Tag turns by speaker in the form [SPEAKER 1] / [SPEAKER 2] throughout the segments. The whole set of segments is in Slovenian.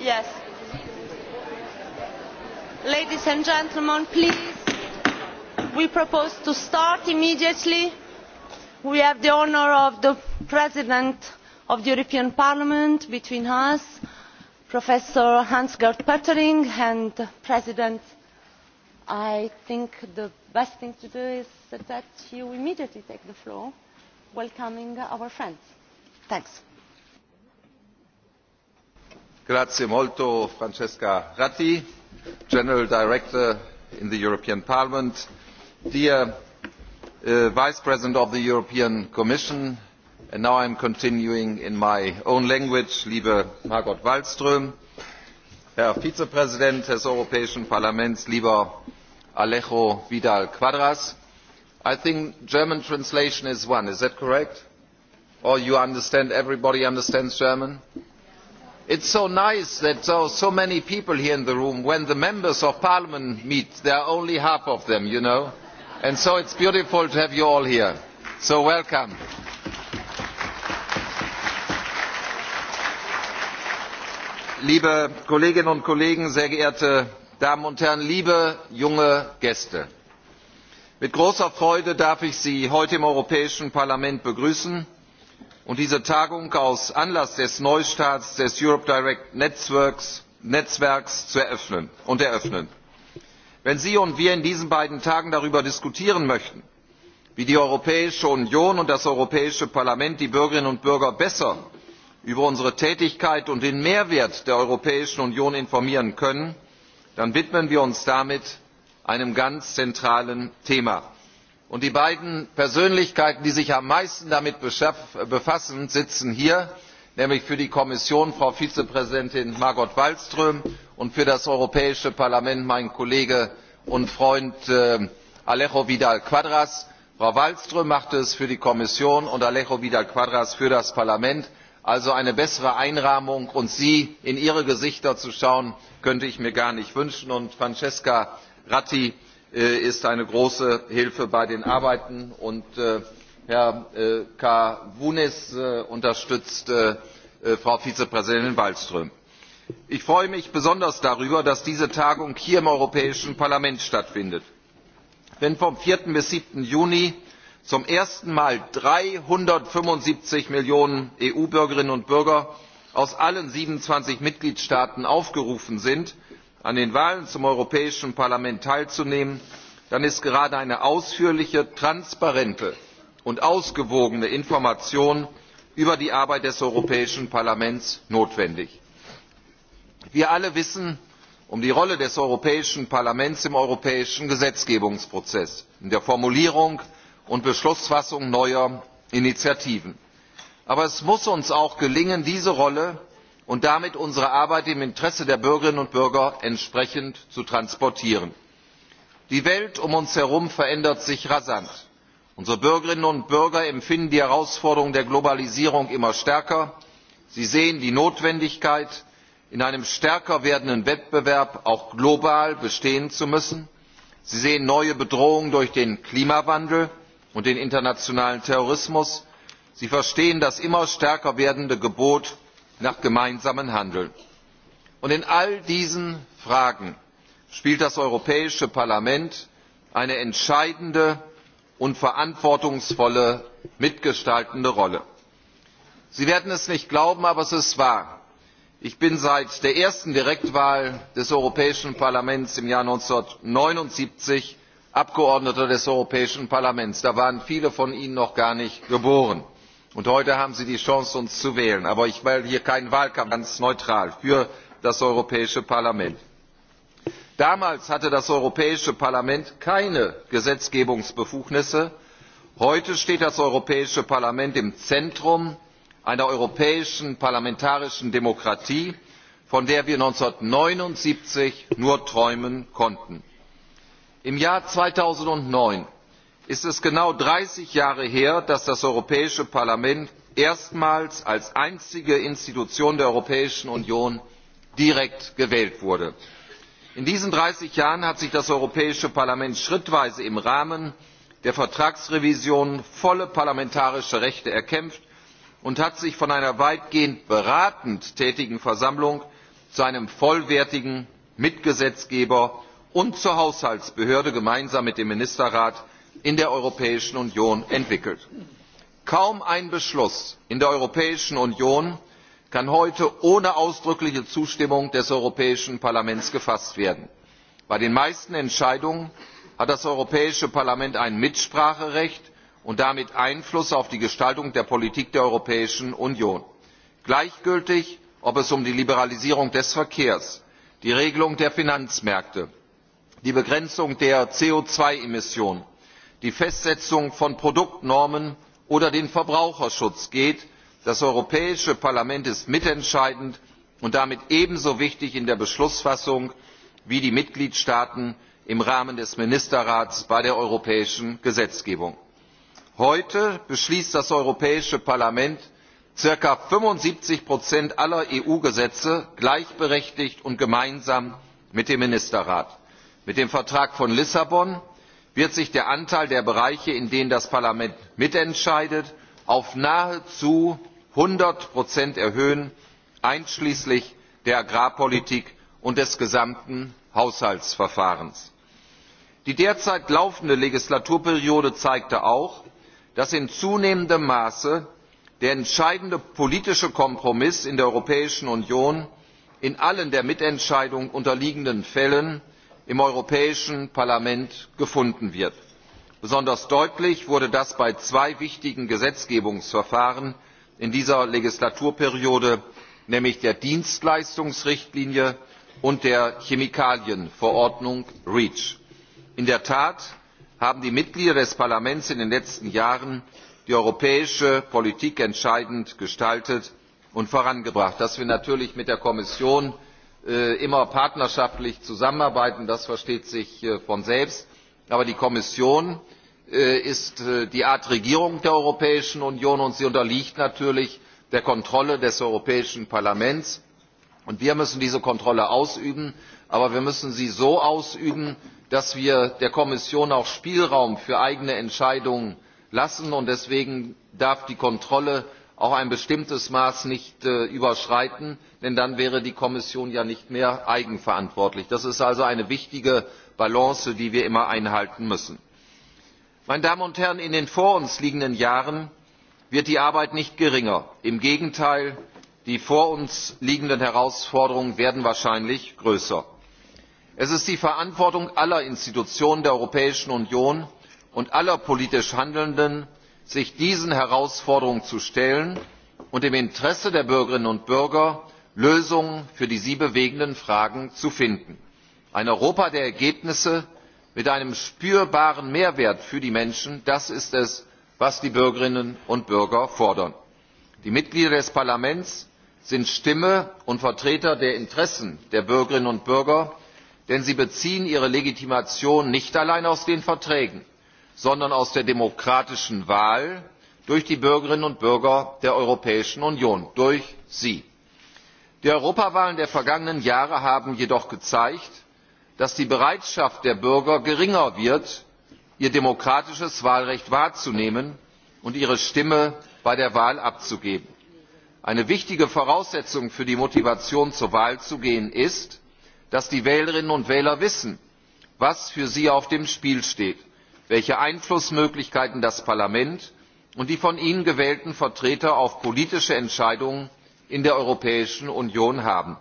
[SPEAKER 1] Yes. Ladies and gentlemen, please, we propose to start immediately. We have the honour of the President of the European Parliament between us, Professor Hans-Gert Pöttering, and President, I think the best thing to do is that you immediately take the floor, welcoming our friends
[SPEAKER 2] grazie molto francesca ratti general director in the european parliament dear uh, vice president of the european commission and now i am continuing in my own language liebe margot wallström herr vizepräsident des europäischen parlaments lieber alejo vidal quadras i think german translation is one is that correct? or oh, you understand everybody understands german? it is so nice that there oh, are so many people here in the room when the members of parliament meet there are only half of them you know and so it is beautiful to have you all here so welcome. liebe kolleginnen und kollegen sehr geehrte damen und herren liebe junge gäste! mit großer freude darf ich sie heute im europäischen parlament begrüßen und diese tagung aus anlass des neustarts des europe direct netzwerks eröffnen. wenn sie und wir in diesen beiden tagen darüber diskutieren möchten wie die europäische union und das europäische parlament die bürgerinnen und bürger besser über unsere tätigkeit und den mehrwert der europäischen union informieren können dann widmen wir uns damit einem ganz zentralen thema und die beiden persönlichkeiten die sich am meisten damit befassen sitzen hier nämlich für die kommission frau vizepräsidentin margot wallström und für das europäische parlament mein kollege und freund äh, alejo vidal quadras. frau wallström macht es für die kommission und alejo vidal quadras für das parlament also eine bessere einrahmung und sie in ihre gesichter zu schauen könnte ich mir gar nicht wünschen und francesca ratti Äh, ist eine große hilfe bei den arbeiten und äh, herr äh, karunis unterstützt frau vizepräsidentin wallström. ich freue mich besonders darüber dass diese tagung hier im europäischen parlament stattfindet. wenn vom. vier bis. sieben juni zum ersten mal dreihundertfünfundsiebzig millionen eu bürgerinnen und bürger aus allen siebenundzwanzig mitgliedstaaten aufgerufen sind an den wahlen zum europäischen parlament teilzunehmen dann ist gerade eine ausführliche transparente und ausgewogene information über die arbeit des europäischen parlaments notwendig. wir alle wissen um die rolle des europäischen parlaments im europäischen gesetzgebungsprozess in der formulierung und beschlussfassung neuer initiativen. aber es muss uns auch gelingen diese rolle und damit unsere arbeit im interesse der bürgerinnen und bürger entsprechend zu transportieren. die welt um uns herum verändert sich rasant. unsere bürgerinnen und bürger empfinden die herausforderungen der globalisierung immer stärker. sie sehen die notwendigkeit in einem stärker werdenden wettbewerb auch global bestehen zu müssen. sie sehen neue bedrohungen durch den klimawandel und den internationalen terrorismus. sie verstehen das immer stärker werdende gebot nach gemeinsamem handeln. und in all diesen fragen spielt das europäische parlament eine entscheidende und verantwortungsvolle mitgestaltende rolle. sie werden es nicht glauben aber es ist wahr ich bin seit der ersten direktwahl des europäischen parlaments im jahr eintausendneunhundertneunundsiebzig abgeordneter des europäischen parlaments. da waren viele von ihnen noch gar nicht geboren und heute haben sie die chance uns zu wählen. aber ich will hier keinen wahlkampf machen sondern ganz neutral für das europäische parlament. damals hatte das europäische parlament keine gesetzgebungsbefugnisse. heute steht das europäische parlament im zentrum einer europäischen parlamentarischen demokratie von der wir eintausendneunhundertneunundsiebzig nur träumen konnten. im jahr zweitausendneun ist es genau dreißig jahre her dass das europäische parlament erstmals als einzige institution der europäischen union direkt gewählt wurde. in diesen dreißig jahren hat sich das europäische parlament schrittweise im rahmen der vertragsrevision volle parlamentarische rechte erkämpft und hat sich von einer weitgehend beratend tätigen versammlung zu einem vollwertigen mitgesetzgeber und zur haushaltsbehörde gemeinsam mit dem ministerrat in der europäischen union entwickelt. kaum ein beschluss in der europäischen union kann heute ohne ausdrückliche zustimmung des europäischen parlaments gefasst werden. bei den meisten entscheidungen hat das europäische parlament ein mitspracherecht und damit einfluss auf die gestaltung der politik der europäischen union. gleichgültig ob es um die liberalisierung des verkehrs die regelung der finanzmärkte die begrenzung der co zwei emissionen die festsetzung von produktnormen oder den verbraucherschutz geht das europäische parlament ist mitentscheidend und damit ebenso wichtig in der beschlussfassung wie die mitgliedstaaten im rahmen des ministerrats bei der europäischen gesetzgebung. heute beschließt das europäische parlament circa fünfundsiebzig aller eu gesetze gleichberechtigt und gemeinsam mit dem ministerrat. mit dem vertrag von lissabon wird sich der anteil der bereiche in denen das parlament mitentscheidet auf nahezu einhundert erhöhen einschließlich der agrarpolitik und des gesamten haushaltsverfahrens. die derzeit laufende legislaturperiode zeigte auch dass in zunehmendem maße der entscheidende politische kompromiss in der europäischen union in allen der mitentscheidung unterliegenden fällen im europäischen parlament gefunden wird. besonders deutlich wurde das bei zwei wichtigen gesetzgebungsverfahren in dieser legislaturperiode nämlich der dienstleistungsrichtlinie und der chemikalienverordnung reach. in der tat haben die mitglieder des parlaments in den letzten jahren die europäische politik entscheidend gestaltet und vorangebracht was wir natürlich mit der kommission Äh, immer partnerschaftlich zusammenarbeiten das versteht sich äh, von selbst aber die kommission äh, ist die art regierung der europäischen union und sie unterliegt natürlich der kontrolle des europäischen parlaments. wir müssen diese kontrolle ausüben aber wir müssen sie so ausüben dass wir der kommission auch spielraum für eigene entscheidungen lassen und deswegen darf die kontrolle auch ein bestimmtes maß nicht überschreiten denn dann wäre die kommission ja nicht mehr eigenverantwortlich. das ist also eine wichtige balance die wir immer einhalten müssen. meine damen und herren in den vor uns liegenden jahren wird die arbeit nicht geringer im gegenteil die vor uns liegenden herausforderungen werden wahrscheinlich größer. es ist die verantwortung aller institutionen der europäischen union und aller politisch handelnden sich diesen herausforderungen zu stellen und im interesse der bürgerinnen und bürger lösungen für die sie bewegenden fragen zu finden ein europa der ergebnisse mit einem spürbaren mehrwert für die menschen das ist es was die bürgerinnen und bürger fordern. die mitglieder des parlaments sind stimme und vertreter der interessen der bürgerinnen und bürger denn sie beziehen ihre legitimation nicht allein aus den verträgen sondern aus der demokratischen wahl durch die bürgerinnen und bürger der europäischen union durch sie die europawahlen der vergangenen jahre haben jedoch gezeigt dass die bereitschaft der bürger geringer wird ihr demokratisches wahlrecht wahrzunehmen und ihre stimme bei der wahl abzugeben. eine wichtige voraussetzung für die motivation zur wahl zu gehen ist dass die wählerinnen und wähler wissen was für sie auf dem spiel steht welche einflussmöglichkeiten das parlament und die von ihnen gewählten vertreter auf politische entscheidungen in der europäischen union haben.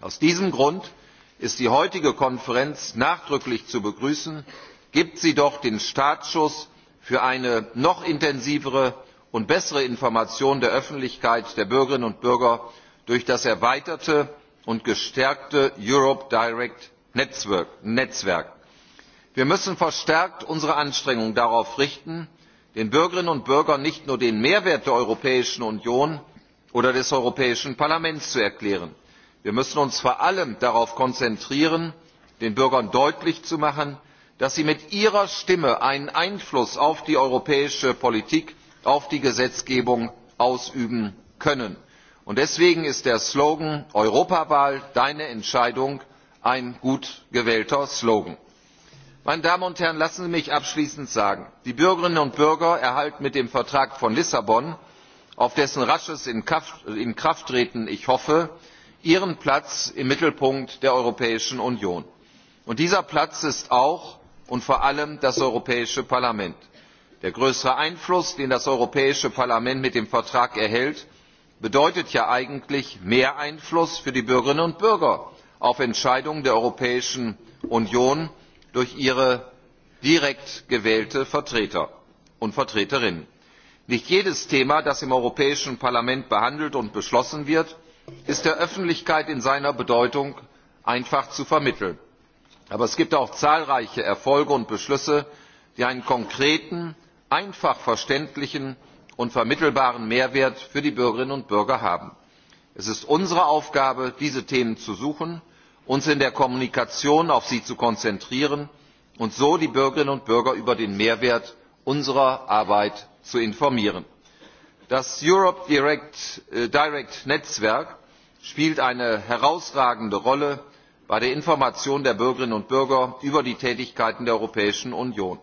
[SPEAKER 2] aus diesem grund ist die heutige konferenz nachdrücklich zu begrüßen gibt sie doch den startschuss für eine noch intensivere und bessere information der öffentlichkeit der bürgerinnen und bürger durch das erweiterte und gestärkte europe direct netzwerk. wir müssen verstärkt unsere anstrengungen darauf richten den bürgerinnen und bürgern nicht nur den mehrwert der europäischen union oder des europäischen parlaments zu erklären. wir müssen uns vor allem darauf konzentrieren den bürgern deutlich zu machen dass sie mit ihrer stimme einen einfluss auf die europäische politik auf die gesetzgebung ausüben können. deswegen ist der slogan europawahl deine entscheidung ein gut gewählter slogan. meine damen und herren lassen sie mich abschließend sagen die bürgerinnen und bürger erhalten mit dem vertrag von lissabon auf dessen rasches inkrafttreten ich hoffe ihren platz im mittelpunkt der europäischen union. und dieser platz ist auch und vor allem das europäische parlament. der größere einfluss den das europäische parlament mit dem vertrag erhält bedeutet ja eigentlich mehr einfluss für die bürgerinnen und bürger auf entscheidungen der europäischen union durch ihre direkt gewählten vertreter und vertreterinnen nicht jedes thema das im europäischen parlament behandelt und beschlossen wird ist der öffentlichkeit in seiner bedeutung einfach zu vermitteln. aber es gibt auch zahlreiche erfolge und beschlüsse die einen konkreten einfach verständlichen und vermittelbaren mehrwert für die bürgerinnen und bürger haben. es ist unsere aufgabe diese themen zu suchen uns in der kommunikation auf sie zu konzentrieren und so die bürgerinnen und bürger über den mehrwert unserer arbeit zu informieren. das europe direkt äh, netzwerk spielt eine herausragende rolle bei der information der bürgerinnen und bürger über die tätigkeiten der europäischen union.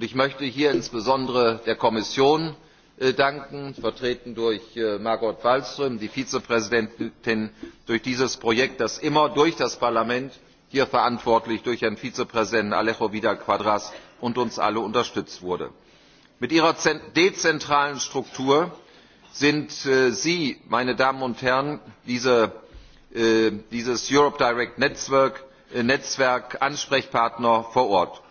[SPEAKER 2] ich möchte hier insbesondere der kommission äh, danken vertreten durch äh, margot wallström die vizepräsidentin für dieses projekt das immer durch das parlament hier verantwortlich durch herrn vizepräsidenten alejo vidal quadras und uns alle unterstützt wurde mit ihrer dezentralen struktur sind äh, sie meine damen und herren äh, dieses europe direct äh, netzwerk ansprechpartner vor ort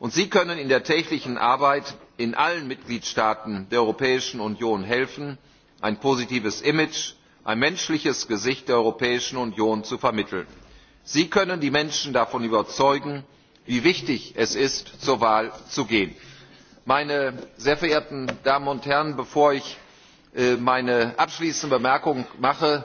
[SPEAKER 2] und sie können in der täglichen arbeit in allen mitgliedstaaten der europäischen union helfen ein positives image ein menschliches gesicht der europäischen union zu vermitteln. sie können die menschen davon überzeugen wie wichtig es ist zur wahl zu gehen meine sehr verehrten damen und herren bevor ich äh, meine abschließende bemerkung mache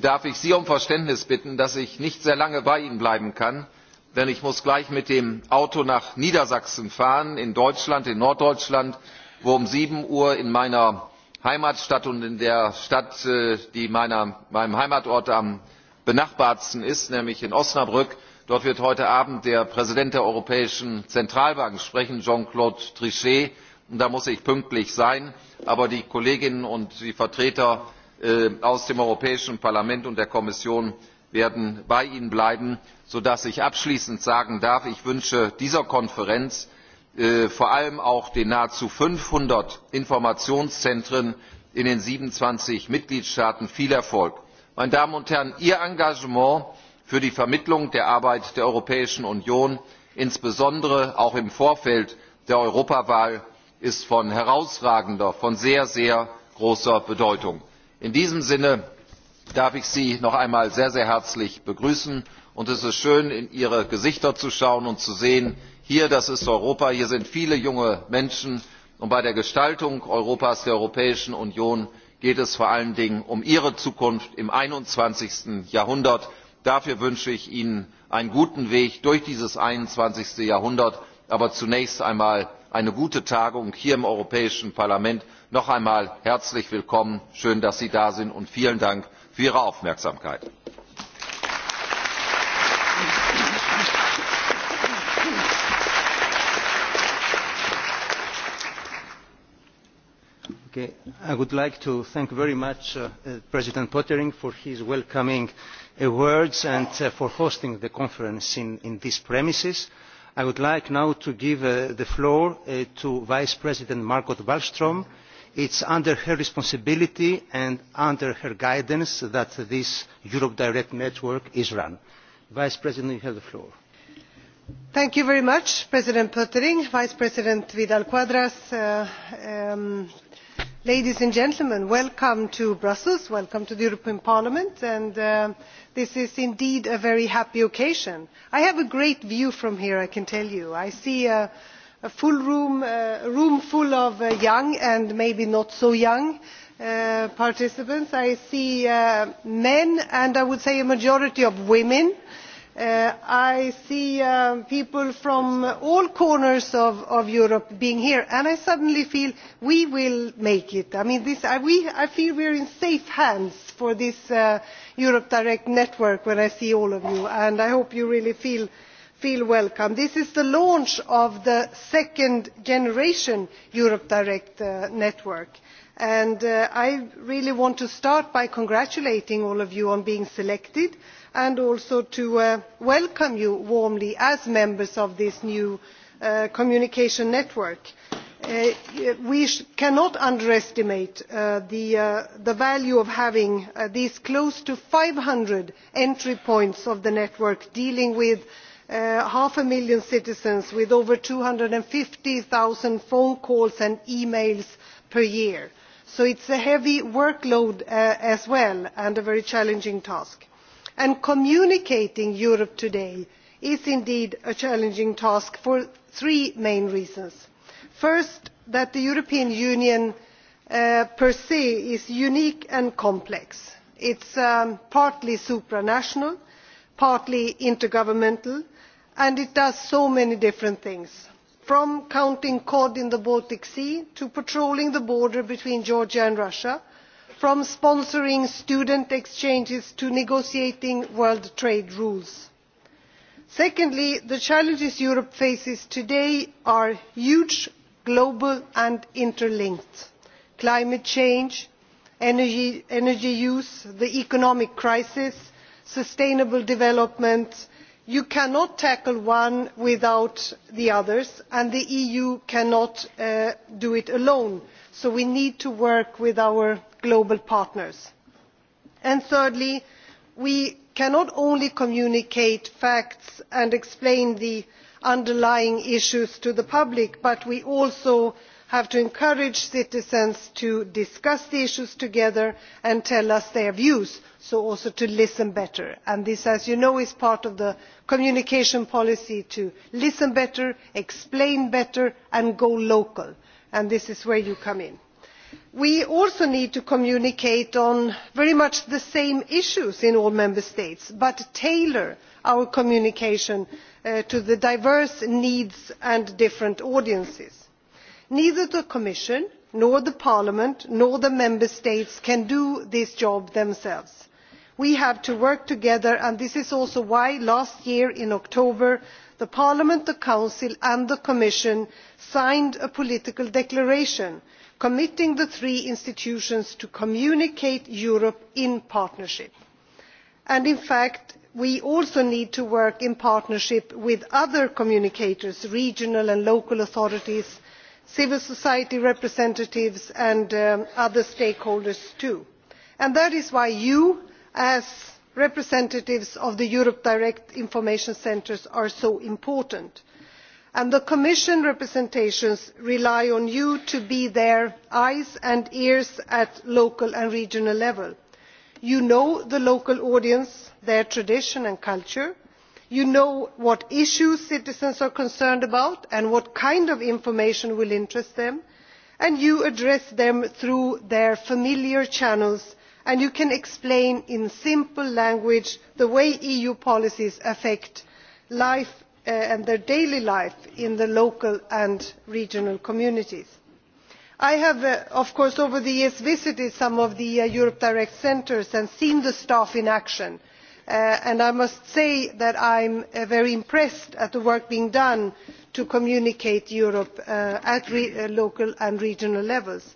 [SPEAKER 2] darf ich sie um verständnis bitten dass ich nicht sehr lange bei ihnen bleiben kann denn ich muss gleich mit dem auto nach niedersachsen fahren in deutschland in norddeutschland wo um sieben uhr in meiner heimatstadt und in der stadt äh, die meinem heimatort am benachbartsten ist nämlich in osnabrück dort wird heute abend der präsident der europäischen zentralbank sprechen jean claude trichet und da muss ich pünktlich sein aber die kolleginnen und die vertreter äh, aus dem europäischen parlament und der kommission werden bei ihnen bleiben sodass ich abschließend sagen darf ich wünsche dieser konferenz äh, vor allem auch den nahezu fünfhundert informationszentren in den siebenundzwanzig mitgliedstaaten viel erfolg. meine damen und herren ihr engagement für die vermittlung der arbeit der europäischen union insbesondere auch im vorfeld der europawahl ist von herausragender von sehr sehr großer bedeutung. in diesem sinne darf ich sie noch einmal sehr sehr herzlich begrüßen und es ist schön in ihre gesichter zu schauen und zu sehen hier das ist europa hier sind viele junge menschen und bei der gestaltung europas der europäischen union geht es vor allen dingen um ihre zukunft im. einundzwanzig jahrhundert dafür wünsche ich ihnen einen guten weg durch dieses. einundzwanzig jahrhundert aber zunächst einmal eine gute tagung hier im europäischen parlament. noch einmal herzlich willkommen schön dass sie da sind und vielen dank für ihre aufmerksamkeit!
[SPEAKER 3] i would like to thank president pttering very much uh, uh, for his welcoming words and uh, for hosting the conference on these premises. i would like now to give uh, the floor uh, to vice president margot wallstrm. it is under her responsibility and under her guidance that this europe direct network is run. vice president you have the floor.
[SPEAKER 4] thank you very much president pttering vice president vidal quadras um, ladies and gentlemen welcome to brussels welcome to the european parliament and uh, this is indeed a very happy occasion. i have a great view from here i can tell you. i see a room full of uh, young and maybe not so young uh, participants. i see men and i would say a majority of women Uh, i see uh, people from all corners of europe being here and i suddenly feel we will make it. i feel we are in safe hands for this uh, europe direct network when i see all of you and i hope you really feel welcome. this is the launch of the second generation europe direct network and i really want to start by congratulating all of you on being selected and also to uh, welcome you warmly as members of this new uh, communication network. Uh, we cannot underestimate the value of having these close to five hundred entry points of the network dealing with half a million citizens with over two hundred and fifty zero phone calls and e mails per year so it is a heavy workload as well and a very challenging task and communicating europe today is indeed a challenging task for three main reasons first that the european union uh, per se is unique and complex it is um, partly supranational partly intergovernmental and it does so many different things from counting cod in the baltic sea to patrolling the border between georgia and russia from sponsoring student exchanges to negotiating world trade rules. secondly the challenges europe faces today are huge global and interlinked climate change energy use the economic crisis sustainable development you cannot tackle one without the others and the eu cannot uh, do it alone so we need to work with our global partners. thirdly we cannot only communicate facts and explain the underlying issues to the public but we also have to encourage citizens to discuss the issues together and tell us their views so as to listen better and this as you know is part of the communication policy to listen better explain better and go local and this is where you come in. we also need to communicate on very much the same issues in all member states but tailor our communication uh, to the diverse needs and different audiences. neither the commission nor parliament nor the member states can do this job themselves. we have to work together and this is also why last year in october parliament the council and the commission signed a political declaration committing the three institutions to communicate europe in partnership. in fact we also need to work in partnership with other communicators regional and local authorities civil society representatives and um, other stakeholders too. that is why you as representatives of the eurodirect information centres are so important and the commission representations rely on you to be their eyes and ears at local and regional level. you know the local audience their tradition and culture you know what issues citizens are concerned about and what kind of information will interest them and you address them through their familiar channels and you can explain in simple language the way eu policies affect uh, their daily life in the local and regional communities. i have uh, of course over the years visited some of the uh, europe direct centres and seen the staff in action and i must say that i am very impressed at the work being done to communicate europe at local and regional levels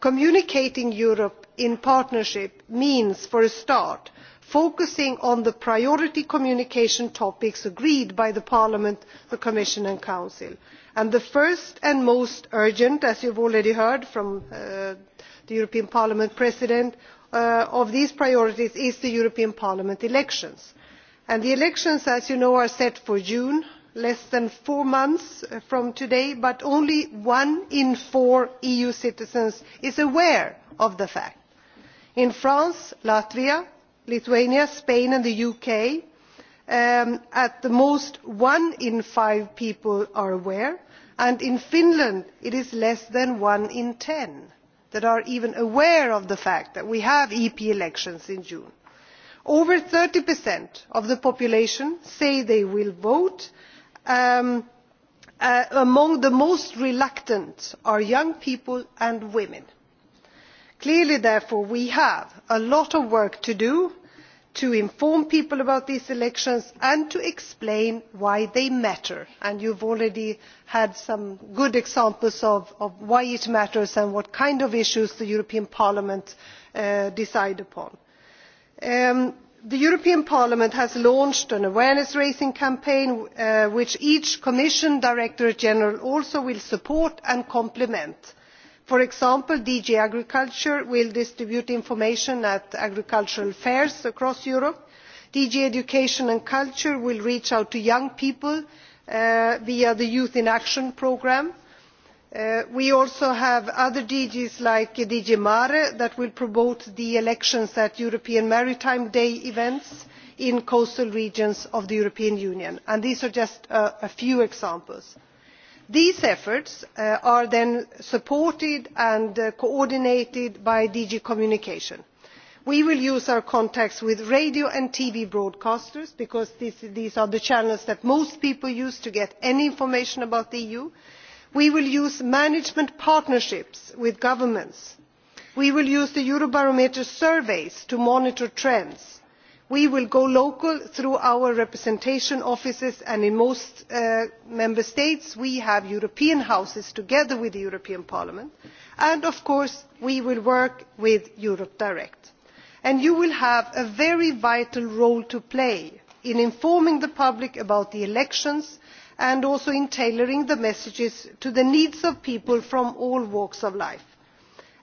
[SPEAKER 4] communicating europe in partnership means for a start focusing on the priority communication topics agreed by parliament the commission and the council and the first and most urgent as you have already heard from uh, the european parliament president uh, of these priorities is the european parliament elections. the elections as you know are set for june less than four months from today but only one in four eu citizens is aware of the fact. in france latvia lithuania spain and the uk um, at the most one in five people are aware and in finland it is less than one in ten that are even aware of the fact that we have ep elections in june. over thirty of the population say they will vote Um, uh, among the most reluctant are young people and women. clearly therefore we have a lot of work to do to inform people about these elections and to explain why they matter and you have already had some good examples of why it matters and what kind of issues the european parliament uh, decides upon. Um, the european parliament has launched an awareness raising campaign uh, which each commission directorate general also will support and complement. for example dg agriculture will distribute information at agricultural fairs across europe dg education and culture will reach out to young people uh, via the youth in action programme Uh, we also have other dgs like dg mare that will promote the elections at european maritime day events in coastal regions of the european union and these are just uh, a few examples. these efforts uh, are then supported and coordinated by dg communication. we will use our contacts with radio and tv broadcasters because these are the channels that most people use to get any information about the eu we will use management partnerships with governments we will use the eurobarometer surveys to monitor trends we will go local through our representation offices and in most uh, member states we have european houses together with the european parliament and of course we will work with europe direct. you will have a very vital role to play in informing the public about the elections and also in tailoring the messages to the needs of people from all walks of life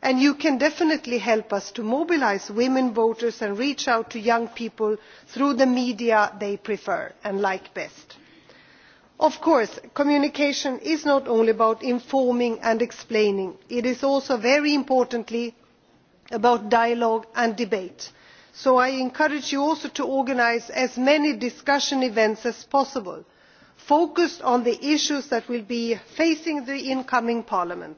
[SPEAKER 4] and you can definitely help us to mobilise women voters and reach out to young people through the media they prefer and like best. of course communication is not only about informing and explaining it is also very importantly about dialogue and debate so i encourage you also to organise as many discussion events as possible focused on the issues that will be facing the incoming parliament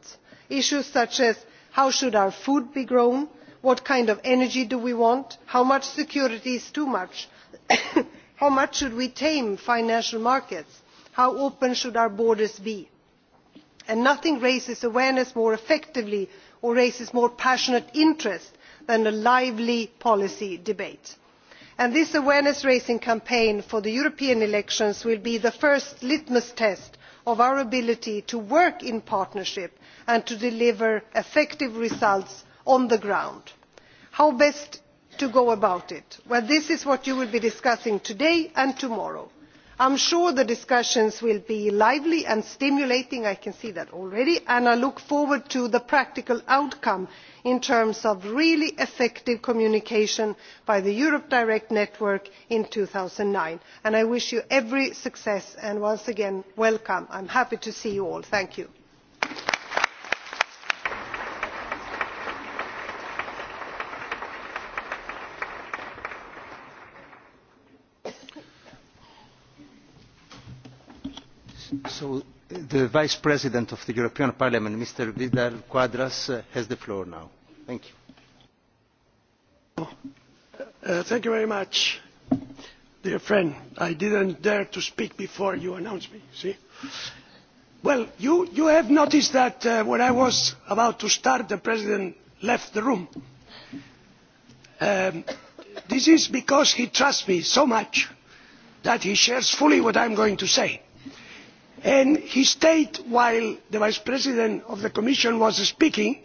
[SPEAKER 4] issues such as how should our food be grown what kind of energy do we want how much security is too much how much should we tame financial markets how open should our borders be? nothing raises awareness more effectively or raises more passionate interest than a lively policy debate this awareness raising campaign for the european elections will be the first litmus test of our ability to work in partnership and to deliver effective results on the ground. how best to go about it? well this is what you will be discussing today and tomorrow. i am sure the discussions will be lively and stimulating i can see that already and i look forward to the practical outcome in terms of really effective communication by the europe direct network in. two thousand and nine i wish you every success and once again welcome. i am happy to see you all. thank you.
[SPEAKER 3] the vice president of the european parliament mr vidal quadras uh, has the floor thank you. Uh, thank you very much, dear
[SPEAKER 5] friend. I didn't dare to speak before you announced me, see? Well, you, you have noticed that uh, when I was about to start, the President left the room. Um, this is because he trusts me so much that he shares fully what I'm going to say. And he stayed while the Vice President of the Commission was speaking,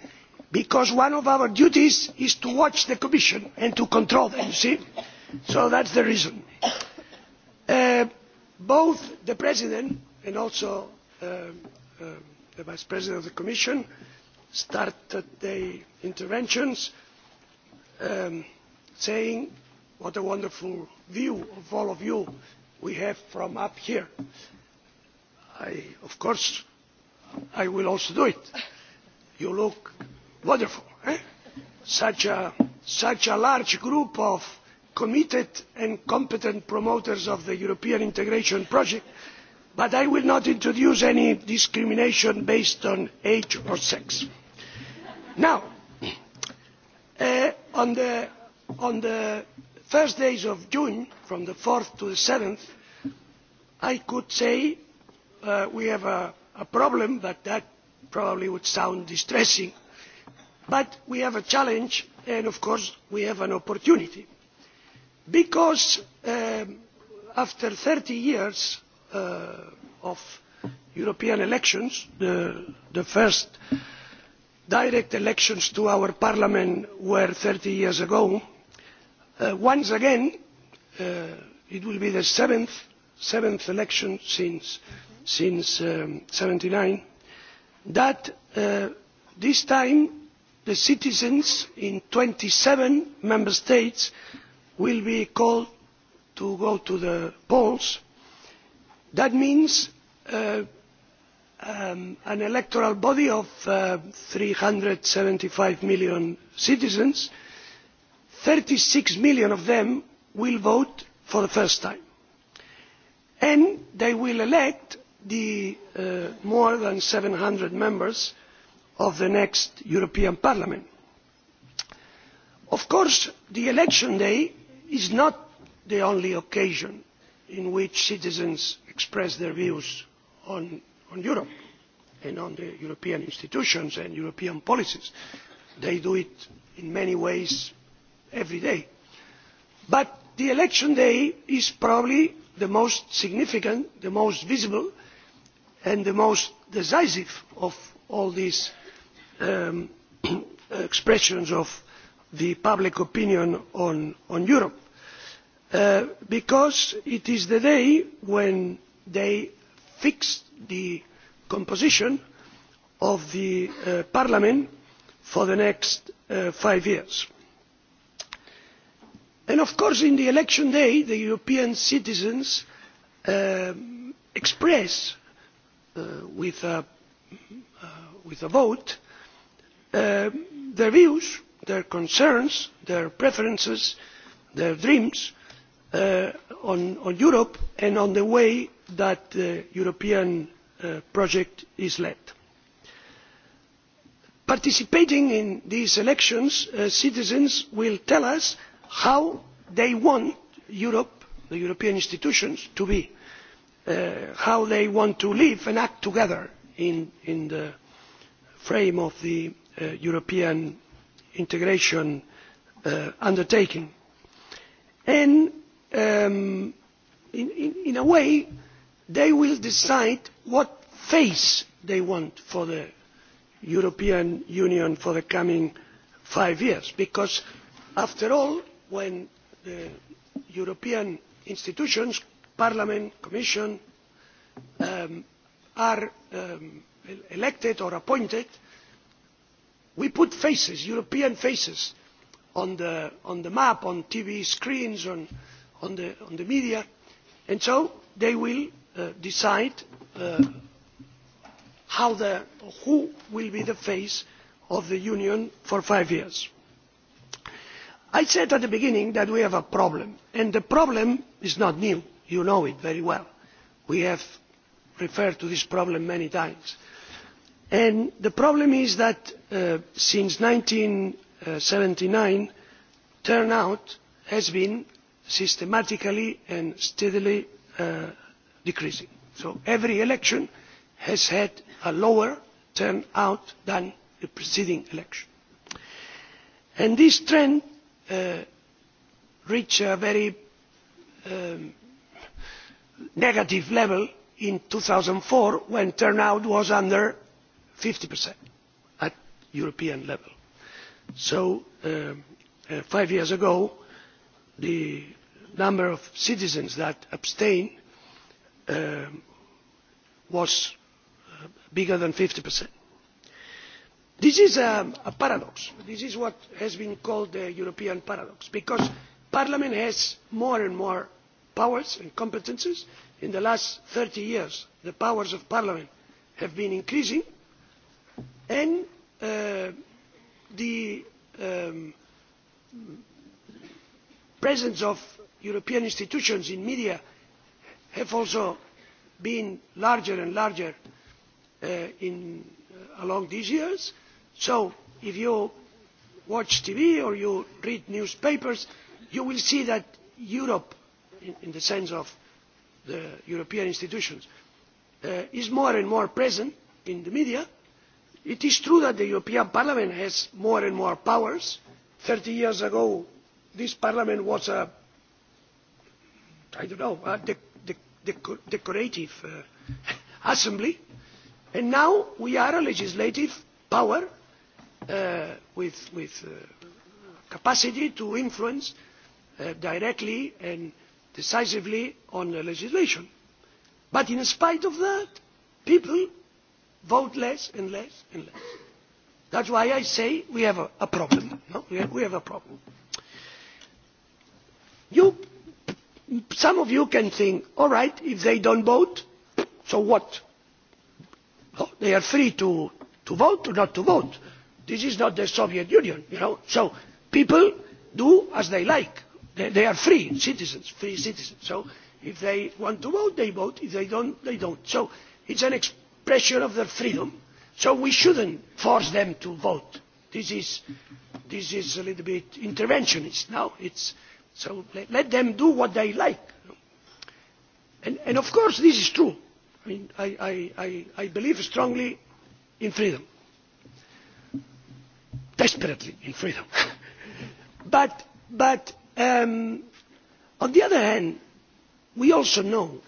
[SPEAKER 5] because one of our duties is to watch the commission and to control it you see so that is the reason. Uh, both the president and also uh, uh, the vice president of the commission started their interventions um, saying what a wonderful view of all of you we have from up here. of course i will also do it. you look wonderful. Eh? Such, a, such a large group of committed and competent promoters of the European integration project, but I will not introduce any discrimination based on age or sex. Now, uh, on, the, on the first days of June, from the 4th to the 7th, I could say uh, we have a, a problem, but that probably would sound distressing but we have a challenge and of course we have an opportunity because um, after thirty years uh, of european elections the first direct elections to our parliament were thirty years ago uh, once again uh, it will be the seventh election since one thousand um, nine hundred and seventy nine that this time the citizens in twenty seven member states will be called to go to the polls. that means uh, um, an electoral body of uh, three hundred and seventy five million citizens thirty six million of whom will vote for the first time and they will elect the uh, more than seven hundred members of the next european parliament. of course election day is not the only occasion on which citizens express their views on europe and on the european institutions and european policies. they do it in many ways every day. but election day is probably the most significant the most visible and the most decisive of all these Um, expressions of public opinion on europe uh, because it is the day when they fix the composition of the uh, parliament for the next uh, five years. of course on election day the european citizens um, express with a vote Uh, their views their concerns their preferences their dreams uh, on europe and on the way that the european uh, project is led. participating in these elections citizens will tell us how they want europe the european institutions to be how they want to live and act together in the framework of the Uh, european integration uh, undertaking and um, in a way they will decide what face they want for the european union for the coming five years because after all when the european institutions parliament the commission um, are um, elected or appointed we put faces european faces on the map on tv screens in the media and so they will uh, decide uh, who will be the face of the union for five years. i said at the beginning that we have a problem and the problem is not new you know it very well. we have referred to this problem many times and the problem is that uh, since one thousand nine hundred and seventy nine turnout has been systematically and steadily uh, decreasing so every election has had a lower turnout than the preceding election. this trend uh, reached a very um, negative level in two thousand and four when turnout was under fifty at european level. so um, uh, five years ago the number of citizens that abstained um, was uh, bigger than. fifty this is um, a paradox. this is what has been called the european paradox because parliament has more and more powers and competences. in the last thirty years the powers of parliament have been increasing en eh, de ehm, presence of european institutions in media have also been larger and larger eh, eh, along these years so if you watch tv or you read newspapers you will see that europe in the sense of the european institutions is more and more present in the media it is true that the european parliament has more and more powers. thirty years ago this parliament was i do not know a decorative uh, assembly and now we are a legislative power uh, with uh, capacity to influence directly and decisively on legislation. but in spite of that people vote less and less and less. That's why I say we have a, a problem. No? We, have, we have a problem. You, some of you can think, all right, if they don't vote, so what? Oh, they are free to, to vote or not to vote. This is not the Soviet Union. You know? So people do as they like. They, they are free citizens, free citizens. So if they want to vote, they vote. If they don't, they don't. So it's an experience pressure of their freedom so we should not force them to vote. this is, this is a little bit interventionist now. so let, let them do what they like. And, and of course this is true. i mean I, I, I, I believe strongly in freedom. desperately in freedom. but, but um, on the other hand we also know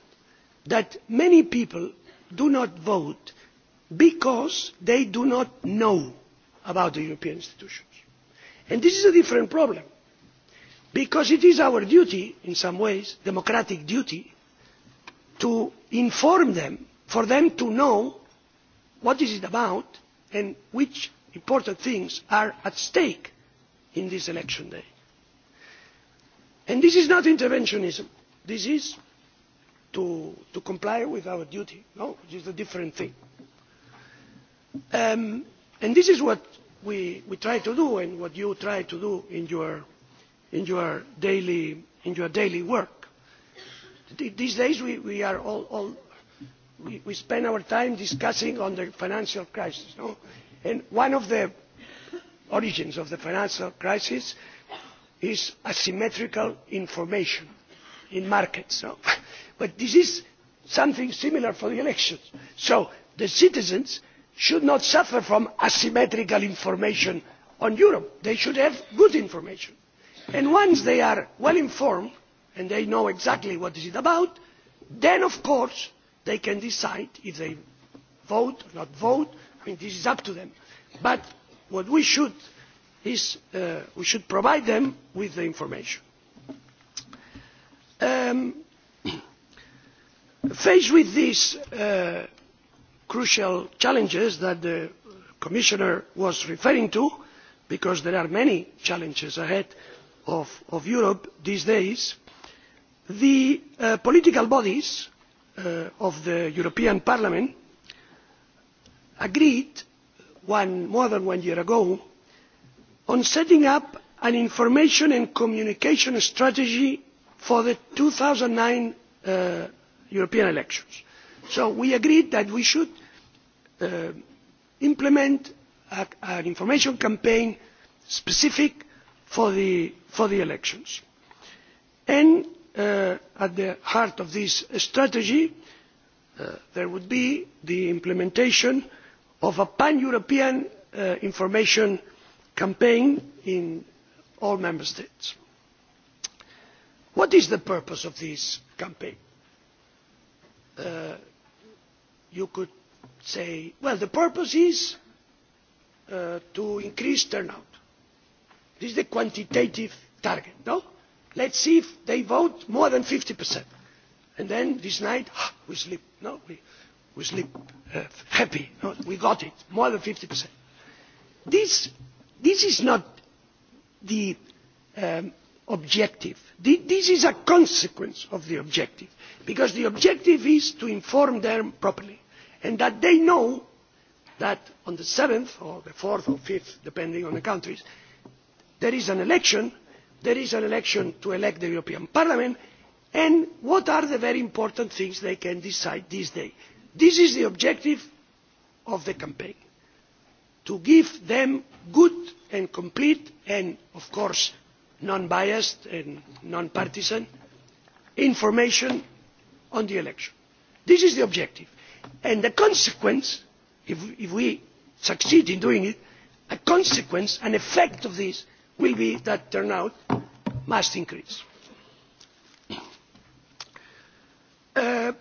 [SPEAKER 5] that many people do not vote because they do not know about the european institutions. this is a different problem because it is our duty in some ways a democratic duty to inform them for them to know what it is about and which important things are at stake on this election day. this is not interventionism this to comply with our duty no, which is a different thing. Um, this is what we try to do and what you try to do in your daily work. these days we are all we spend our time discussing on the financial crisis no? and one of the origins of the financial crisis is asymmetrical information in markets. No? but this is something similar for the elections so the citizens should not suffer from asymmetrical information on europe they should have good information and once they are well informed and they know exactly what it is about then of course they can decide if they vote or not vote i mean this is up to them but what we should do is uh, we should provide them with the information. Um, faced with these uh, crucial challenges that the commissioner was referring to because there are many challenges ahead of europe these days the uh, political bodies uh, of the european parliament agreed more than one year ago on setting up an information and communication strategy for the two thousand and nine european elections. so we agreed that we should uh, implement an information campaign specific for the elections. Uh, at the heart of this strategy uh, there would be the implementation of a pan european information campaign in all member states. what is the purpose of this campaign? Uh, you could say well the purpose is uh, to increase turnout. this is the quantitative target. no? let's see if they vote more than 50%. and then this night we sleep. no, we, we sleep uh, happy. No, we got it. more than 50%. this, this is not the um, objective. this is a consequence of the objective because the objective is to inform them properly and that they know that on the seven or the four or five depending on the countries there is an election there is an election to elect the european parliament and what are the very important things they can decide this day. this is the objective of the campaign to give them good and complete and of course non biased and non partisan information on the election. this is the objective and the consequence if we succeed in doing it a consequence an effect of this will be that turnout must increase. Uh,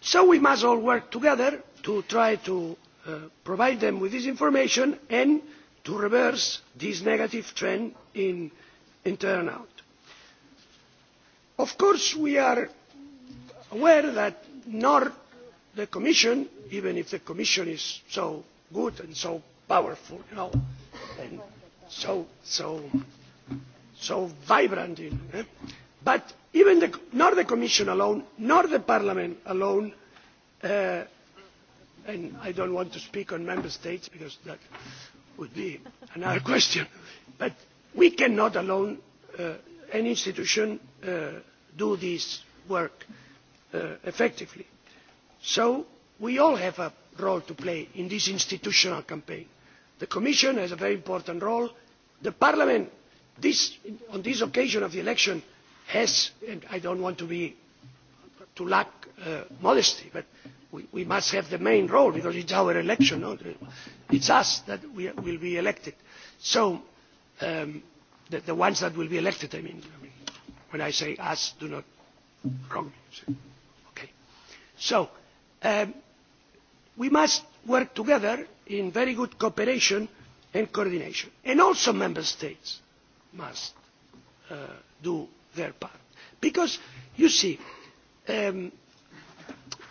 [SPEAKER 5] so we must all work together to try to uh, provide them with this information and to reverse this negative trend in turnout. of course we are aware that nor the commission even if the commission is so good and so powerful and so vibrant eh, but nor the commission alone nor the parliament alone eh, and i do not want to speak on member states because that would be another question but we cannot alone uh, any institution uh, do this work uh, effectively so we all have a role to play in this institutional campaign. the commission has a very important role the parliament on this occasion of the election has and i do not want to lack modesty but we must have the main role because it is our election no? it is us that will be elected Um, the, the ones that will be elected, I mean. I mean when I say us, do not wrong me. See. Okay. So, um, we must work together in very good cooperation and coordination. And also member states must uh, do their part. Because, you see, um,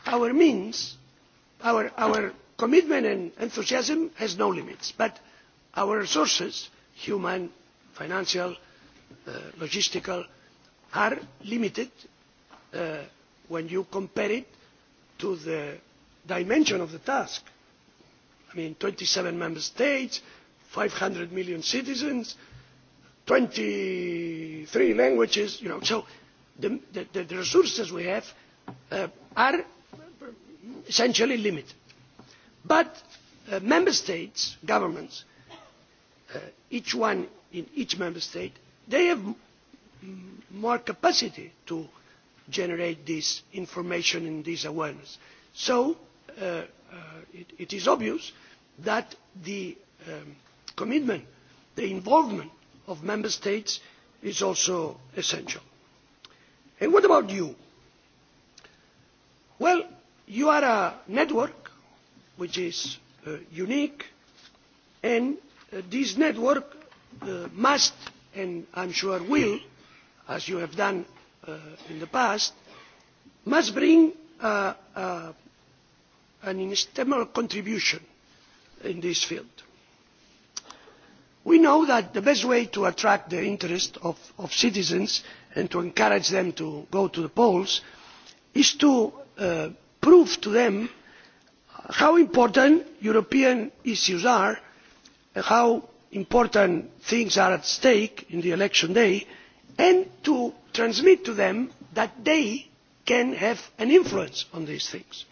[SPEAKER 5] our means, our, our commitment and enthusiasm has no limits. But our resources human, financial, uh, logistical, are limited uh, when you compare it to the dimension of the task. I mean, 27 member states, 500 million citizens, 23 languages, you know. So the, the, the resources we have uh, are essentially limited. But uh, member states, governments, Uh, each one in each member state they have more capacity to generate this information and this awareness. So uh, uh, it, it is obvious that the um, commitment, the involvement of member states is also essential. And what about you? Well, you are a network which is uh, unique and this network uh, must and i am sure will as you have done uh, in the past bring uh, an inestimable contribution in this field. we know that the best way to attract the interest of citizens and to encourage them to go to the polls is to prove to them how important european issues are how important things are at stake on election day and to transmit to them that they can have an influence on these things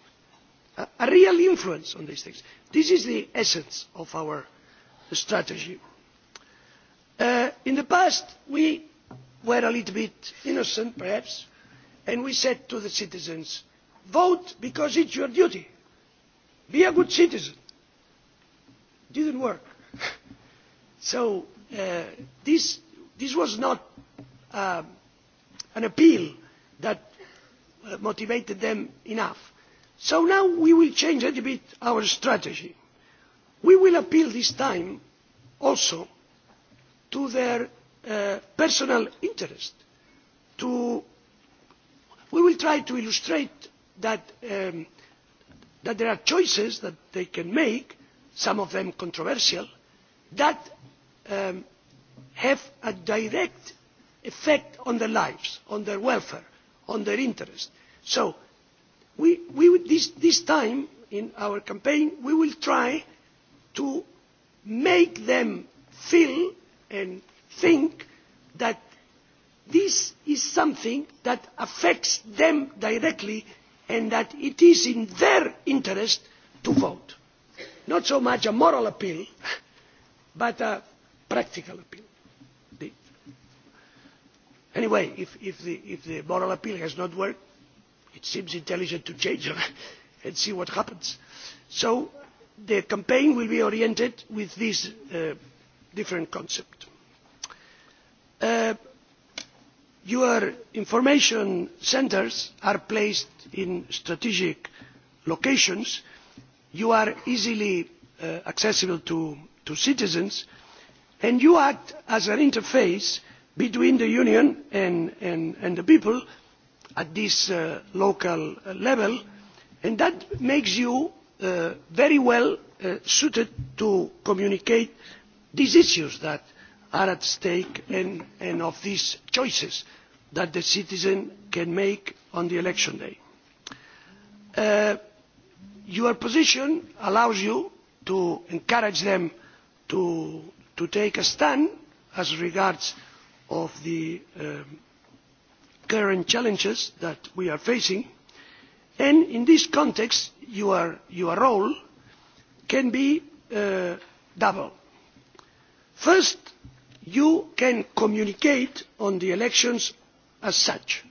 [SPEAKER 5] a real influence on these things. this is the essence of our strategy. Uh, in the past we were a little bit innocent perhaps and we said to the citizens vote because it is your duty be a good citizen. it did not so uh, this was not um, an appeal that uh, motivated them enough. so now we will change a little bit our strategy. we will appeal this time also to their uh, personal interest. we will try to illustrate um, that there are choices that they can make some of them controversial that um, have a direct effect on their lives on their welfare on their interests. so this time in our campaign we will try to make them feel and think that this is something that affects them directly and that it is in their interest to vote not so much a moral appeal but a practical appeal. Anyway, if, if, the, if the moral appeal has not worked, it seems intelligent to change and see what happens. So the campaign will be oriented with this uh, different concept. Uh, your information centres are placed in strategic locations. You are easily uh, accessible to to citizens and you act as an interface between the union and the people at this uh, local uh, level and that makes you uh, very well suited to communicate these issues that are at stake and of these choices that the citizen can make on the election day. your position allows you to encourage them to take a stand as regards the um, current challenges that we are facing and in this context your role can be uh, double. first you can communicate on the elections as such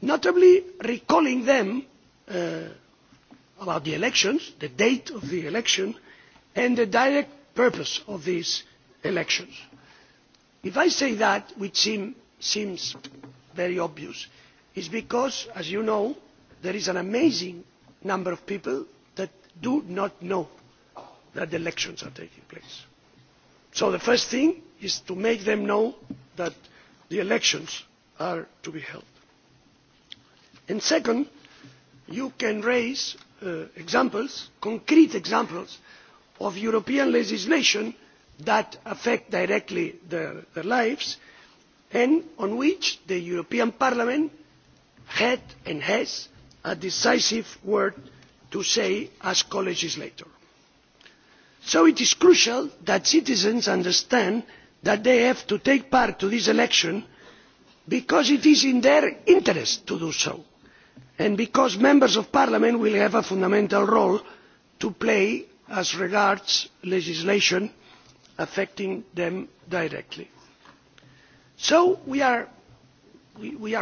[SPEAKER 5] notably recalling them uh, about the elections the date of the election and the direct purpose of these elections. if i say that which seems very obvious it is because as you know there is an amazing number of people who do not know that elections are taking place. so the first thing is to make them know that the elections are to be held. secondly you can raise uh, concrete examples of european legislation that affect directly their lives and on which the european parliament had and has a decisive word to say as co legislator. so it is crucial that citizens understand that they have to take part in this election because it is in their interest to do so and because members of parliament will have a fundamental role to play as regards legislation affecting them directly. so we are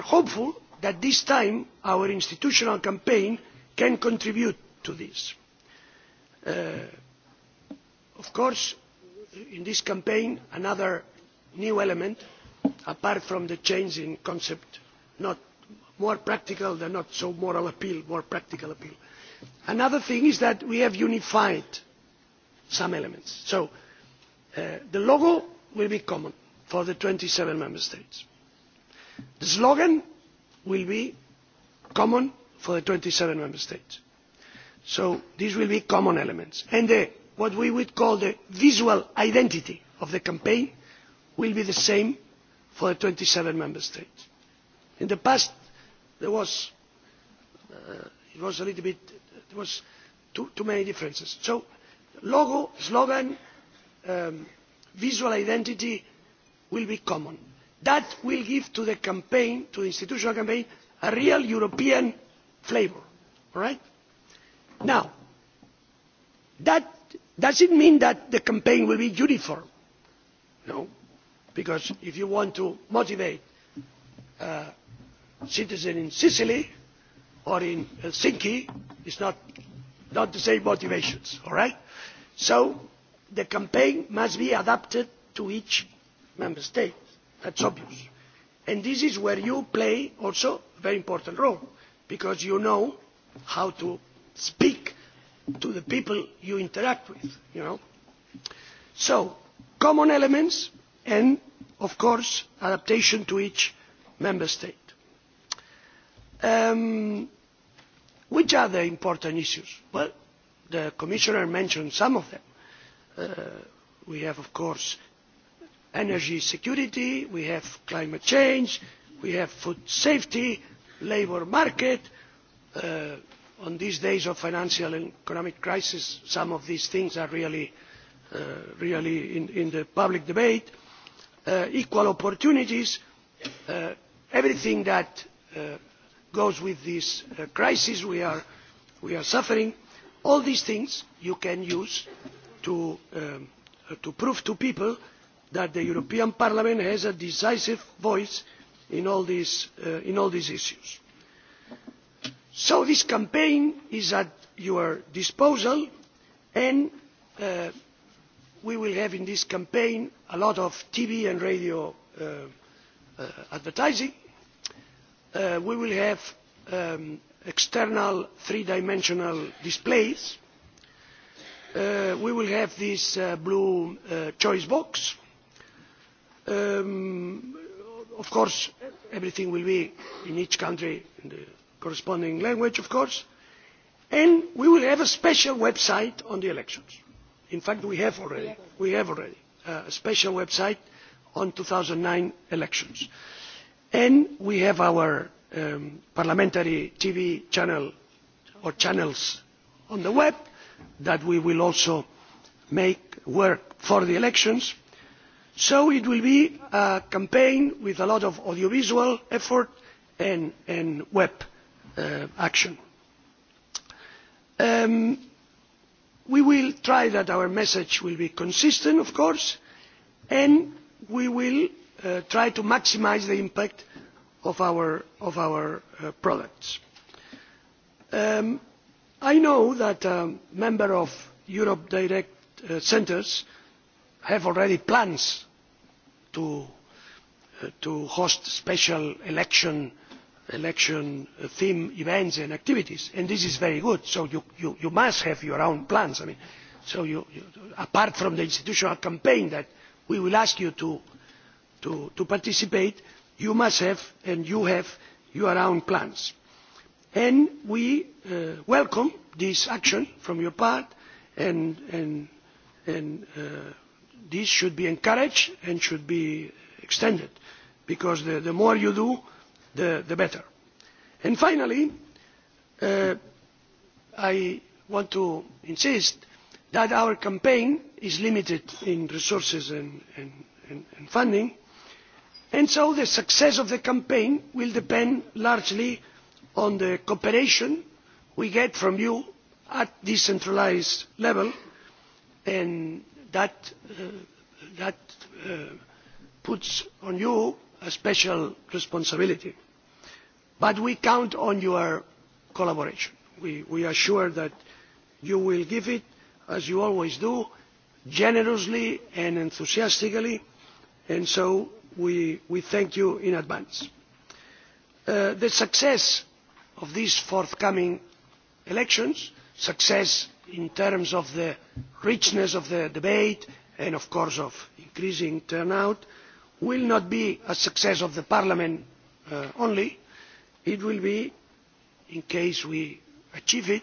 [SPEAKER 5] hopeful that this time our institutional campaign can contribute to this. Uh, of course in this campaign another new element apart from the change in concept more practical than not so moral appeal more practical appeal another thing is that we have unified some elements so uh, the logo will be common for the twenty seven member states the slogan will be common for the twenty seven member states so these will be common elements and what we would call the visual identity of the campaign will be the same for the twenty seven member states. in the past uh, it was a little was too many differences. so logo slogan and um, visual identity will be common. that will give to the campaign to the institutional campaign a real european flavour. now does it mean that the campaign will be uniform? no because if you want to motivate uh, citizens in sicily or in helsinki is not the same motivations. so the campaign must be adapted to each member state that is obvious. and this is where you play also a very important role because you know how to speak to the people you interact with. so common elements and of course adaptation to each member state. Um, which are the important issues? well the commissioner mentioned some of them. Uh, we have of course energy security we have climate change we have food safety labour market uh, on these days of financial and economic crisis some of these things are really uh, really in, in the public debate uh, equal opportunities uh, everything that uh, goes with this uh, crisis we are suffering all these things you can use um, uh, to prove to people that the european parliament has a decisive voice in all these uh, issues. so this campaign is at your disposal and we will have in this campaign a lot of tv and radio advertising Uh, we will have um, external three dimensional displays uh, we will have this uh, blue choice box um, of course everything will be in each country in the corresponding language of course and we will have a special website on the elections. in fact we have already a special website on the two thousand and nine elections and we have our um, parliamentary tv channel or channels on the web that we will also make work for the elections so it will be a campaign with a lot of audiovisual effort and web uh, action. Um, we will try to ensure that our message will be consistent of course and we will Uh, try to maximise the impact of our uh, products. Um, i know that uh, members of europe's direct centres have already plans to host special election themed events and activities and this is very good so you must have your own plans apart from the institutional campaign that we will ask you to participate you must have and you have your own plans. we uh, welcome this action on your part and uh, this should be encouraged and should be extended because the more you do the better. finally uh, i want to insist that our campaign is limited in resources and funding and so the success of the campaign will depend largely on the cooperation we get from you at decentralised level and that uh, uh, puts on you a special responsibility. but we count on your collaboration. we are sure that you will give it as you always do generously and enthusiastically and we thank you in advance. Uh, the success of these forthcoming elections success in terms of the richness of the debate and of course of increasing turnout will not be a success of parliament uh, only it will be in case we achieve it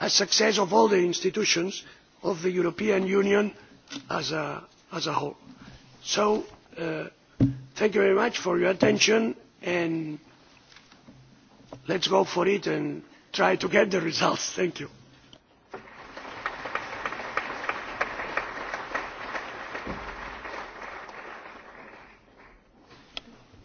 [SPEAKER 5] a success of all the institutions of the european union as a whole. Uh, thank you very much for your attention and let us go for it and try to get the results. thank you.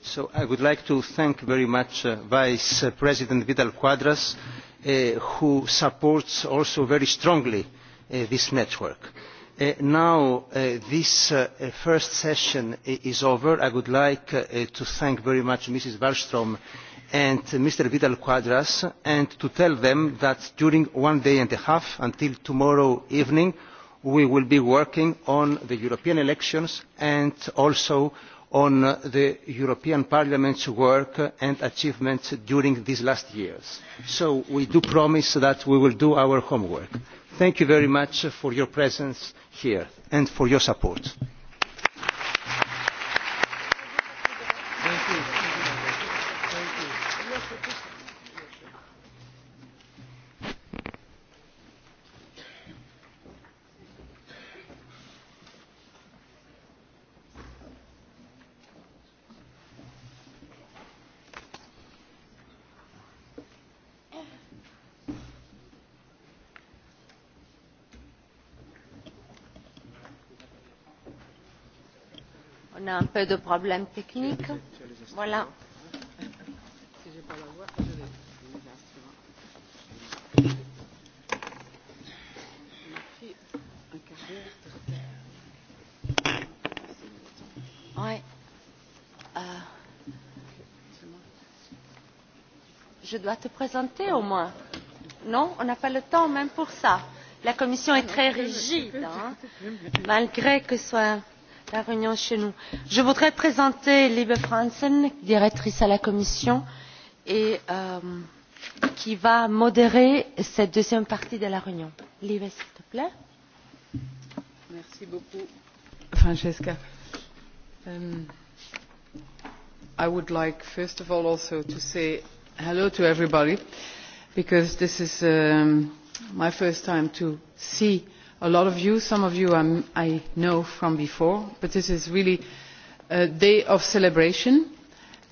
[SPEAKER 3] so i would like to thank very much uh, vice president vidal quadras uh, who supports also very strongly uh, this network. Uh, now uh, this uh, first session is over i would like to thank very much mrs wallstrm and mr vidal quadras and to tell them that during one day and a half until tomorrow evening we will be working on the european elections and also on the european parliament's work and achievements during these last years. so we do promise that we will do our homework thank you very much for your presence here and for your support.
[SPEAKER 1] on a un peu de problème technique. Voilà. Oui. Euh, je dois te présenter au moins. Non, on n'a pas le temps même pour ça. La commission est très rigide, hein, malgré que ce soit la réunion chez nous je voudrais présenter liebe frasen directrice à la commission euh, qui va modérer cette deuxième partie de la réunion. liebe s'il te
[SPEAKER 6] plaît. merci beaucoup francesca. Um, i would like first of all also to say hello to everybody because this is um, my first time to see a lot of you some of you i know from before but this is really a day of celebration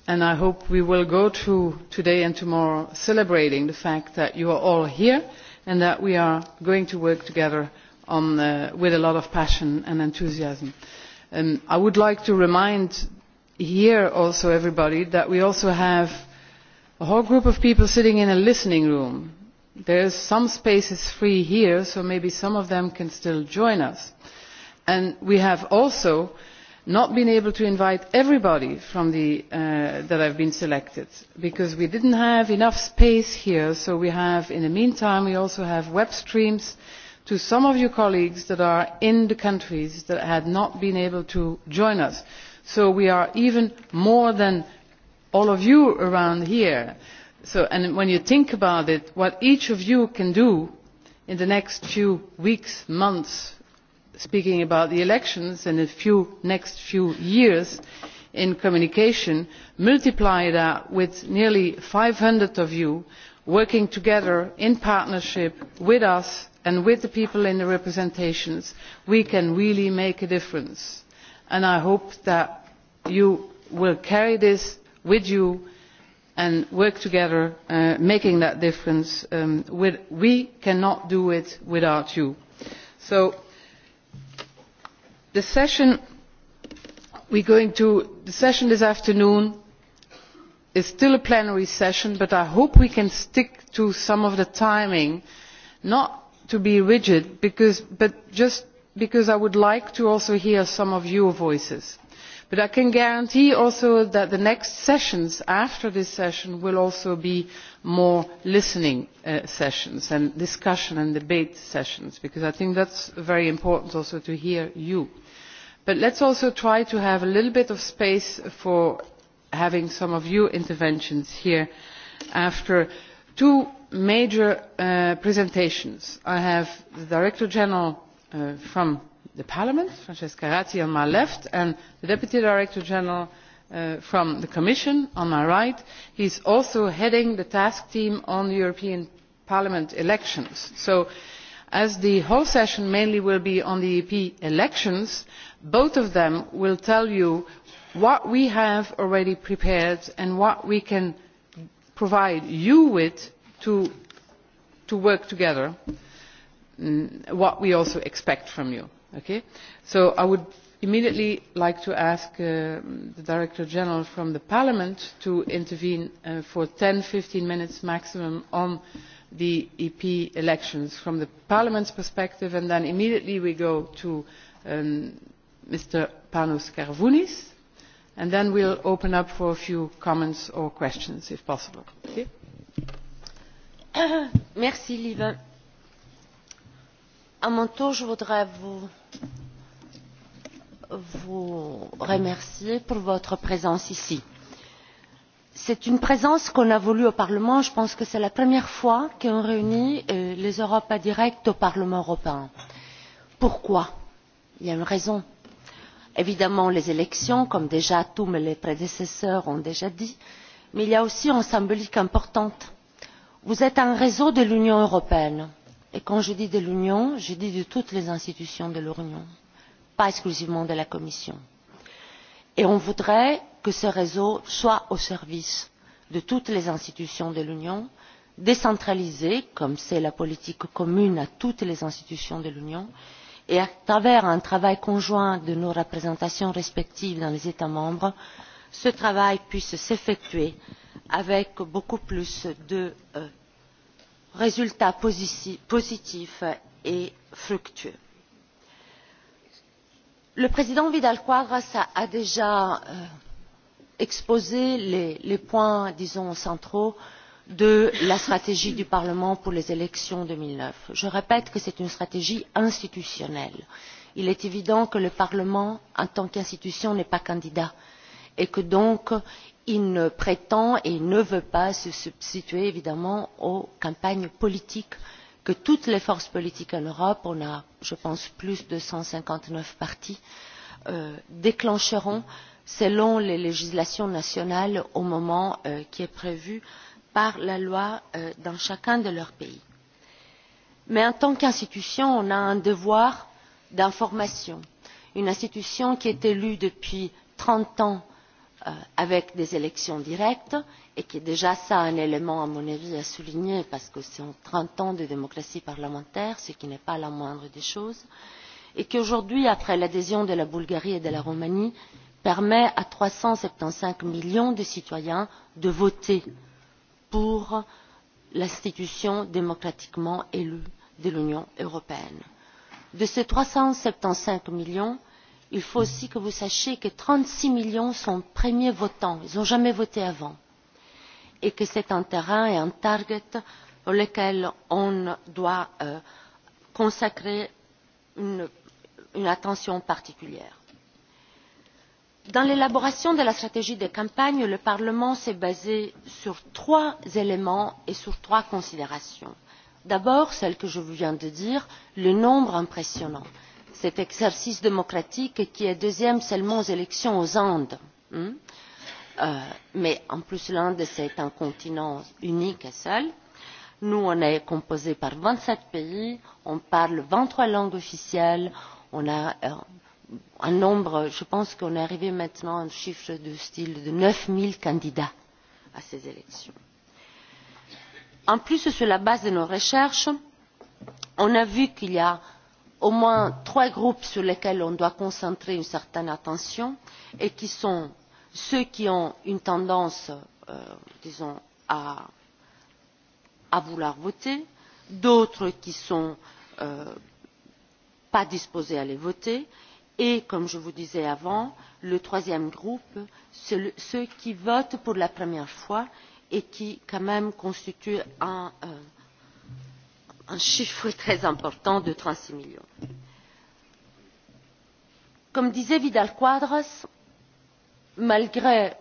[SPEAKER 6] and i hope we will go through today and tomorrow celebrating the fact that you are all here and that we are going to work together uh, with a lot of passion and enthusiasm. Um, i would like to remind everybody here that we also have a whole group of people sitting in a listening room there are some spaces free here so maybe some of them can still join us and we have also not been able to invite everybody uh, that has been selected because we did not have enough space here so we have in the meantime we also have web streams to some of your colleagues that are in the countries that had not been able to join us so we are even more than all of you around here when you think about it what each of you can do in the next few weeks months speaking about the elections and the next few years in communication multiply that with nearly five hundred of you working together in partnership with us and with the people in the representations we can really make a difference and i hope that you will carry this with you and work together uh, making that difference um, we cannot do it without you. so the session this afternoon is still a plenary session but i hope we can stick to some of the timing not to be rigid but just because i would like to also hear some of your voices but i can guarantee also that the next sessions after this session will also be more listening uh, sessions and discussion and debate sessions because i think that is very important also to hear you. but let us also try to have a little bit of space for having some of your interventions here after two major uh, presentations. i have the director general uh, from the parliament francesca ratti on my left and the deputy director general uh, from the commission on my right he is also heading the task team on the european parliament elections. so as the whole session will mainly be on the ep elections both of them will tell you what we have already prepared and what we can provide you with to work together and mm, what we also expect from you so i would immediately like to ask uh, the director general from parliament to intervene uh, for ten fifteen minutes maximum on the ep elections from parliament's perspective and then immediately we go to mr um, panos karavounis and then we will open up for a few comments or questions if possible.
[SPEAKER 1] à mon tour je voudrais vous remercier pour votre soutien vous remercier pour votre présence ici. c'est une présence qu'on a voulue au parlement. je pense que c'est la première fois qu'on réunit euh, les europa direct au parlement européen. pourquoi? il y a une raison. évidemment les élections comme déjà tous mes prédécesseurs ont dit mais il y a aussi une symbolique importante. vous êtes un réseau de l'union européenne et quand je dis de l'union je dis de toutes les institutions de l'union pas exclusivement de la commission et on voudrait que ce réseau soit au service de toutes les institutions de l'union décentralisé comme c'est la politique commune à toutes les institutions de l'union et à travers un travail conjoint de nos représentations respectives dans les états membres ce travail puisse s'effectuer avec beaucoup plus de euh, résultats positifs et fructueux. le président vidal quadras a déjà euh, exposé les points disons centraux de la stratégie du parlement pour les élections. deux mille neuf je répète que c'est une stratégie institutionnelle. il est évident que le parlement en tant qu'institution n'est pas candidat et qu'il est donc il ne prétend et ne veut pas se substituer évidemment aux campagnes politiques que toutes les forces politiques en europe on a je pense plus de cent cinquante neuf partis euh, déclencheront selon les législations nationales au moment euh, qui est prévu par la loi euh, dans chacun de leurs pays. mais en tant qu'institution on a un devoir d'information. une institution qui est élue depuis trente ans Euh, avec des élections directes et qui est déjà un élément à mon avis à souligner parce que c'est trente ans de démocratie parlementaire ce qui n'est pas la moindre des choses et qui aujourd'hui après l'adhésion de la bulgarie et de la roumanie permet à trois cent soixante quinze millions de citoyens de voter pour l'institution démocratiquement élue de l'union européenne. de ces trois cent soixante quinze millions il faut aussi que vous sachiez que trente six millions sont les premiers votants ils n'ont jamais voté avant et que c'est un terrain et un target pour lesquels on doit euh, consacrer une attention particulière. dans l'élaboration de la stratégie de campagne le parlement s'est basé sur trois éléments et sur trois considérations. d'abord celle que je viens de dire le nombre impressionnant cet exercice démocratique qui est deuxième seulement aux élections aux andes. Hmm? Euh, mais en plus l'inde est un continent unique et seul. nous sommes composés par vingt sept pays on parle vingt trois langues officielles on a euh, un nombre je pense qu'on est arrivé maintenant à un chiffre du style de neuf mille candidats à ces élections. en plus sur la base de nos recherches on a vu qu'il y a au moins trois groupes sur lesquels on doit concentrer une certaine attention et qui sont ceux qui ont une tendance euh, disons à vouloir voter d'autres qui ne sont euh, pas disposés à aller voter et comme je vous le disais avant le troisième groupe ceux qui votent pour la première fois et qui quand même constituent un euh, un chiffre très important de trente six millions. comme disait vidal quadras malgré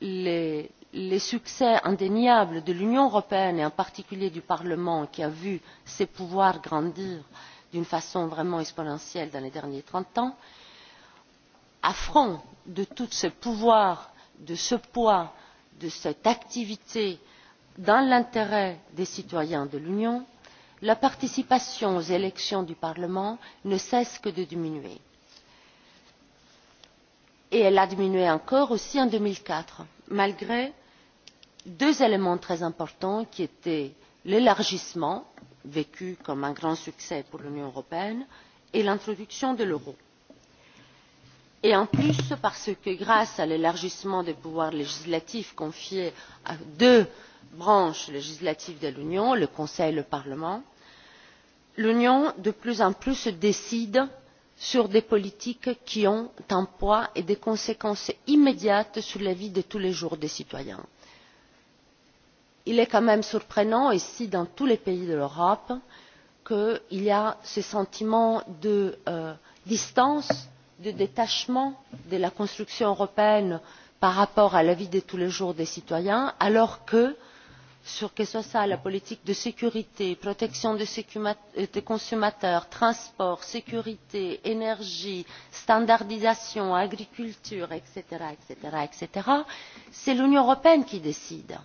[SPEAKER 1] les succès indéniables de l'union européenne et en particulier du parlement qui a vu ses pouvoirs grandir d'une façon vraiment exponentielle dans les derniers trente ans à front de tous ces pouvoirs de ce poids de cette activité dans l'intérêt des citoyens de l'union la participation aux élections du parlement ne cesse que de diminuer et elle a diminué encore aussi en deux mille quatre malgré deux éléments très importants qui étaient l'élargissement vécu comme un grand succès pour l'union européenne et l'introduction de l'euro. et en plus parce que grâce à l'élargissement des pouvoirs législatifs confiés à deux branches législatives de l'union le conseil et le parlement l'union de plus en plus se décide sur des politiques qui ont un poids et des conséquences immédiates sur la vie de tous les jours des citoyens. il est quand même surprenant ici dans tous les pays d'europe qu'il y ait ce sentiment de euh, distance de détachement de la construction européenne par rapport à la vie de tous les jours des citoyens alors que sur la politique de sécurité protection des euh, consommateurs transports sécurité énergie standardisation agriculture etc. c'est l'union européenne qui décide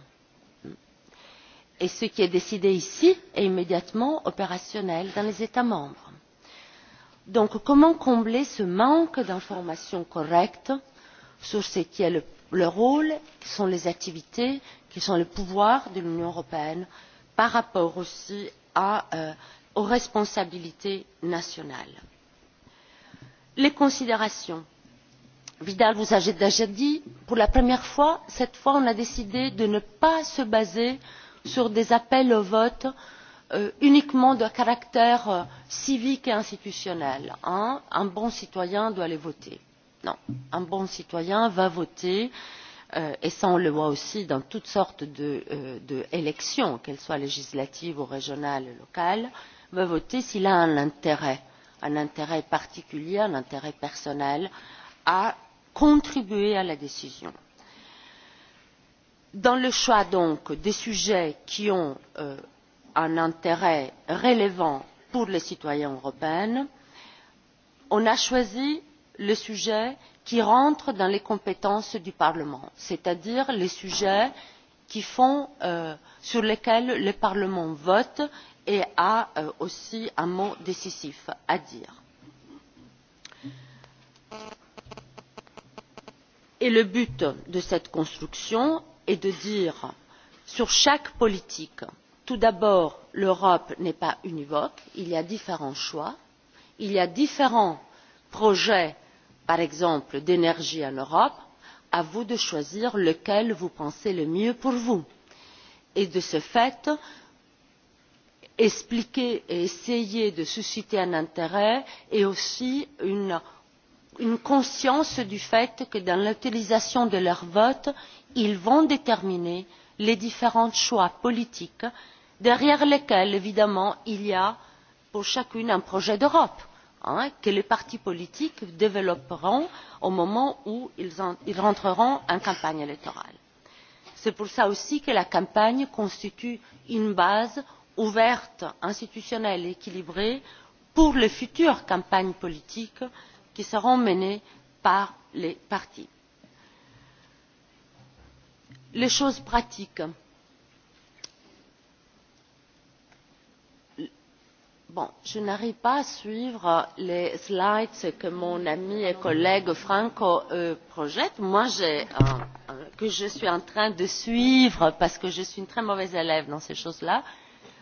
[SPEAKER 1] et ce qui est décidé ici est immédiatement opérationnel dans les états membres. donc comment combler ce manque d'informations correctes sur ce qui est le rôle les activités et qui sont le pouvoir de l'union européenne par rapport aussi euh, aux responsabilités nationales. les considérations vidal vous avez déjà dit pour la première fois cette fois on a décidé de ne pas se baser sur des appels au vote euh, uniquement de caractère euh, civique et institutionnel. un bon citoyen doit aller voter. non un bon citoyen va voter Euh, et cela on le voit aussi dans toutes sortes d'élections euh, qu'elles soient législatives ou régionales ou locales va voter s'il a un intérêt un intérêt particulier un intérêt personnel à contribuer à la décision. dans le choix donc des sujets qui ont euh, un intérêt relevant pour les citoyens européens on a choisi le sujet qui entrent dans les compétences du parlement c'est à dire les sujets euh, sur lesquels le parlement vote et a euh, aussi un mot décisif à dire. le but de cette construction est de dire sur chaque politique tout d'abord l'europe n'est pas univoque il y a différents choix il y a différents projets par exemple d'énergie en europe à vous de choisir lequel vous pensez le mieux pour vous et de ce fait expliquer et essayer de susciter un intérêt et aussi une conscience du fait que dans l'utilisation de leur vote ils vont déterminer les différents choix politiques derrière lesquels évidemment il y a pour chacune un projet d'europe que les partis politiques développeront au moment où ils entreront en campagne électorale. c'est pour cela aussi que la campagne constitue une base ouverte institutionnelle et équilibrée pour les futures campagnes politiques qui seront menées par les partis. les choses pratiques je n'arrive pas à suivre les slides que mon ami et collègue franco euh, projette moi que je suis en train de suivre parce que je suis une très mauvaise élève dans ces choses là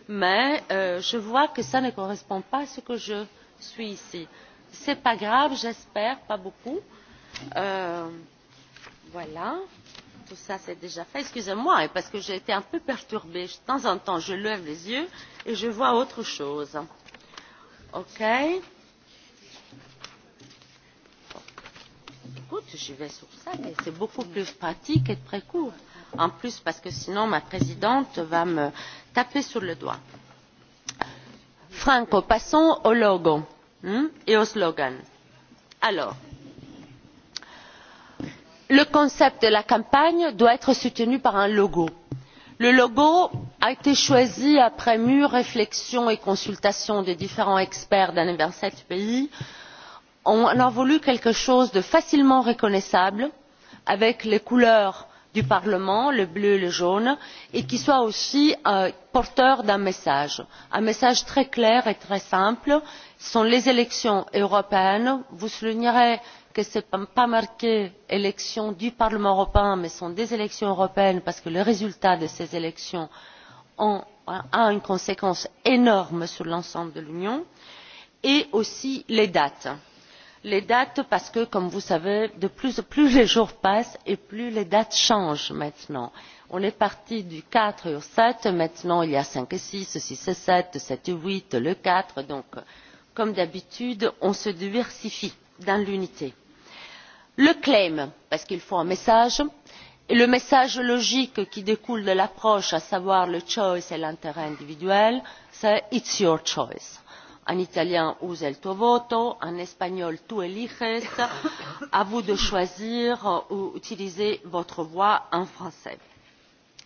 [SPEAKER 1] mais euh, je vois que ça ne correspond pas à ce que je suis ici. ce n'est pas grave j'espère pas beaucoup. Euh, voilà tout ça c'est déjà fait. excusez moi parce que j'ai été un peu perturbée. de temps en temps je lève les yeux et je vois autre chose. Okay. Écoute, j'y vais sur ça, mais c'est beaucoup plus pratique et très court. En plus, parce que sinon, ma présidente va me taper sur le doigt. Franco, passons au logo hein, et au slogan. Alors, le concept de la campagne doit être soutenu par un logo. Le logo a été choisi après mûre réflexion et consultation des différents experts d'un vingt sept pays on a voulu quelque chose de facilement reconnaissable avec les couleurs du parlement le bleu et le jaune et qui soit aussi euh, porteur d'un message un message très clair et très simple ce sont les élections européennes vous soulignerez que ce n'est pas marqué élections du parlement européen mais ce sont des élections européennes parce que le résultat de ces élections a une conséquence énorme sur l'ensemble de l'union et aussi les dates parce que comme vous le savez plus les jours passent et plus les dates changent maintenant. on est parti du quatre au sept maintenant il y a cinq et six le six et le sept le sept et le huit le quatre donc comme d'habitude on se diversifie dans l'unité. le claim parce qu'il faut un message et le message logique qui découle de l'approche à savoir le choice et l'intérêt individuel c'est it's your choice en italien usa il tuo voto en espagnol tu eliges à vous de choisir ou utilisez votre voix en français.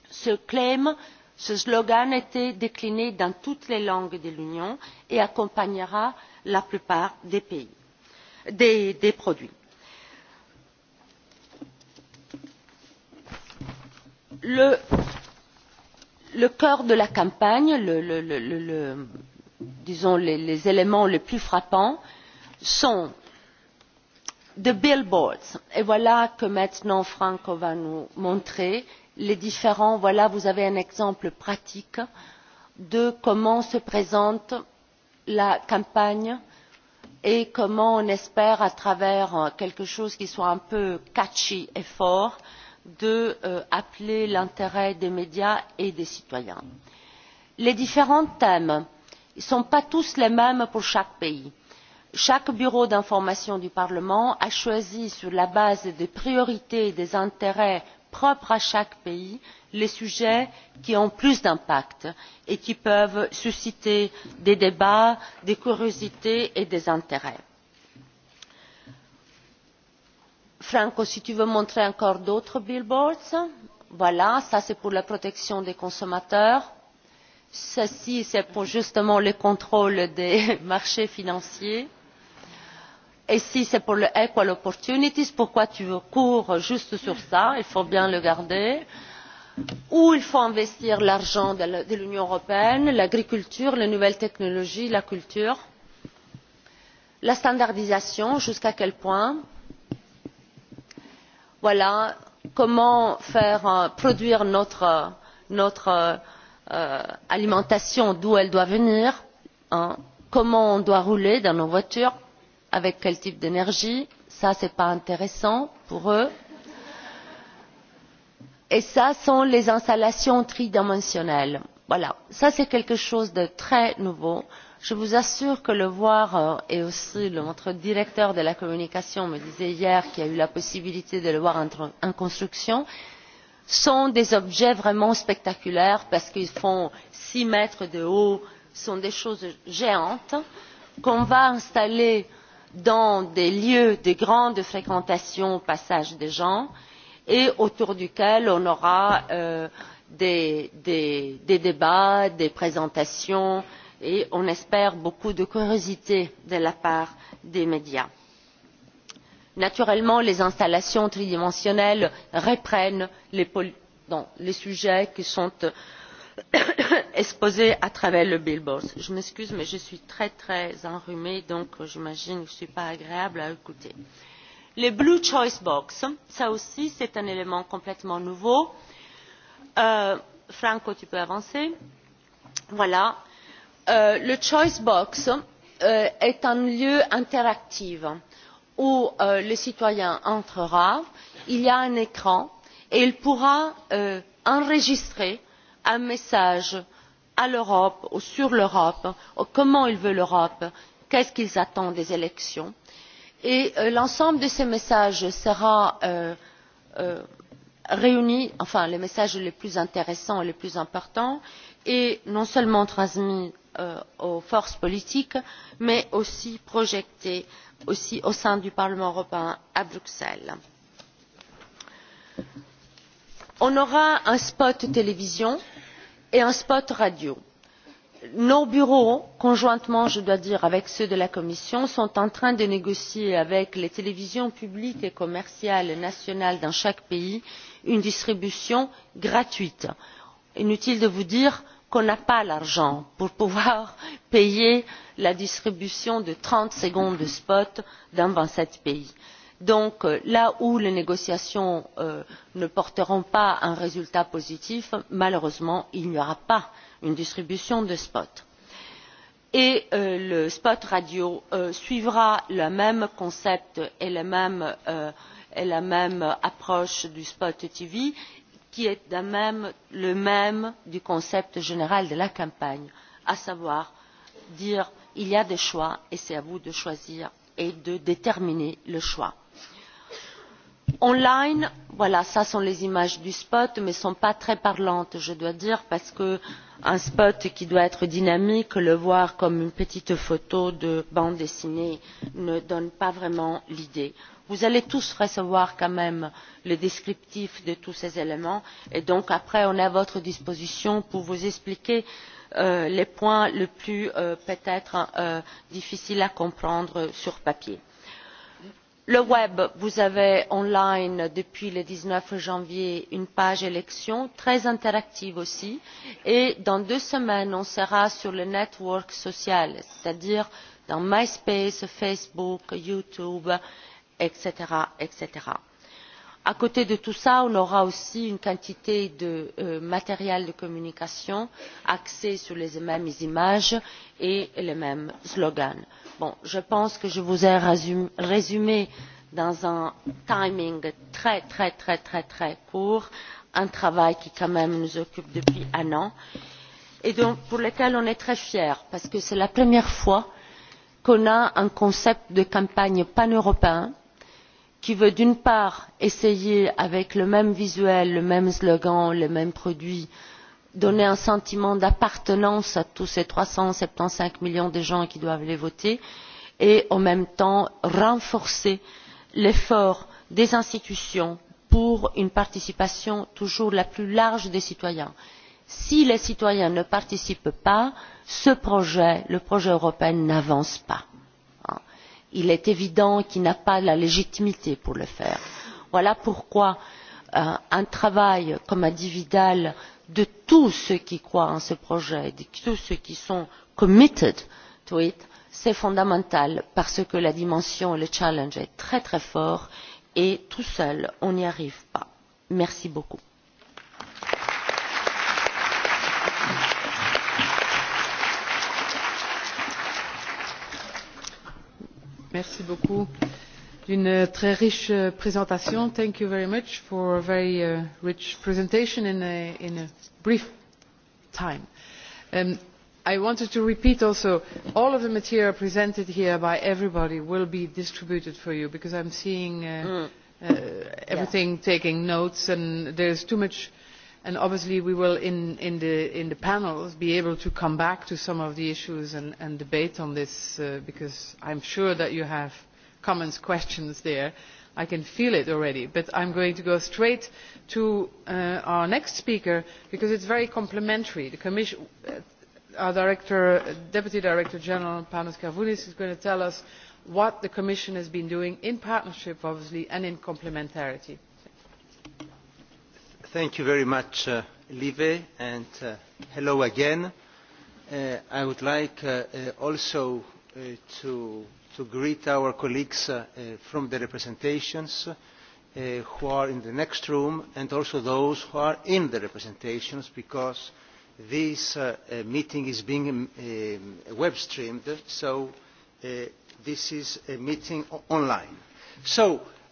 [SPEAKER 1] ce claim ce slogan était décliné dans toutes les langues de l'union et accompagnera la plupart des produits. le cœur de la campagne disons les éléments les plus frappants sont les billboards et voilà que maintenant franco va nous montrer les différents voilà vous avez un exemple pratique de comment se présente la campagne et comment on espère à travers quelque chose qui soit un peu catchy et fort d'appeler euh, l'intérêt des médias et des citoyens. les différents thèmes ne sont pas tous les mêmes pour chaque pays. chaque bureau d'information du parlement a choisi sur la base des priorités et des intérêts propres à chaque pays les sujets qui ont le plus d'impact et qui peuvent susciter des débats des curiosités et des intérêts. franco si tu veux montrer encore d'autres billboards voilà ça c'est pour la protection des consommateurs ceci c'est pour justement le contrôle des marchés financiers ici c'est pour le equal opportunities pourquoi tu cours juste sur ça il faut bien le garder où il faut investir l'argent de l'union européenne l'agriculture les nouvelles technologies la culture la standardisation jusqu'à quel point? voilà comment faire euh, produire notre euh, alimentation d'où elle doit venir comment on doit rouler dans nos voitures avec quel type d'énergie ça ce n'est pas intéressant pour eux et ça sont les installations tridimensionnelles. voilà c'est quelque chose de très nouveau je vous assure que le voir euh, et aussi notre directeur de la communication me disait hier qu'il a eu la possibilité de le voir en construction sont des objets vraiment spectaculaires parce qu'ils font six mètres de haut ce sont des choses géantes qu'on va installer dans des lieux de grande fréquentation au passage des gens et autour desquels on aura euh, des débats des présentations etc et on espère beaucoup de curiosité de la part des médias. naturellement les installations tridimensionnelles reprennent les sujets qui sont euh, exposés à travers les billboards. je m'excuse mais je suis très enrhumée donc j'imagine que je ne suis pas agréable à écouter. les blue choice box cela aussi c'est un élément complètement nouveau. Euh, franco tu peux avancer? voilà. Euh, le choice box euh, est un lieu interactif où euh, le citoyen entrera il y a un écran et il pourra enregistrer un message à l'europe ou sur l'europe comment il veut l'europe qu'est ce qu'il attend des élections et l'ensemble de ces messages sera réuni enfin les messages les plus intéressants et les plus importants et non seulement transmis Euh, aux forces politiques mais aussi projetée au sein du parlement européen à bruxelles. on aura un spot télévision et un spot radio. nos bureaux conjointement je dois dire avec ceux de la commission sont en train de négocier avec les télévisions publiques et commerciales nationales dans chaque pays une distribution gratuite. inutile de vous dire qu'on n'a pas l'argent pour pouvoir payer la distribution de trente secondes de spot dans vingt sept pays. donc euh, là où les négociations euh, ne porteront pas un résultat positif malheureusement il n'y aura pas de distribution de spot. et euh, le spot radio suivra le même concept et la même approche du spot tv qui est le même du concept général de la campagne à savoir dire il y a des choix et c'est à vous de choisir et de déterminer le choix. en ligne voilà ce sont les images du spot mais elles ne sont pas très parlantes je dois dire parce qu'un spot qui doit être dynamique le voir comme une petite photo de bande dessinée ne donne pas vraiment l'idée vous allez tous recevoir quand même le descriptif de tous ces éléments et donc après on est à votre disposition pour vous expliquer euh, les points les plus euh, peut être euh, difficiles à comprendre sur papier. le web vous avez en ligne depuis le dix neuf janvier une page élections très interactive aussi et dans deux semaines on sera sur le network social c'est à dire dans myspace facebook youtube etc etc. à côté de tout cela on aura aussi une quantité de euh, matériel de communication axé sur les mêmes images et les mêmes slogans. je pense que je vous ai résumé dans un timing très très très très court un travail qui quand même nous occupe depuis un an et pour lequel on est très fiers parce que c'est la première fois qu'on a un concept de campagne paneuropéen qui veut d'une part essayer avec le même visuel le même slogan les mêmes produits de donner un sentiment d'appartenance à tous ces trois cent soixante quinze millions de gens qui doivent les voter et en même temps renforcer l'effort des institutions pour une participation toujours la plus large des citoyens. si les citoyens ne participent pas ce projet le projet européen n'avance pas il est évident qu'il n'a pas la légitimité pour le faire. voilà pourquoi euh, un travail comme l'a dit vidal de tous ceux qui croient en ce projet de tous ceux qui sont committed to it c'est fondamental parce que la dimension et le challenge sont très très forts et tout seul on n'y arrive pas. merci beaucoup. applaudissements
[SPEAKER 6] merci beaucoup d'une euh, très riche euh, présentation. thank you very much for a very uh, rich presentation in a, in a brief time. Um, i wanted to repeat also all of the material presented here by everybody will be distributed for you because i'm seeing uh, mm. uh, everything yeah. taking notes and there's too much obviously we will in the panels be able to come back to some of the issues and debate on this uh, because i am sure that you have comments and questions there i can feel it already. but i am going to go straight to uh, our next speaker because it is very complimentary. Uh, our deputy director general panos karvounis is going to tell us what the commission has been doing in partnership obviously and in complementarity
[SPEAKER 3] thank you very much uh, lieve and uh, hello again. Uh, i would like also to greet our colleagues from the representations who are in the next room and also those who are in the representations because this meeting is being um, web streamed so this is a meeting online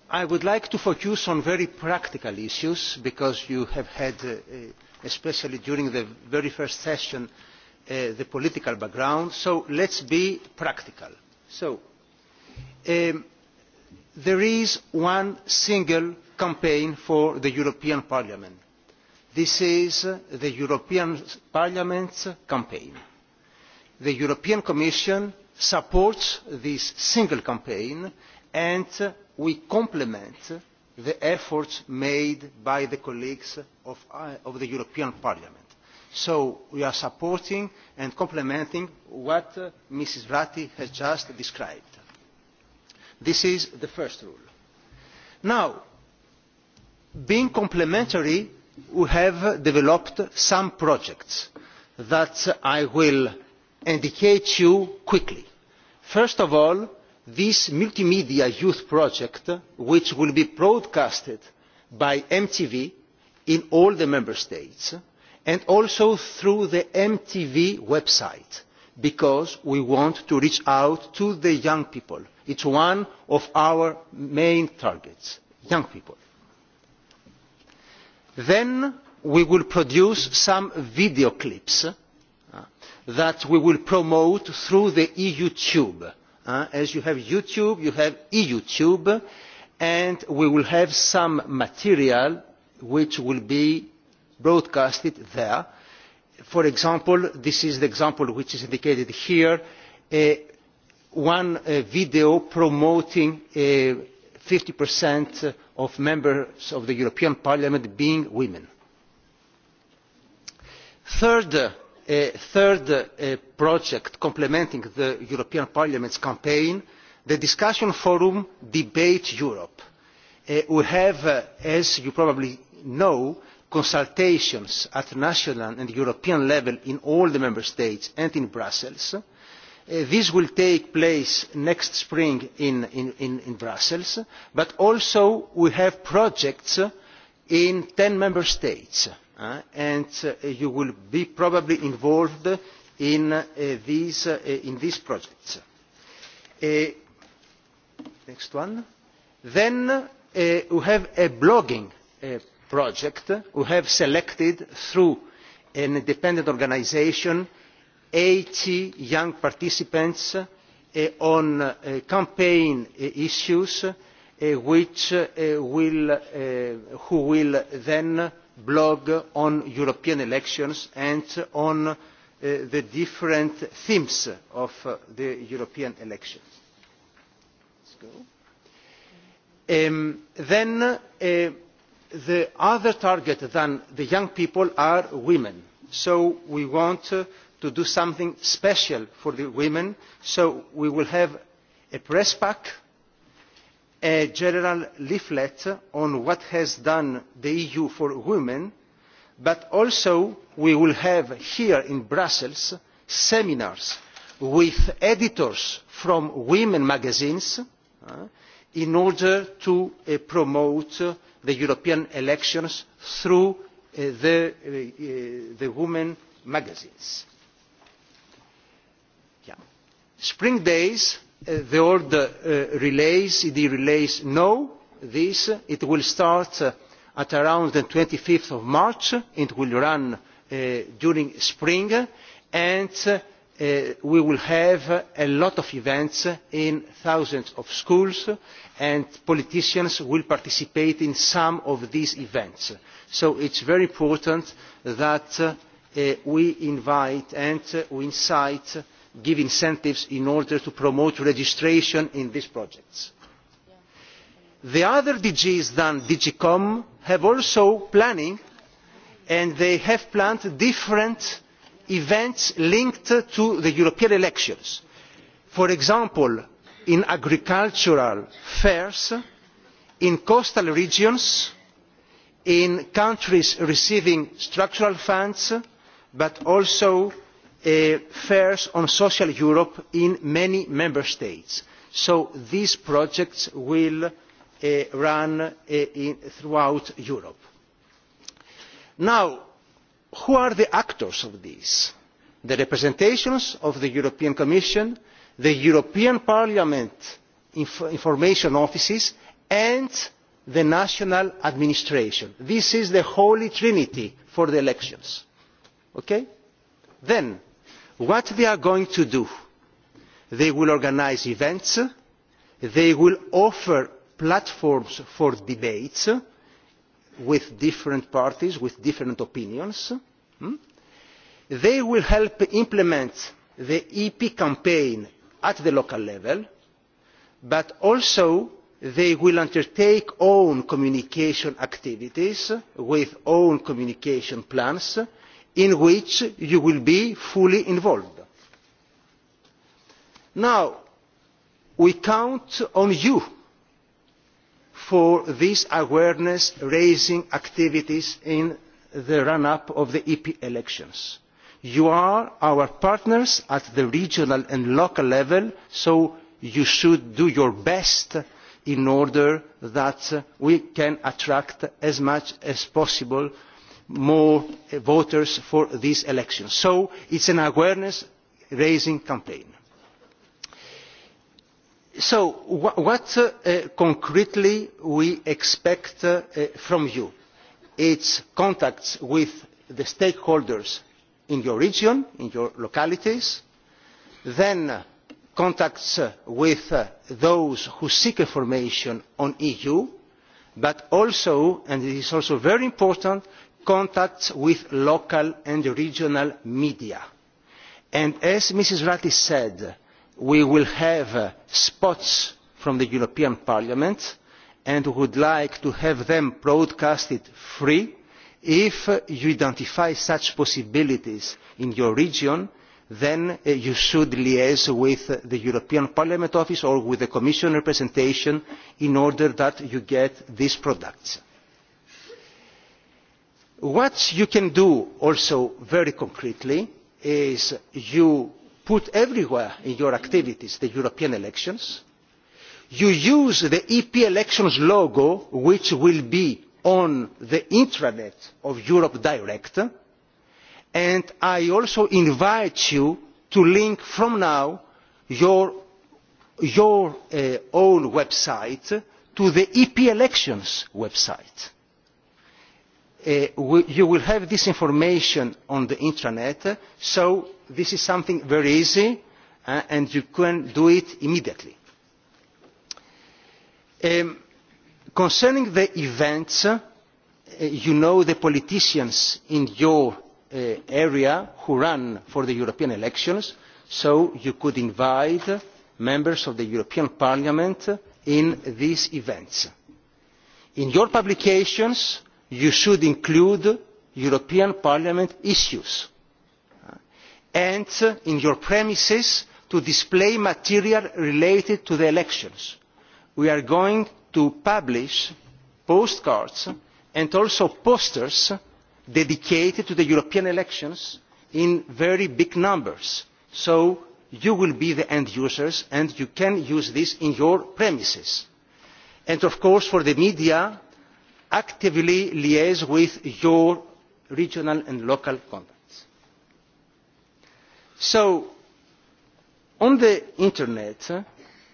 [SPEAKER 3] i would like to focus on very practical issues because you have had uh, uh, especially during the very first session uh, the political background so let us be practical. Um, there is one single campaign for the european parliament. this is the european parliament's campaign. the european commission supports this single campaign and we complement the efforts made by the colleagues uh, of the european parliament. so we are supporting and complementing what uh, mrs vrati has just described. this is the first rule. now being complementary we have developed some projects that i will indicate to you quickly. first of all this multimedia youth project which will be broadcast by mtv in all the member states and also through the mtv website because we want to reach out to the young people. it is one of our main targets young people. then we will produce some video clips uh, that we will promote through eu e tube. Uh, as you have youtube you have eutube and we will have some material which will be broadcast there. for example this is the example which is indicated here one video promoting fifty of members of the european parliament being women. thirdly a third uh, project complementing the european parliament's campaign the discussion forum debate europe. Uh, we have uh, as you probably know consultations at national and european level in all the member states and in brussels. these will take place next spring in brussels but also we have projects in ten member states. Eh, and eh, you will be probably involved in eh, these in these projects. Next one. Then we have a blogging project we have selected through an independent organisation eighty young participants on campaign issues which will who will then blog on european elections and on uh, the different themes of uh, the european elections. Um, then uh, the other target than the young people are women so we want to do something special for the women so we will have a press pack a general leaflet on what has done the eu for women but also we will have here in brussels seminars with editors from women's magazines uh, in order to uh, promote the european elections through uh, the women's magazines. spring days Uh, the old uh, relays the relays know this it will start uh, at around the twenty fifth of march it will run during spring and we will have a lot of events in thousands of schools and politicians will participate in some of these events so it is very important that we invite and we incite give incentives in order to promote registration in these projects. The other DGs than DG COM have also planning and they have planned different events linked to the European elections. For example, in agricultural fairs, in coastal regions, in countries receiving structural funds, but also Uh, fairs on social europe in many member states so these projects will uh, run uh, throughout europe. now who are the actors of this? the representations of the european commission the european parliament information offices and the national administration. this is the holy trinity for the elections. then what they are going to do they will organise events they will offer platforms for debates with different parties with different opinions hmm? they will help implement the ep campaign at the local level but also they will undertake own communication activities with own communication plans in which you will be fully involved. now we count on you for these awareness raising activities in the run up to the ep elections. you are our partners at the regional and local level so you should do your best in order that we can attract as many as possible more voters for this election. so it is an awareness raising campaign. so what uh, uh, concretely do we expect uh, from you? it is contacts with the stakeholders in your region in your localities then contacts with those who seek information on the eu but also and this is also very important contacts with local and regional media. And as Mrs Ratti said, we will have uh, spots from the European Parliament and would like to have them broadcasted free. If uh, you identify such possibilities in your region, then uh, you should liaise with the European Parliament Office or with the Commission representation in order that you get these products what you can do also very concretely is to put everywhere in your activities the european elections to use the ep elections logo which will be on the intranet of europe direct and i also invite you to link from now your your uh, own website to the ep elections website. Uh, you will have this information on the intranet so this is something very easy uh, and you can do it immediately. Um, concerning the events uh, you know the politicians in your area who run for the european elections so you could invite members of the european parliament to these events. in your publications you should include european parliament issues and uh, in your premises to display material related to the elections. we are going to publish postcards and also posters dedicated to the european elections in very big numbers so you will be the end users and you can use this in your premises. of course for the media actively liaise with your regional and local contacts. So, on the internet,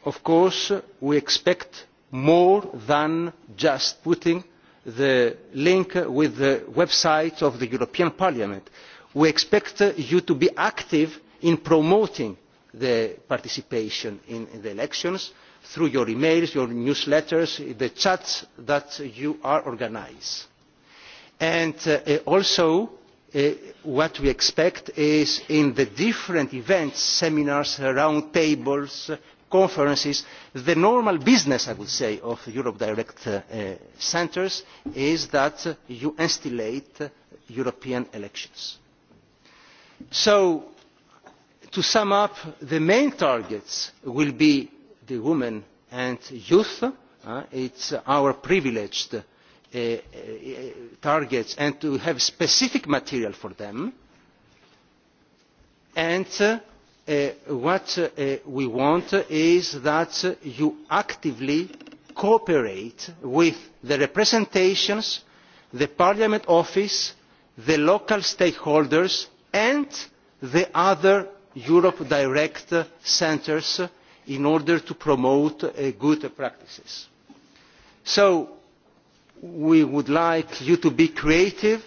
[SPEAKER 3] of course, we expect more than just putting the link with the website of the European Parliament. We expect you to be active in promoting the participation in the elections through your e mails your newsletters and the chats that you organise. Uh, uh, also uh, what we expect is in the different events seminars round tables conferences the normal business i would say of europe direct centres is that you instillate european elections. so to sum up the main targets will women and youth uh, it is our privileged uh, uh, target and to have specific material for them and what we want is that you actively cooperate with the representations the parliament office the local stakeholders and the other europe direct centres in order to promote uh, good practices. so we would like you to be creative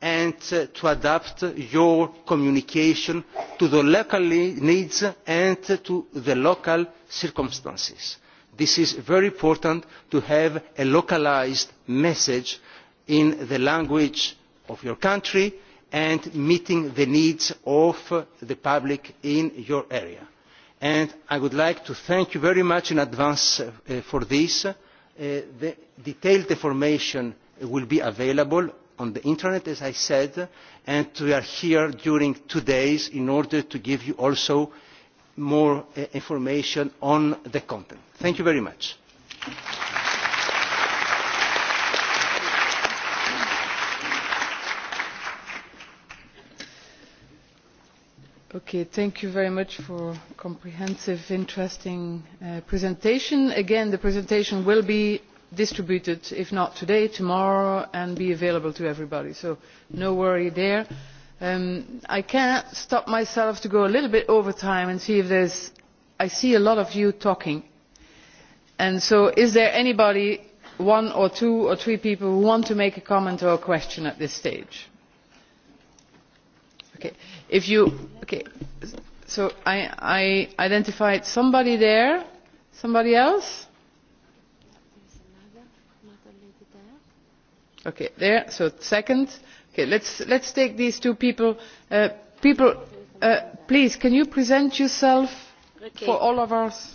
[SPEAKER 3] and uh, to adapt your communication to the local needs and to the local circumstances. it is very important to have a localised message in the language of your country and meeting the needs of uh, the public in your area and i would like to thank you very much in advance uh, for this. Uh, the detailed information will be available on the internet as i said and we are here during two days in order to give you also more uh, information on the content. thank you very much. applause
[SPEAKER 6] Okay, thank you very much for a comprehensive, interesting uh, presentation. Again, the presentation will be distributed, if not today, tomorrow, and be available to everybody. So no worry there. Um, I can't stop myself to go a little bit over time and see if there's... I see a lot of you talking. And so is there anybody, one or two or three people, who want to make a comment or a question at this stage? i identified somebody there somebody else okay there so second okay let's let's take these two people uh, people uh, please can you present yourself okay. for all of us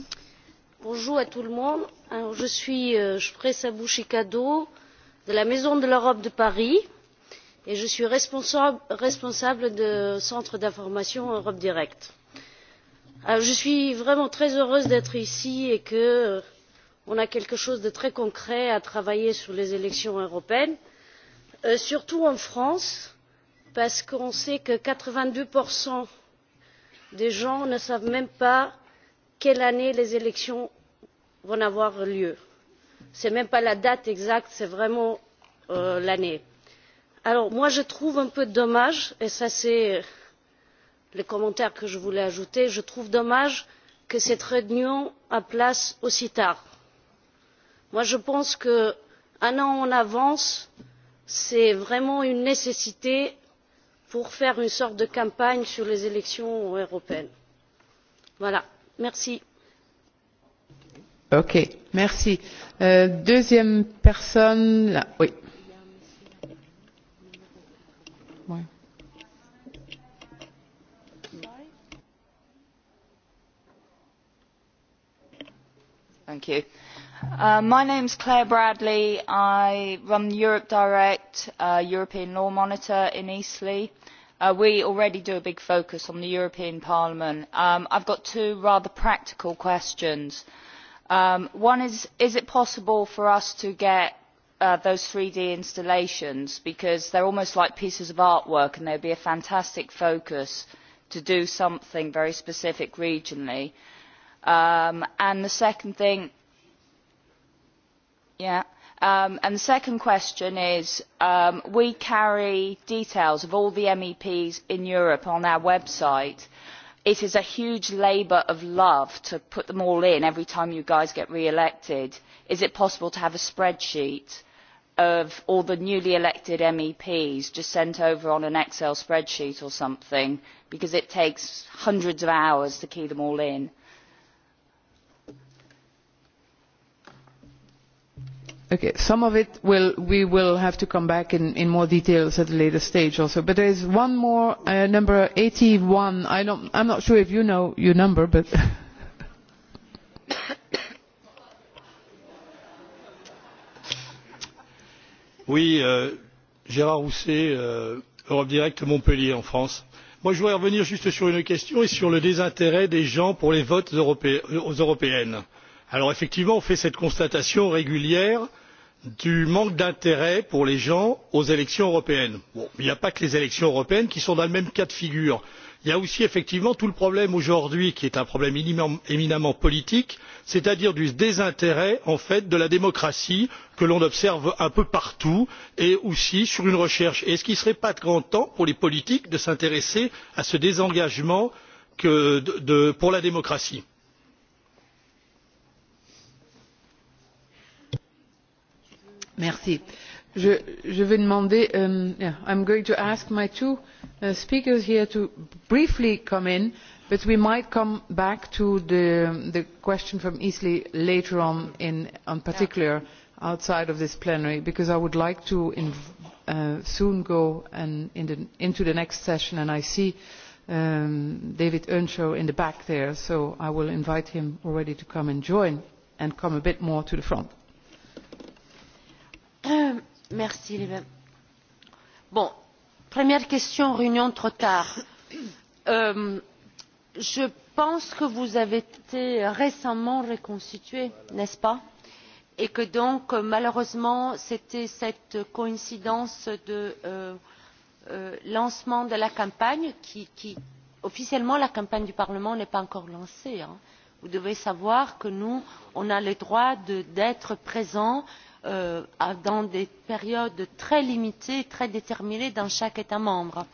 [SPEAKER 7] bonjour à tout le monde Alors, je suis euh, je presse à de la maison de l'europe de paris et je suis responsable du centre d'information europe direct. Euh, je suis vraiment très heureuse d'être ici et que euh, nous ayons quelque chose de très concret à travailler sur les élections européennes euh, surtout en france parce que l'on sait que quatre vingt deux des gens ne savent même pas quelle année les élections vont avoir lieu. ce n'est même pas la date exacte c'est vraiment l'année moi je trouve un peu dommage et ça c'est le commentaire que je voulais ajouter je trouve dommage que cette réunion ait lieu aussi tard. moi je pense que un an en avance c'est vraiment une nécessité pour faire une sorte de campagne sur les élections européennes. voilà merci.
[SPEAKER 6] ok merci. Euh, deuxième personne là. oui.
[SPEAKER 8] madam president uh, my name is clare bradley. i run europe direct a uh, european law monitor in eastleigh. Uh, we already do a big focus on the european parliament. Um, i have two rather practical questions. Um, one is is it possible for us to get those three d installations because they are almost like pieces of artwork and they would be a fantastic focus to do something very specific regionally. Um, um, and the second question is um, we carry details of all the meps in europe on our website. it is a huge labour of love to put them all in every time you guys get re elected. is it possible to have a spreadsheet of all the newly elected meps just sent over on an excel spreadsheet or something because it takes hundreds of hours to key them all in.
[SPEAKER 6] some of it we will have to come back to in more detail at a later stage but there is one more uh, number eighty one i am not sure if you know your number but
[SPEAKER 9] euh, gérard rousset euh, europe direct montpellier en france je voudrais revenir juste sur une question et sur le désintérêt des gens pour les votes euh, aux européennes. effectivement on fait cette constatation régulière du manque d'intérêt pour les gens aux élections européennes. il n'y a pas que les élections européennes qui sont dans le même cas de figure. il y a aussi effectivement tout le problème aujourd'hui qui est un problème éminemment politique c'est à dire du désintérêt en fait de la démocratie que l'on observe un peu partout et aussi sur une recherche. est ce qu'il ne serait pas grand temps pour les politiques de s'intéresser à ce désengagement pour la démocratie?
[SPEAKER 6] je vais demander i am um, going to ask my two uh, speakers here to briefly come in but we might come back to the question from easley later on in particular outside of this plenary because i would like to uh, soon go into the next session and i see um, david earnshaw in the back there so i will invite him already to come and join and come a bit more to the front.
[SPEAKER 1] Euh, première question réunion trop tard euh, je pense que vous avez été récemment reconstitué n'est ce pas et que donc malheureusement c'était cette coïncidence de euh, lancement de la campagne officiellement la campagne du parlement n'est pas encore lancée vous devez savoir que nous avons le droit d'être présents pour les élections européennes Euh, dans des périodes très limitées et très déterminées dans chaque état membre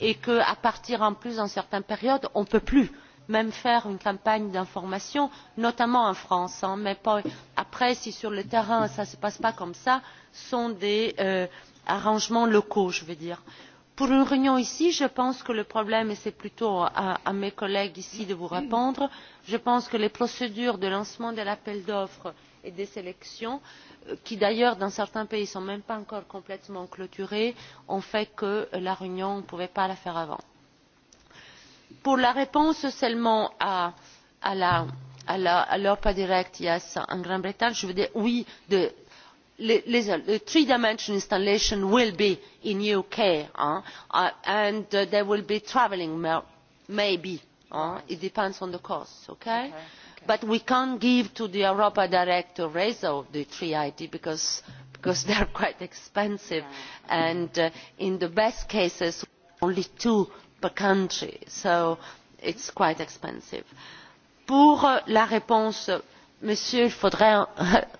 [SPEAKER 1] et qu'à partir d'une certaine période on ne peut plus même faire une campagne d'information notamment en france mais après si sur le terrain ça ne se passe pas comme cela ce sont des euh, arrangements locaux je veux dire. pour une réunion ici je pense que le problème et c'est plutôt à mes collègues ici de vous répondre je pense que les procédures de lancement de l'appel d'offres et de sélection qui d'ailleurs dans certains pays ne sont même pas encore complètement clôturés ont fait que la réunion ne pouvait pas se tenir avant. pour la réponse seulement à l'europa direct yes en grande bretagne je veux dire oui the three dimensional installation will be in the uk and there will be travelling maybe it depends on the cost okay? but we cannot give to the europa direct or resceu the three it because they are quite expensive and uh, in the best cases only two per country so it is quite expensive. pour uh, la réponse monsieur il faudrait euh,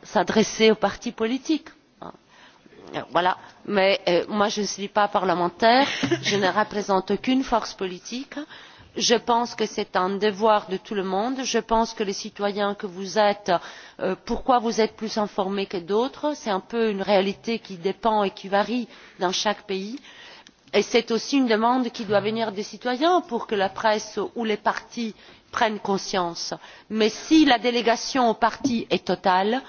[SPEAKER 1] s'adresser aux partis politiques. Euh, mais euh, moi je ne suis pas parlementaire je ne représente aucune force politique je pense que c'est un devoir de tout le monde je pense que les citoyens que vous êtes euh, pourquoi vous êtes plus informés que d'autres c'est un peu une réalité qui dépend et qui varie dans chaque pays et c'est aussi une demande qui doit venir des citoyens pour que la presse ou les partis prennent conscience mais si la délégation aux partis est totale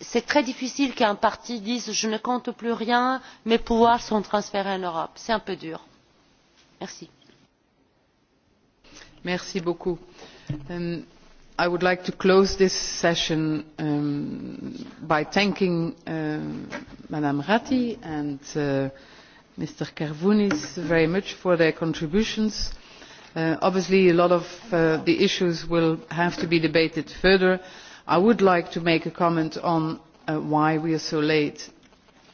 [SPEAKER 1] c'est très difficile qu'un parti dise je ne compte plus rien mes pouvoirs sont transférés en europe c'est un peu dur. merci.
[SPEAKER 6] Um, i would like to close this session um, by thanking uh, ms ratti and uh, mr karvounis very much for their contributions. Uh, obviously a lot of the issues will have to be debated further. i would like to make a comment on why we are so late.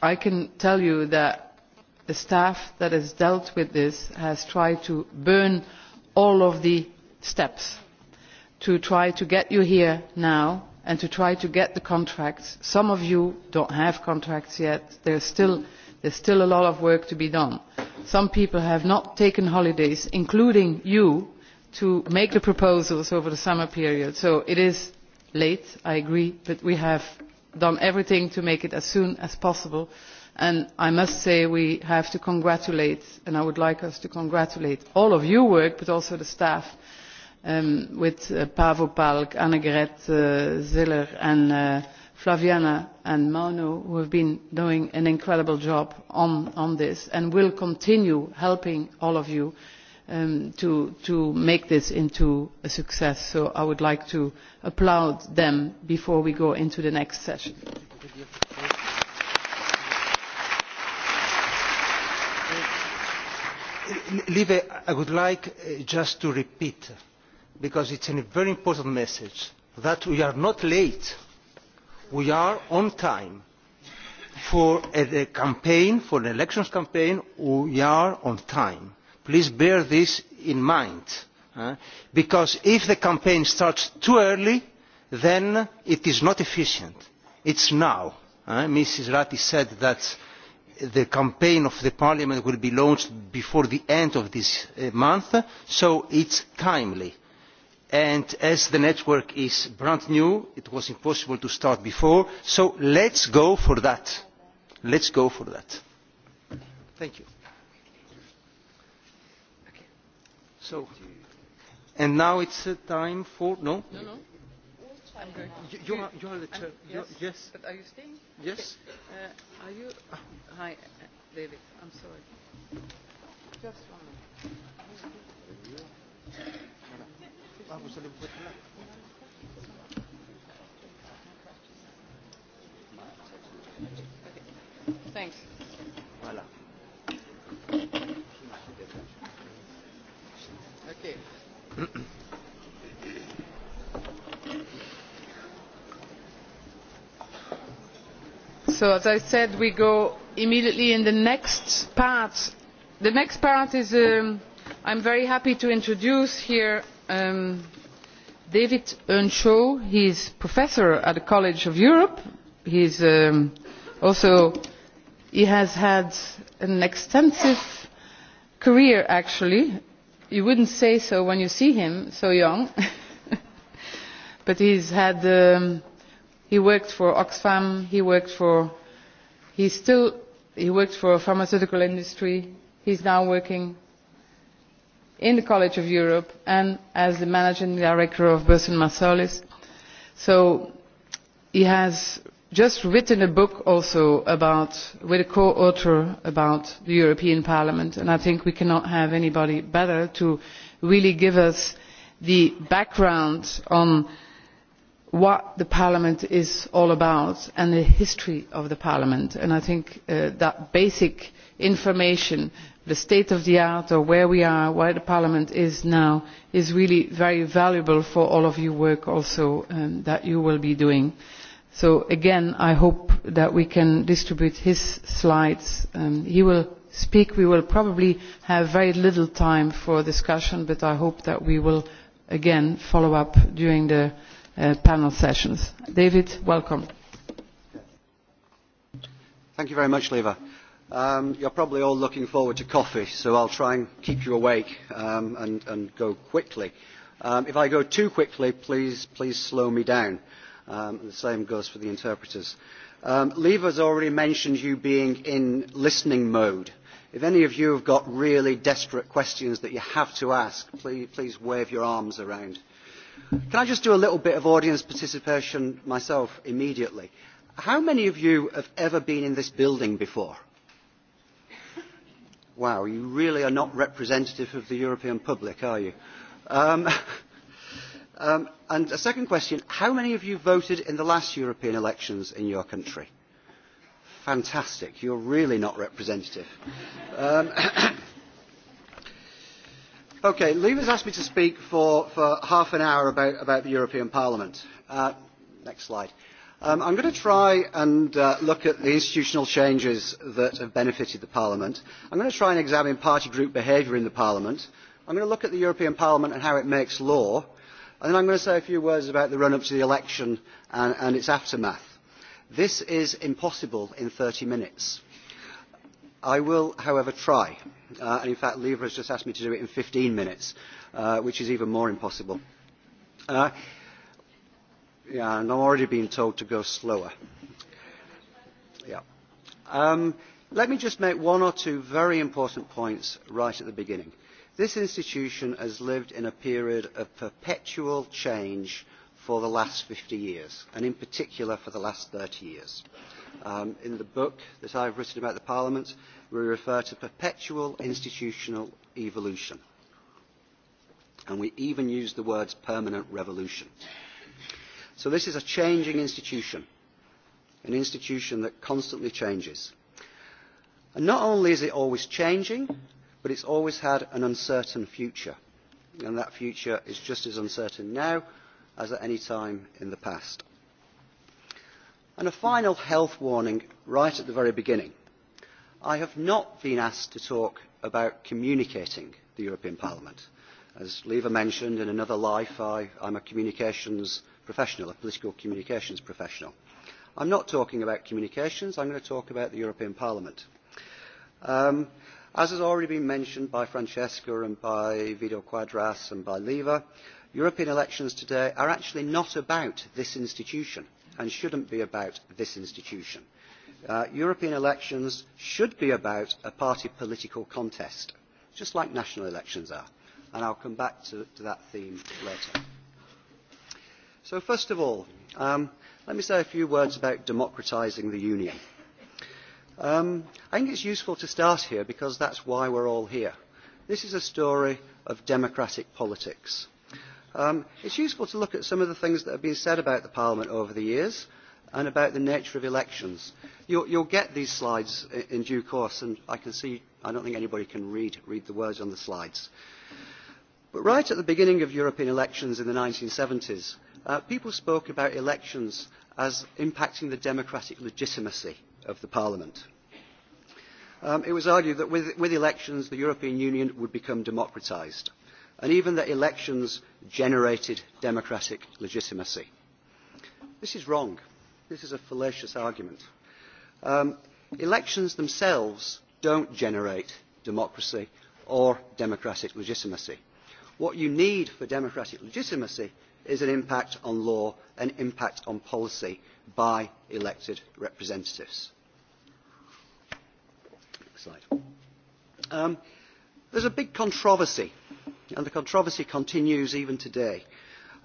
[SPEAKER 6] i can tell you that the staff that has dealt with this has tried to burn all the bridges all of the steps to try to get you here now and to try to get the contracts. some of you do not have contracts yet. there is still a lot of work to be done. some people have not taken holidays including you to make the proposals over the summer period. so it is late i agree but we have done everything to make it as soon as possible and i must say we have to congratulate and i would like us to congratulate all of your work but also the staff um, with uh, paavo palk anne grete uh, zeller and uh, flaviana and manu who have been doing an incredible job on this and will continue helping all of you um, to make this into a success. so i would like to applaud them before we go into the next session.
[SPEAKER 3] libe i would like uh, just to repeat because it is a very important message that we are not late we are on time for the campaign for the elections campaign we are on time please bear this in mind uh, because if the campaign starts too early then it is not efficient it is now uh, mrs ratti said that the campaign of parliament will be launched before the end of this uh, month so it is timely and as the network is brand new it was impossible to start before so let us go for that. let us go for that. thank you. now it is uh, time for no? No, no.
[SPEAKER 5] I'm
[SPEAKER 10] going. You, you are. You are the chair. Yes,
[SPEAKER 6] you're, yes. But are you staying? Yes. Uh, are you? Uh, hi, uh, David. I'm sorry. Just one.
[SPEAKER 11] Thanks. Voilà. Okay.
[SPEAKER 6] so as i said we go immediately into the next part. the next part is i am um, very happy to introduce here um, david earnshaw he is professor at the college of europe. Um, he has also had an extensive career actually you would not say so when you see him so young but he has had he worked for oxfam he worked for the pharmaceutical industry he is now working in the college of europe and as the managing director of boston marsalis so he has just written a book also with a co author about the european parliament and i think we cannot have anybody better to really give us the background on what parliament is all about and the history of parliament and i think uh, that basic information the state of the art or where we are where parliament is now is really very valuable for all of your work um, that you will be doing. so again i hope that we can distribute his slides. Um, he will speak. we will probably have very little time for discussion but i hope that we will again follow up during the Uh, panel sessions. David, welcome.
[SPEAKER 10] Thank you very much, Leva. Um, you're probably all looking forward to coffee, so I'll try and keep you awake um, and, and go quickly. Um, if I go too quickly, please, please slow me down. Um, the same goes for the interpreters. Um, Leva has already mentioned you being in listening mode. If any of you have got really desperate questions that you have to ask, please, please wave your arms around can i just do a little bit of audience participation myself immediately how many of you have ever been in this building before wow you really are not representative of the european public are you um, um, and a second question how many of you voted in the last european elections in your country fantastic you're really not representative um, Okay, Leave has asked me to speak for, for half an hour about, about the European Parliament. Uh, next slide. Um, I'm going to try and uh, look at the institutional changes that have benefited the Parliament. I'm going to try and examine party group behaviour in the Parliament. I'm going to look at the European Parliament and how it makes law. And then I'm going to say a few words about the run-up to the election and, and its aftermath. This is impossible in 30 minutes. I will, however, try. Uh, and in fact, Lever has just asked me to do it in 15 minutes, uh, which is even more impossible. Uh, yeah, and I'm already being told to go slower. Yeah. Um, let me just make one or two very important points right at the beginning. This institution has lived in a period of perpetual change for the last 50 years, and in particular for the last 30 years. Uh, um, in the book that I've written about the Parliament, we refer to perpetual institutional evolution. And we even use the words permanent revolution. So this is a changing institution, an institution that constantly changes. And not only is it always changing, but it's always had an uncertain future. And that future is just as uncertain now as at any time in the past and a final health warning right at the very beginning i have not been asked to talk about communicating the european parliament. as lieve mentioned in another life i am a communications professional a political communications professional. i am not talking about communications i am going to talk about the european parliament. Um, as has already been mentioned by francesca and by vidal quadras and by lieve european elections today are actually not about this institution and should not be about this institution. Uh, european elections should be about a party political contest just like national elections are and i will come back to that theme later. first of all um, let me say a few words about democratising the union. Um, i think it is useful to start here because that is why we are all here. this is a story of democratic politics. Um, it's useful to look at some of the things that have been said about the Parliament over the years and about the nature of elections. You'll, you'll get these slides in, in due course, and I can see, I don't think anybody can read, read the words on the slides. But right at the beginning of European elections in the 1970s, uh, people spoke about elections as impacting the democratic legitimacy of the Parliament. Um, it was argued that with, with elections, the European Union would become democratized and even that elections generated democratic legitimacy. This is wrong. This is a fallacious argument. Um, elections themselves don't generate democracy or democratic legitimacy. What you need for democratic legitimacy is an impact on law, an impact on policy by elected representatives. Next slide. Um, there's a big controversy and the controversy continues even today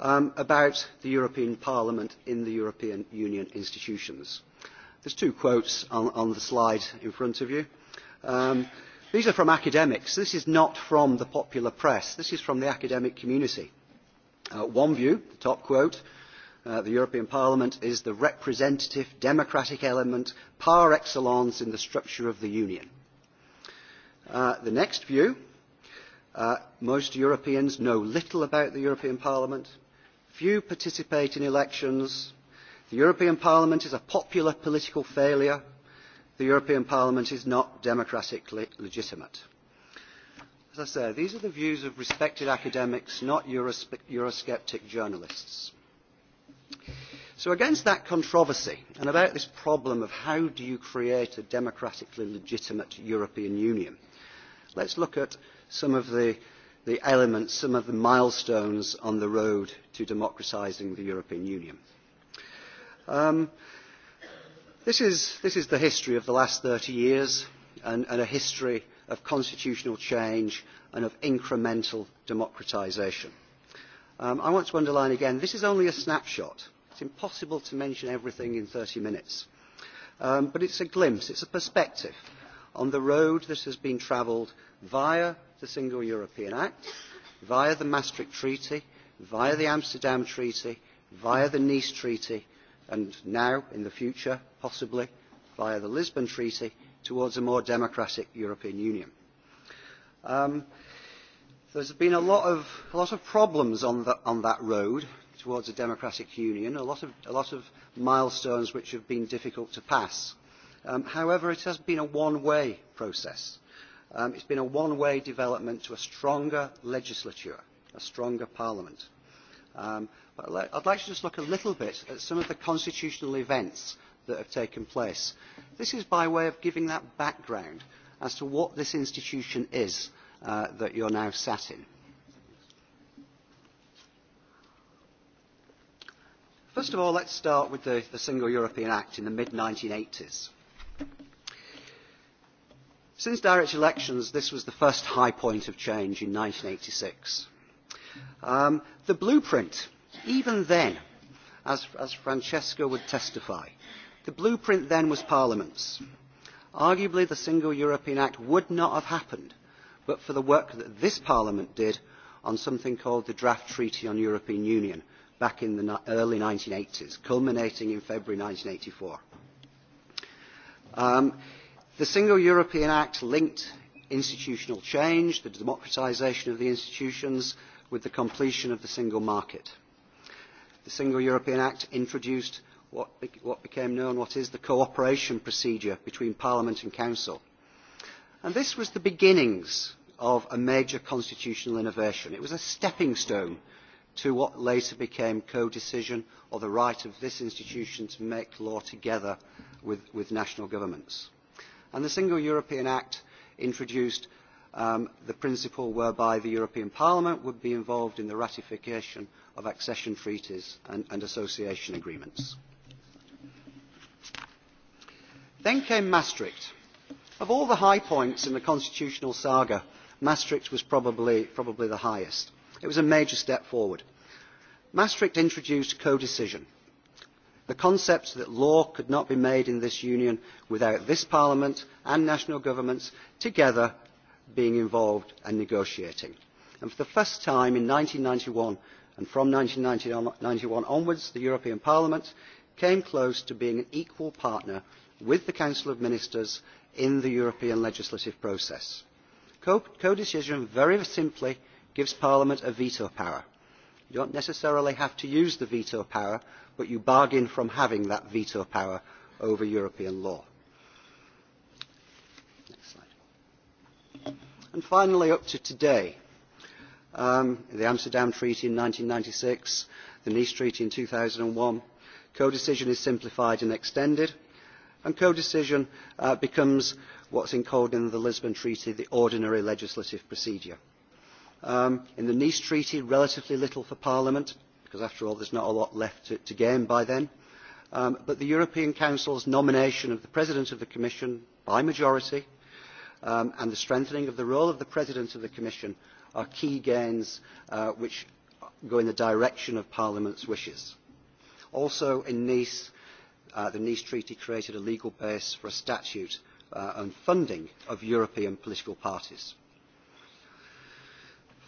[SPEAKER 10] um, about the European Parliament in the European Union institutions. There's two quotes on, on the slide in front of you. Um, these are from academics. This is not from the popular press. This is from the academic community. Uh, one view, the top quote, uh, the European Parliament is the representative democratic element par excellence in the structure of the Union. Uh, the next view, Uh, most Europeans know little about the European Parliament. Few participate in elections. The European Parliament is a popular political failure. The European Parliament is not democratically legitimate. As I say, these are the views of respected academics, not Eurosceptic journalists. So against that controversy and about this problem of how do you create a democratically legitimate European Union, let's look at some of the elements some of the milestones on the road to democratising the european union. Um, this, is, this is the history of the last 30 years and, and a history of constitutional change and of incremental democratisation. Um, I want to underline again, this is only a snapshot. It's impossible to mention everything in 30 minutes. Um, but it's a glimpse, it's a perspective on the road that has been travelled via the single european act via the maastricht treaty via the amsterdam treaty via the nice treaty and now in the future possibly via the lisbon treaty towards a more democratic european union. Um, there has been a lot of, a lot of problems on, the, on that road towards a democratic union, a lot of, a lot of milestones which have been difficult to pass. Um, however, it has been a one-way process um, it has been a one-way development to a stronger legislature, a stronger parliament. Um, but I'd like to just look a little bit at some of the constitutional events that have taken place. This is by way of giving that background as to what this institution is uh, that you're now sat in. First of all, let's start with the, the Single European Act in the mid-1980s. Since direct elections, this was the first high point of change in 1986. Um, the blueprint, even then, as, as Francesca would testify, the blueprint then was Parliament's. Arguably, the Single European Act would not have happened but for the work that this Parliament did on something called the Draft Treaty on European Union back in the early 1980s, culminating in February 1984. Um, The single European Act linked institutional change, the democratisation of the institutions, with the completion of the single market. The single European Act introduced what, be what became known, what is the cooperation procedure between Parliament and Council. And this was the beginnings of a major constitutional innovation. It was a stepping stone to what later became co-decision or the right of this institution to make law together with, with national governments. And the Single European Act introduced um, the principle whereby the European Parliament would be involved in the ratification of accession treaties and, and association agreements. Then came Maastricht. Of all the high points in the constitutional saga, Maastricht was probably, probably the highest. It was a major step forward. Maastricht introduced co-decision the concept that law could not be made in this union without this parliament and national governments together being involved and negotiating. And for the first time in one thousand nine hundred and ninety one and from one thousand nine hundred and ninety one onwards the european parliament came close to being an equal partner with the council of ministers in the european legislative process. codecision very simply gives parliament a veto power. you do not necessarily have to use the veto power but you bargain from having that veto power over European law.
[SPEAKER 11] Next slide.
[SPEAKER 10] And finally, up to today, um, the Amsterdam Treaty in 1996, the Nice Treaty in 2001, co-decision is simplified and extended, and co-decision uh, becomes what's called in the Lisbon Treaty the ordinary legislative procedure. Um, in the Nice Treaty, relatively little for Parliament, because after all there is not a lot left to, to gain by then. Um, but the European Council's nomination of the President of the Commission by majority um, and the strengthening of the role of the President of the Commission are key gains uh, which go in the direction of Parliament's wishes. Also in Nice, uh, the Nice Treaty created a legal base for a statute uh, and funding of European political parties.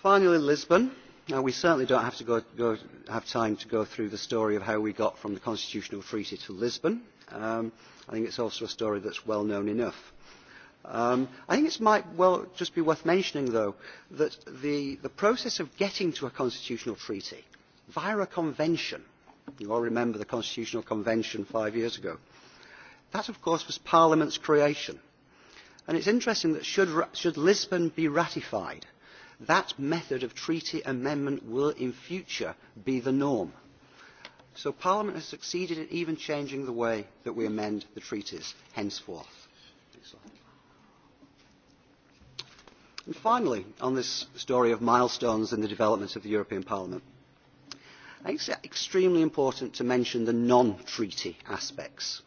[SPEAKER 10] Finally, Lisbon. Now, we certainly don't have, to go, go, have time to go through the story of how we got from the constitutional treaty to Lisbon. Um, I think it's also a story that's well known enough. Um, I think it might well just be worth mentioning, though, that the, the process of getting to a constitutional treaty via a convention, you all remember the constitutional convention five years ago, that, of course, was Parliament's creation. And it's interesting that should, should Lisbon be ratified, that method of treaty amendment will in future be the norm. So Parliament has succeeded in even changing the way that we amend the treaties henceforth. And finally, on this story of milestones in the development of the European Parliament, I think it's extremely important to mention the non-treaty aspects,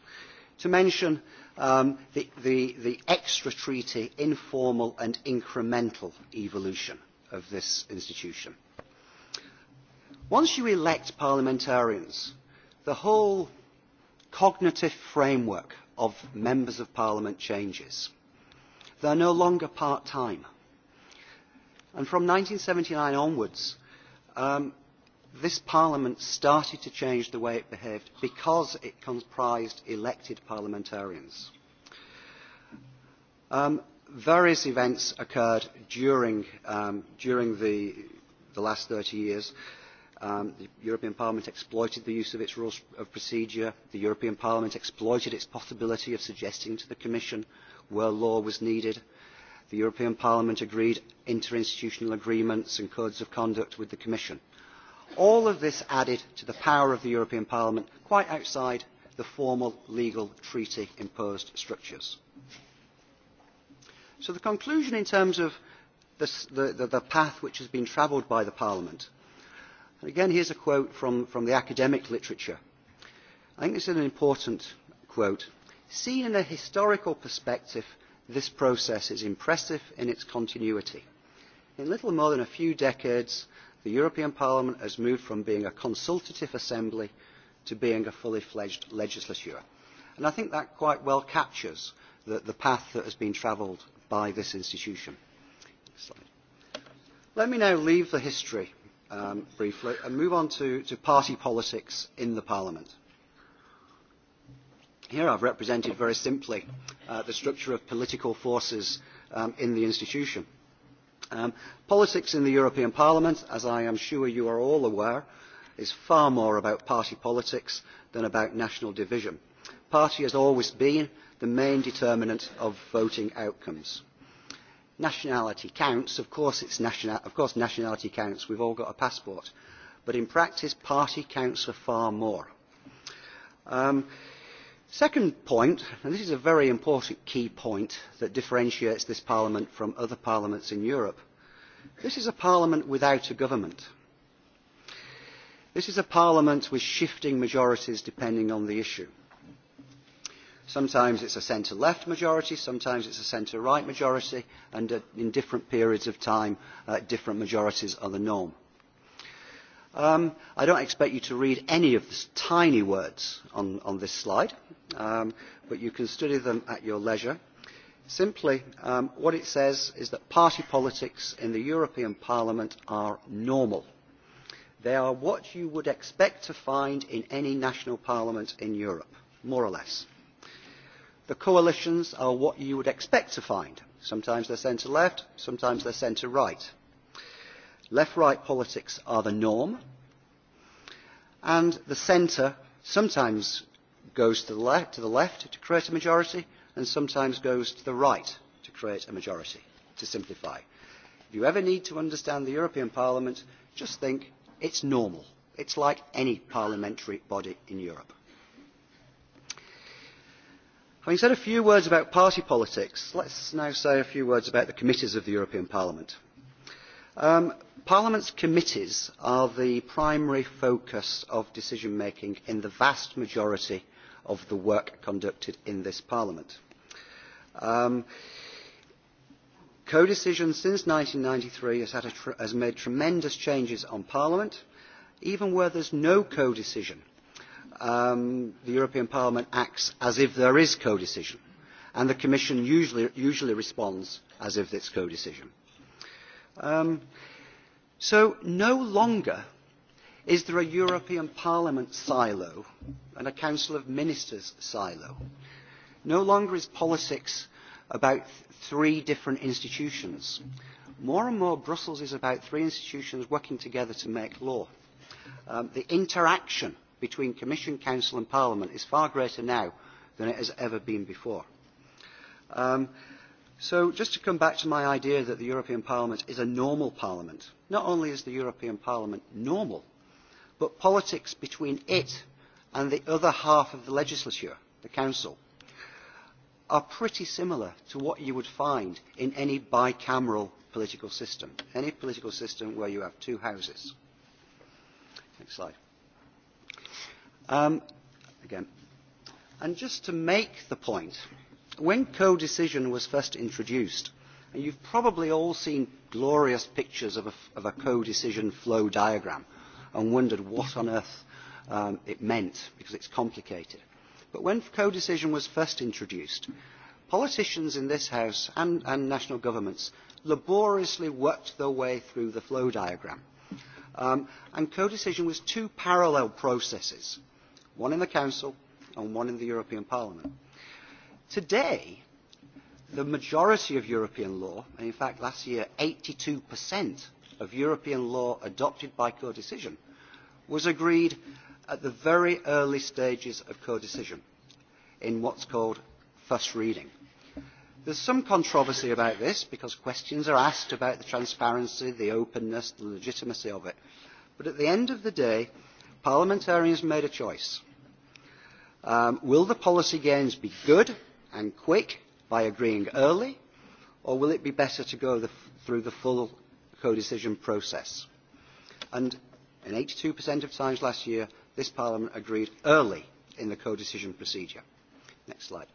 [SPEAKER 10] to mention um, the, the, the extra treaty, informal and incremental evolution of this institution. Once you elect parliamentarians, the whole cognitive framework of members of parliament changes. They're no longer part-time. And from 1979 onwards, um, this parliament started to change the way it behaved because it comprised elected parliamentarians. Um, various events occurred during, um, during the, the last 30 years. Um, the European Parliament exploited the use of its rules of procedure. The European Parliament exploited its possibility of suggesting to the Commission where law was needed. The European Parliament agreed interinstitutional agreements and codes of conduct with the Commission all of this added to the power of the european parliament quite outside the formal legal treaty imposed structures. so the conclusion in terms of this, the, the, the path which has been travelled by the parliament and again here's a quote from, from the academic literature i think this is an important quote seen in a historical perspective this process is impressive in its continuity in little more than a few decades the european parliament has moved from being a consultative assembly to being a fully fledged legislature and i think that quite well captures the, the path that has been travelled by this institution. let me now leave the history um, briefly and move on to, to party politics in the parliament. here i've represented very simply uh, the structure of political forces um, in the institution. Um, politics in the European Parliament, as I am sure you are all aware, is far more about party politics than about national division. Party has always been the main determinant of voting outcomes. Nationality counts. Of course, it's nationa of course nationality counts. We've all got a passport. But in practice, party counts for far more. Um, second point and this is a very important key point that differentiates this parliament from other parliaments in europe this is a parliament without a government this is a parliament with shifting majorities depending on the issue sometimes it's a centre left majority sometimes it's a centre right majority and in different periods of time uh, different majorities are the norm Um, I don't expect you to read any of the tiny words on, on this slide, um, but you can study them at your leisure. Simply, um, what it says is that party politics in the European Parliament are normal. They are what you would expect to find in any national parliament in Europe, more or less. The coalitions are what you would expect to find. Sometimes they're centre-left, sometimes they're centre-right left right politics are the norm, and the centre sometimes goes to the, le- to the left to create a majority, and sometimes goes to the right to create a majority, to simplify. If you ever need to understand the European Parliament, just think it's normal. It's like any parliamentary body in Europe. Having said a few words about party politics, let's now say a few words about the committees of the European Parliament. Um, parliament's committees are the primary focus of decision making in the vast majority of the work conducted in this parliament. Um, codecision since 1993 has, had a tr has made tremendous changes on parliament. even where there's no codecision, um, the european parliament acts as if there is codecision, and the commission usually, usually responds as if it's codecision. Um, So no longer is there a European Parliament silo and a Council of Ministers silo. No longer is politics about th- three different institutions. More and more, Brussels is about three institutions working together to make law. Um, the interaction between Commission, Council and Parliament is far greater now than it has ever been before. Um, So just to come back to my idea that the European Parliament is a normal parliament, not only is the European Parliament normal, but politics between it and the other half of the legislature, the Council, are pretty similar to what you would find in any bicameral political system, any political system where you have two houses. Next slide. Um, again. And just to make the point, when codecision was first introduced, and you've probably all seen glorious pictures of a, of a codecision flow diagram and wondered what on earth um, it meant, because it's complicated. but when codecision was first introduced, politicians in this house and, and national governments laboriously worked their way through the flow diagram. Um, and codecision was two parallel processes, one in the council and one in the european parliament. Today, the majority of European law, and in fact last year 82% of European law adopted by co-decision, was agreed at the very early stages of co-decision in what's called first reading. There's some controversy about this because questions are asked about the transparency, the openness, the legitimacy of it. But at the end of the day, parliamentarians made a choice. Um, will the policy gains be good and quick by agreeing early, or will it be better to go the, through the full co-decision process? And in 82% of times last year, this Parliament agreed early in the co-decision procedure. Next slide.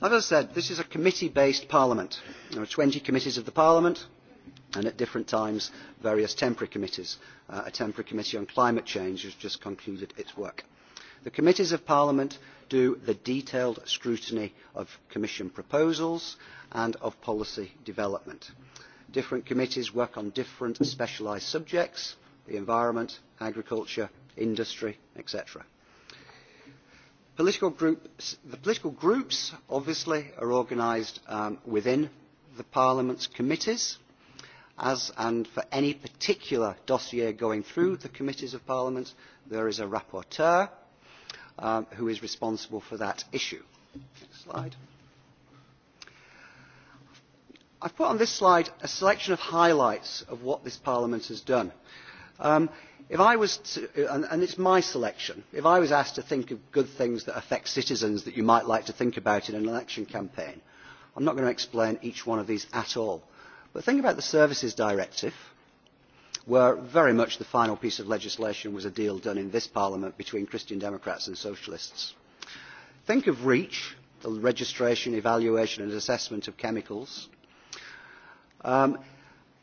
[SPEAKER 10] As I said, this is a committee-based Parliament. There are 20 committees of the Parliament, and at different times, various temporary committees. Uh, a temporary committee on climate change has just concluded its work the committees of parliament do the detailed scrutiny of commission proposals and of policy development. different committees work on different specialised subjects the environment agriculture industry etc. Political groups, the political groups obviously are organised um, within the parliament's committees as and for any particular dossier going through the committees of parliament there is a rapporteur uh, Um, who is responsible for that issue. Next slide. I have put on this slide a selection of highlights of what this Parliament has done. Um, if I was to, and, and it's my selection, if I was asked to think of good things that affect citizens that you might like to think about in an election campaign, I'm not going to explain each one of these at all. But think about the Services Directive, where very much the final piece of legislation was a deal done in this parliament between Christian Democrats and Socialists. Think of REACH, the registration, evaluation and assessment of chemicals. Um,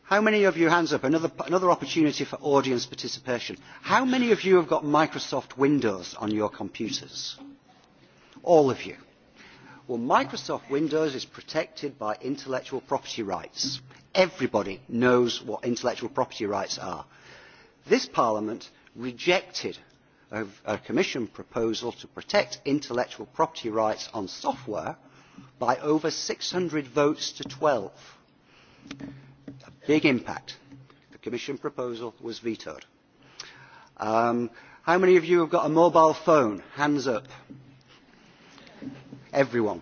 [SPEAKER 10] how many of you, hands up, another, another opportunity for audience participation. How many of you have got Microsoft Windows on your computers? All of you. Well, Microsoft Windows is protected by intellectual property rights everybody knows what intellectual property rights are. This parliament rejected a, a commission proposal to protect intellectual property rights on software by over 600 votes to 12. A big impact. The commission proposal was vetoed. Um, how many of you have got a mobile phone? Hands up. Everyone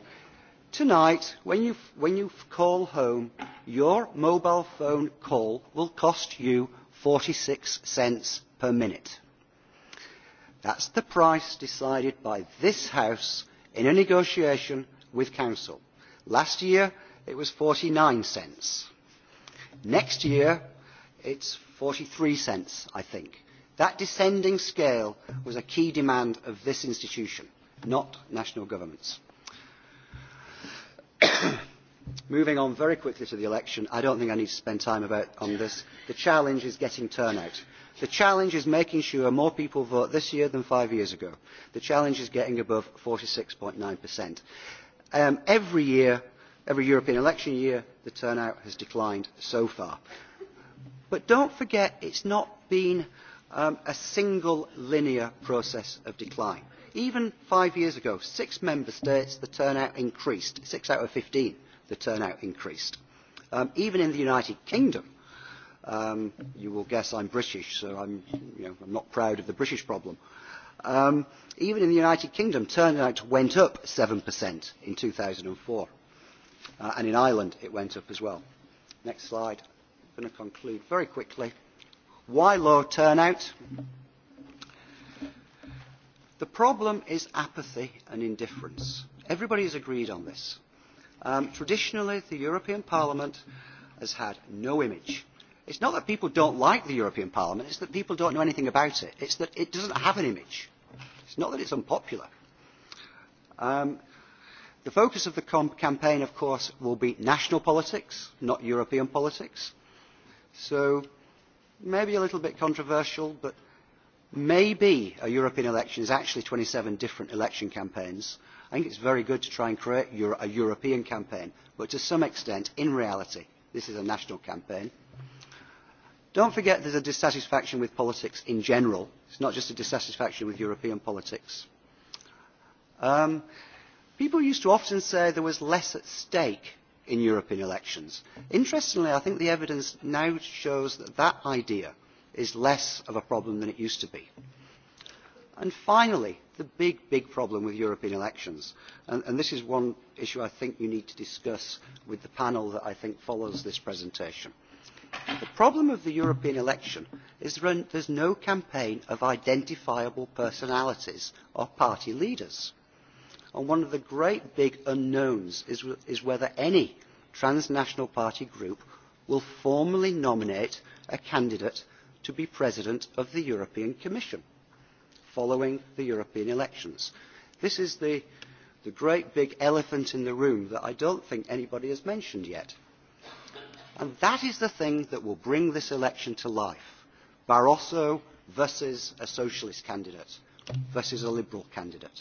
[SPEAKER 10] tonight when you call home your mobile phone call will cost you forty six cents per minute. that is the price decided by this house in a negotiation with council. last year it was forty nine cents. next year it is forty three cents i think. that descending scale was a key demand of this institution not national governments. moving on very quickly to the election i don't think i need to spend time about, on this the challenge is getting turnout the challenge is making sure more people vote this year than five years ago the challenge is getting above 46.9% um, every year every european election year the turnout has declined so far but don't forget it's not been um, a single linear process of decline even five years ago six member states the turnout increased six out of fifteen the turnout increased um, even in the united kingdom um, you will guess i'm british so I'm, you know, I'm not proud of the british problem um, even in the united kingdom turnout went up 7% in 2004 uh, and in ireland it went up as well next slide i'm going to conclude very quickly why low turnout mm-hmm. The problem is apathy and indifference. Everybody has agreed on this. Um, traditionally, the European Parliament has had no image. It's not that people don't like the European Parliament, it's that people don't know anything about it. It's that it doesn't have an image. It's not that it's unpopular. Um, the focus of the comp- campaign, of course, will be national politics, not European politics. So, maybe a little bit controversial, but maybe a European election is actually 27 different election campaigns. I think it's very good to try and create Euro a European campaign, but to some extent, in reality, this is a national campaign. Don't forget there's a dissatisfaction with politics in general. It's not just a dissatisfaction with European politics. Um, people used to often say there was less at stake in European elections. Interestingly, I think the evidence now shows that that idea is less of a problem than it used to be. And finally, the big, big problem with European elections, and, and this is one issue I think you need to discuss with the panel that I think follows this presentation. The problem of the European election is there's no campaign of identifiable personalities or party leaders. And one of the great big unknowns is, is whether any transnational party group will formally nominate a candidate to be president of the european commission following the european elections. this is the, the great big elephant in the room that i don't think anybody has mentioned yet. and that is the thing that will bring this election to life. barroso versus a socialist candidate versus a liberal candidate.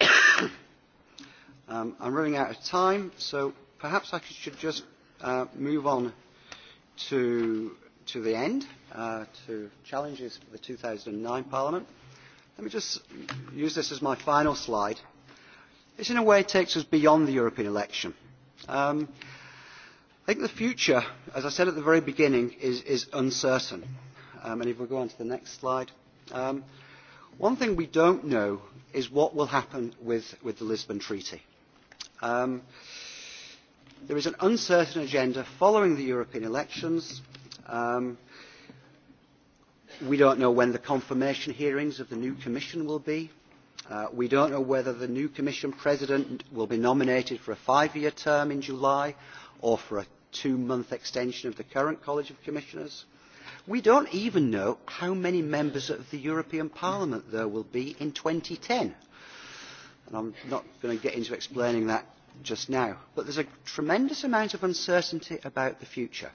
[SPEAKER 10] um, i'm running out of time, so perhaps i should just uh, move on to to the end uh, to challenges for the 2009 Parliament. Let me just use this as my final slide. This, in a way, takes us beyond the European election. Um, I think the future, as I said at the very beginning, is, is uncertain. Um, and if we go on to the next slide. Um, one thing we don't know is what will happen with, with the Lisbon Treaty. Um, there is an uncertain agenda following the European elections, Um, we don't know when the confirmation hearings of the new commission will be. Uh, we don't know whether the new commission president will be nominated for a five-year term in July or for a two-month extension of the current College of Commissioners. We don't even know how many members of the European Parliament there will be in 2010. And I'm not going to get into explaining that just now. But there's a tremendous amount of uncertainty about the future.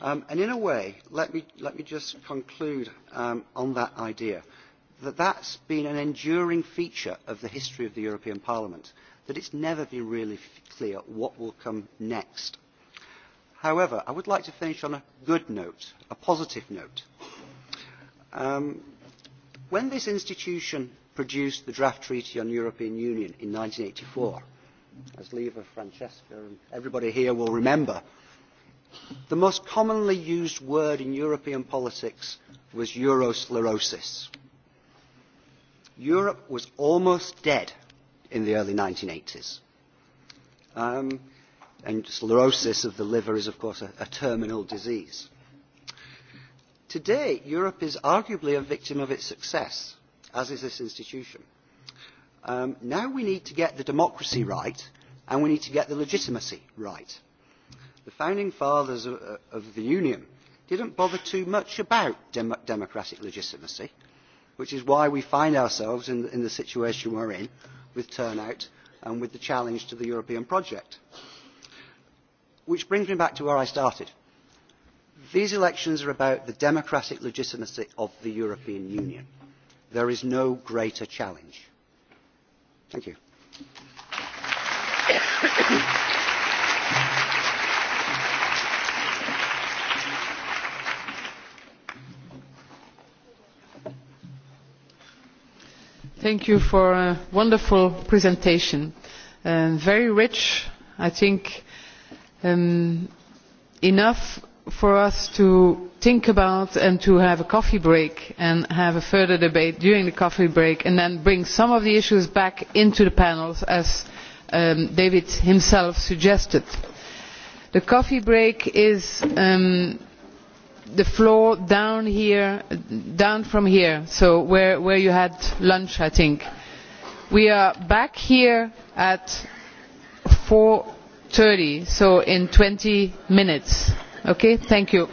[SPEAKER 10] Um, and in a way, let me, let me just conclude um, on that idea, that that's been an enduring feature of the history of the European Parliament, that it's never been really f- clear what will come next. However, I would like to finish on a good note, a positive note. Um, when this institution produced the draft treaty on European Union in 1984, as Lever, Francesca, and everybody here will remember, the most commonly used word in European politics was eurosclerosis. Europe was almost dead in the early 1980s. Um, and sclerosis of the liver is, of course, a, a terminal disease. Today, Europe is arguably a victim of its success, as is this institution. Um, now we need to get the democracy right, and we need to get the legitimacy right the founding fathers of, uh, of the Union didn't bother too much about dem- democratic legitimacy, which is why we find ourselves in the, in the situation we're in with turnout and with the challenge to the European project. Which brings me back to where I started. These elections are about the democratic legitimacy of the European Union. There is no greater challenge. Thank you.
[SPEAKER 6] thank you for a wonderful presentation um, very rich i think um, enough for us to think about and to have a coffee break and have a further debate during the coffee break and then bring some of the issues back into the panels as um, david himself suggested. the coffee break is the floor down here down from here so where you had lunch i think. we are back here at four thirty so in twenty minutes okay? thank you.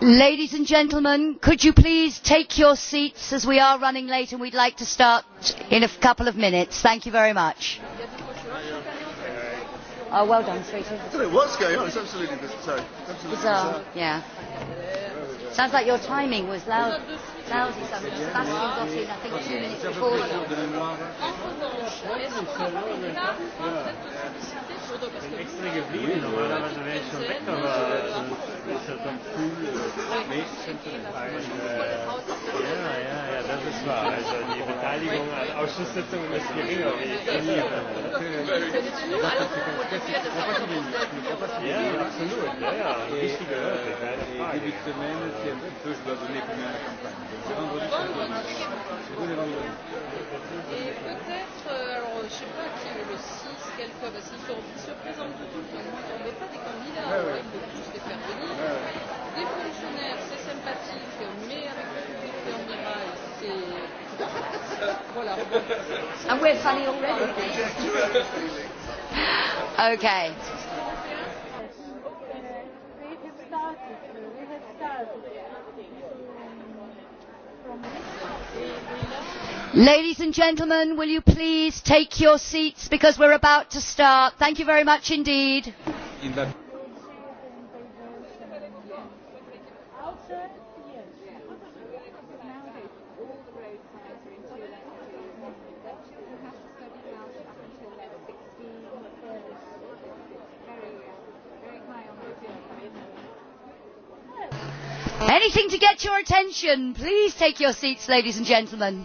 [SPEAKER 12] Ladies and gentlemen, could you please take your seats as we are running late and we'd like to start in a couple of minutes. Thank you very much.
[SPEAKER 13] Oh, well done, sweetie. What's going on? It's absolutely bizarre. Bizarre,
[SPEAKER 12] yeah. Sounds like your timing was loud. Lousy something. Sebastian got in, I think, two minutes before
[SPEAKER 14] extra geblieben, aber da war schon ein bisschen weg, aber das ist
[SPEAKER 9] ja so ein Pool. Ja, ja, ja, das ist wahr. Also die Beteiligung an Ausschusssitzungen ist geringer wie nie. Ja, absolut. Ja, ja, wichtige
[SPEAKER 15] Leute.
[SPEAKER 16] Et peut-être euh, je ne sais pas qui est le 6, quelle fois, parce qu'ils sont, se présentent tout, tout, tout, tout, mais pas des candidats, ouais, ouais. ils peuvent tous les faire venir. Ouais,
[SPEAKER 14] ouais. Des fonctionnaires, c'est sympathique, mais avec le public en miral, c'est. voilà. Ah ouais, funny already.
[SPEAKER 12] Okay. okay. Ladies and gentlemen, will you please take your seats because we're about to start. Thank you very much indeed. Anything to get your attention, please take your seats, ladies and gentlemen.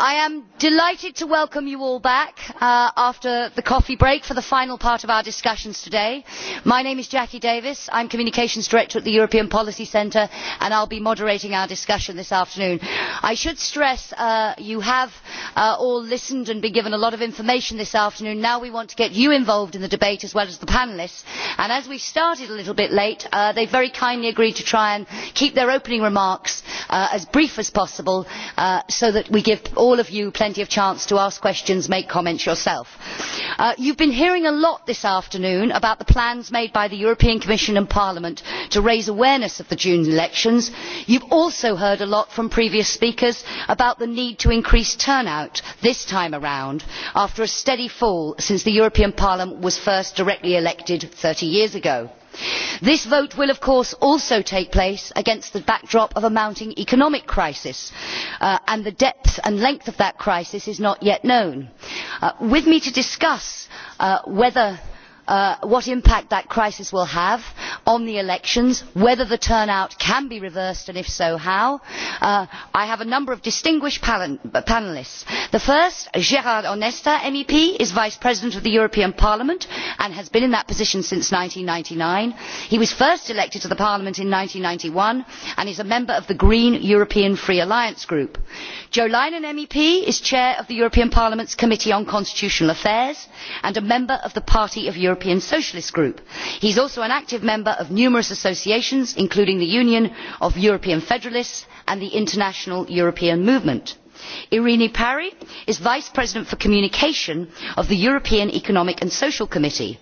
[SPEAKER 12] i am delighted to welcome you all back uh, after the coffee break for the final part of our discussions today. my name is jackie davis i am communications director at the european policy centre and i will be moderating our discussion this afternoon. i should stress that uh, you have uh, all listened and been given a lot of information this afternoon. now we want to get you involved in the debate as well as the panellists and as we have started a little bit late they have very kindly agreed to try and keep their opening remarks as brief as possible so that we give all of you plenty of chance to ask questions and make comments yourself. Uh, you have been hearing a lot this afternoon about the plans made by the european commission and parliament to raise awareness of the june elections. you have also heard a lot from previous speakers about the need to increase turnout this time around after a steady fall since the european parliament was first directly elected thirty years ago this vote will of course also take place against the backdrop of a mounting economic crisis uh, and the depth and length of that crisis is not yet known. Uh, with me to discuss uh, whether Uh, what impact that crisis will have on the elections whether the turnout can be reversed and if so how. Uh, i have a number of distinguished panellists. the first grard onesta mep is vice president of the european parliament and has been in that position since. one thousand nine hundred and ninety nine he was first elected to the parliament in one thousand nine hundred and ninety one and is a member of the green european free alliance group. jo leinen mep is chair of the european parliament's committee on constitutional affairs and a member of the party of european socialist group. he is also an active member of numerous associations including the union of european federalists and the international european movement. irini pari is vice president for communication of the european economic and social committee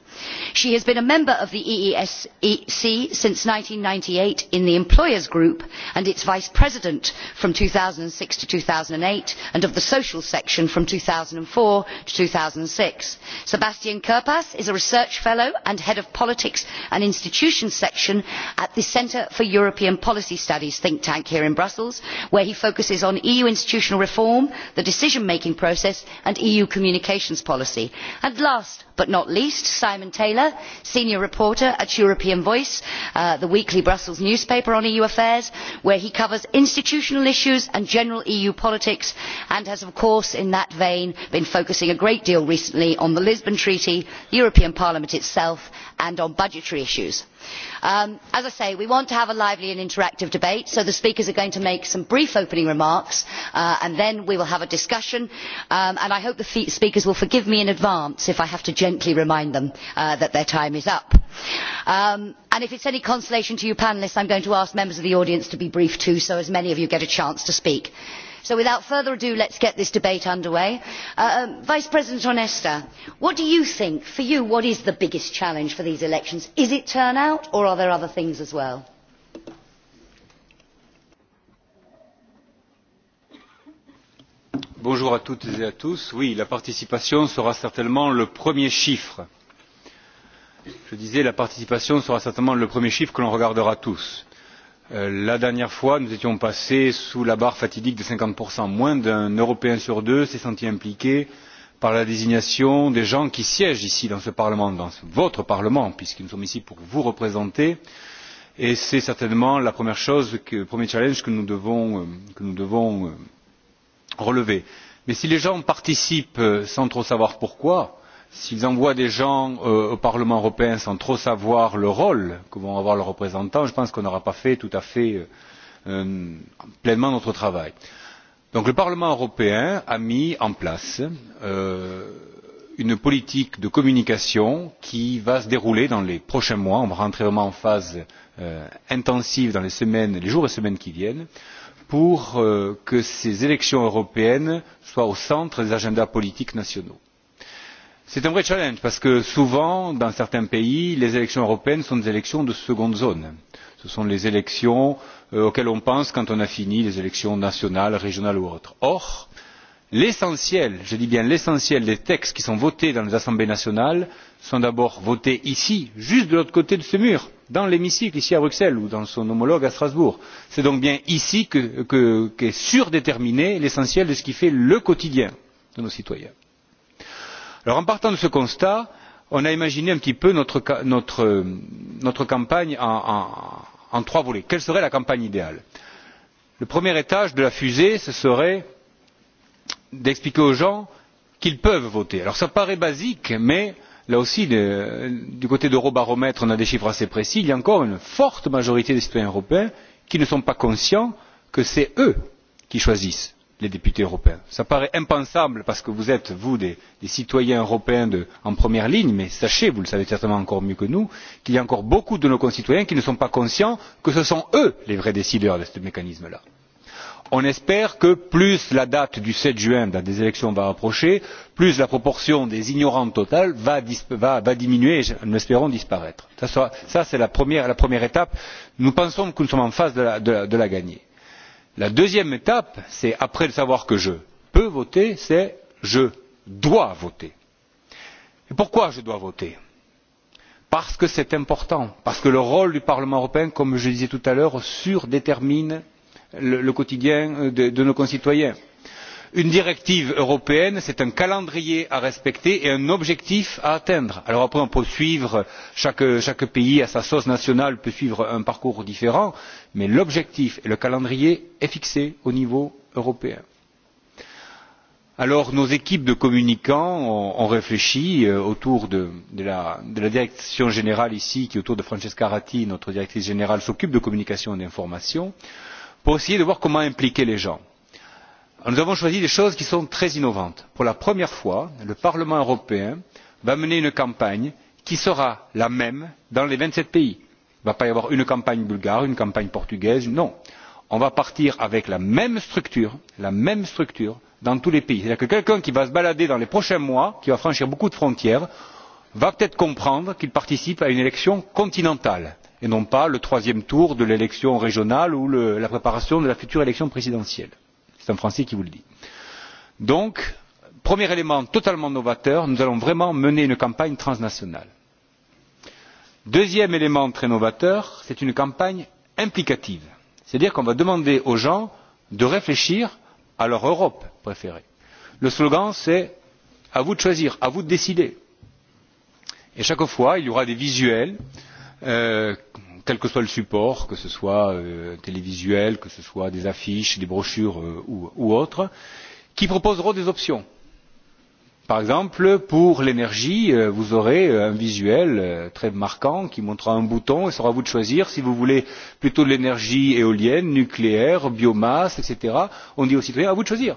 [SPEAKER 12] she has been a member of the eec e since one thousand nine hundred and ninety eight in the employers group and its vice president from two thousand and six to two thousand and eight and of the social section from two thousand and four to. two thousand and six sebastian kirpas is a research fellow and head of the politics and institutions section at the centre for european policy studies think tank here in brussels where he focuses on eu institutional reform the decision making process and eu communications policy and last but not least simon taylor senior reporter at european voice uh, the weekly brussels newspaper on eu affairs where he covers institutional issues and general eu politics and has of course in that vein been focusing a great deal recently on the lisbon treaty the european parliament itself and on budgetary issues. Um, as i say we want to have a lively and interactive debate so the speakers are going to make some brief opening remarks uh, and then we will have a discussion um, and i hope the speakers will forgive me in advance if i have to gently remind them uh, that their time is up. Um, if it is any consolation to you panellists i am going to ask members of the audience to be brief too so as many of you get a chance to speak so without further ado let us get this debate under way. Uh, um, vice president onesta what do you think for you what is the biggest challenge for these elections is it turnout or are there other things as well?
[SPEAKER 15] bonjour à toutes et à tous oui la participation sera certainement le premier chiffre je disais la participation sera certainement le premier chiffre que l'on regardera tous. Euh, la dernière fois nous étions passés sous la barre fatidique des cinquante moins d'un européen sur deux s'est senti impliqué par la désignation des gens qui siègent ici dans ce parlement dans votre parlement puisque nous sommes ici pour vous représenter et c'est certainement le premier challenge que nous devons euh, euh, relever. mais si les gens participent sans trop savoir pourquoi s'ils envoient des gens euh, au parlement européen sans trop savoir le rôle que vont avoir leurs représentants je pense qu'on n'aura pas fait tout à fait euh, euh, pleinement notre travail. le parlement européen a mis en place une politique de communication qui va se dérouler dans les prochains mois on va rentrer vraiment en phase intensive dans les jours et semaines qui viennent pour que ces élections européennes soient au centre des agendas politiques nationaux c'est un vrai défi parce que souvent dans certains pays les élections européennes sont des élections de seconde zone ce sont les élections euh, auxquelles on pense quand on a fini les élections nationales régionales ou autres. or l'essentiel je dis bien l'essentiel des textes qui sont votés dans les assemblées nationales sont d'abord votés ici juste de l'autre côté de ce mur dans l'hémicycle ici à bruxelles ou dans son homologue à strasbourg. c'est donc bien ici qu'est surdéterminé l'essentiel de ce qui fait le quotidien de nos citoyens en partant de ce constat on a imaginé un petit peu notre campagne en trois volets. quelle serait la campagne idéale? le premier étage de la fusée ce serait d'expliquer aux gens qu'ils peuvent voter. cela paraît basique mais là aussi du côté d'eurobaromètre on a des chiffres assez précis il y a encore une forte majorité des citoyens européens qui ne sont pas conscients que c'est eux qui choisissent les députés européens. cela paraît impensable parce que vous êtes vous des citoyens européens en première ligne mais sachez vous le savez certainement encore mieux que nous qu'il y a encore beaucoup de nos concitoyens qui ne sont pas conscients que ce sont eux les vrais décideurs de ce mécanisme là. on espère que plus la date du sept juin date des élections va approcher plus la proportion des ignorants totale va diminuer et nous espérons disparaître. c'est la première étape. nous pensons que nous sommes en passe de la gagner la deuxième étape c'est après savoir que je peux voter c'est je dois voter. et pourquoi je dois voter? parce que c'est important parce que le rôle du parlement européen comme je le disais tout à l'heure surdétermine le quotidien de nos concitoyens une directive européenne c'est un calendrier à respecter et un objectif à atteindre. après on peut suivre chaque pays à sa sauce nationale peut suivre un parcours différent mais l'objectif et le calendrier sont fixés au niveau européen. nos équipes de communicants ont réfléchi euh, autour de la direction générale ici qui autour de francesca ratti notre directrice générale s'occupe de communication et d'information pour essayer de voir comment impliquer les gens nous avons choisi des choses qui sont très innovantes. pour la première fois le parlement européen va mener une campagne qui sera la même dans les vingt sept pays. il ne va pas y avoir une campagne bulgare une campagne portugaise non on va partir avec la même structure la même structure dans tous les pays. c'est à dire que quelqu'un qui va se balader dans les prochains mois qui va franchir beaucoup de frontières va peut être comprendre qu'il participe à une élection continentale et non pas le troisième tour de l'élection régionale ou la préparation de la future élection présidentielle c'est un français qui vous le dit. donc premier élément totalement novateur nous allons vraiment mener une campagne transnationale. deuxième élément très novateur c'est une campagne implicative c'est à dire qu'on va demander aux gens de réfléchir à leur europe préférée. le slogan c'est à vous de choisir à vous de décider et chaque fois il y aura des visuels euh, quel que soit le support que ce soit euh, télévisuel que ce soit des affiches des brochures euh, ou autre qui proposeront des options. par exemple pour l'énergie euh, vous aurez un visuel très marquant qui montrera un bouton et ce sera à vous de choisir si vous voulez plutôt de l'énergie éolienne nucléaire biomasse etc. on dit aux citoyens à vous de choisir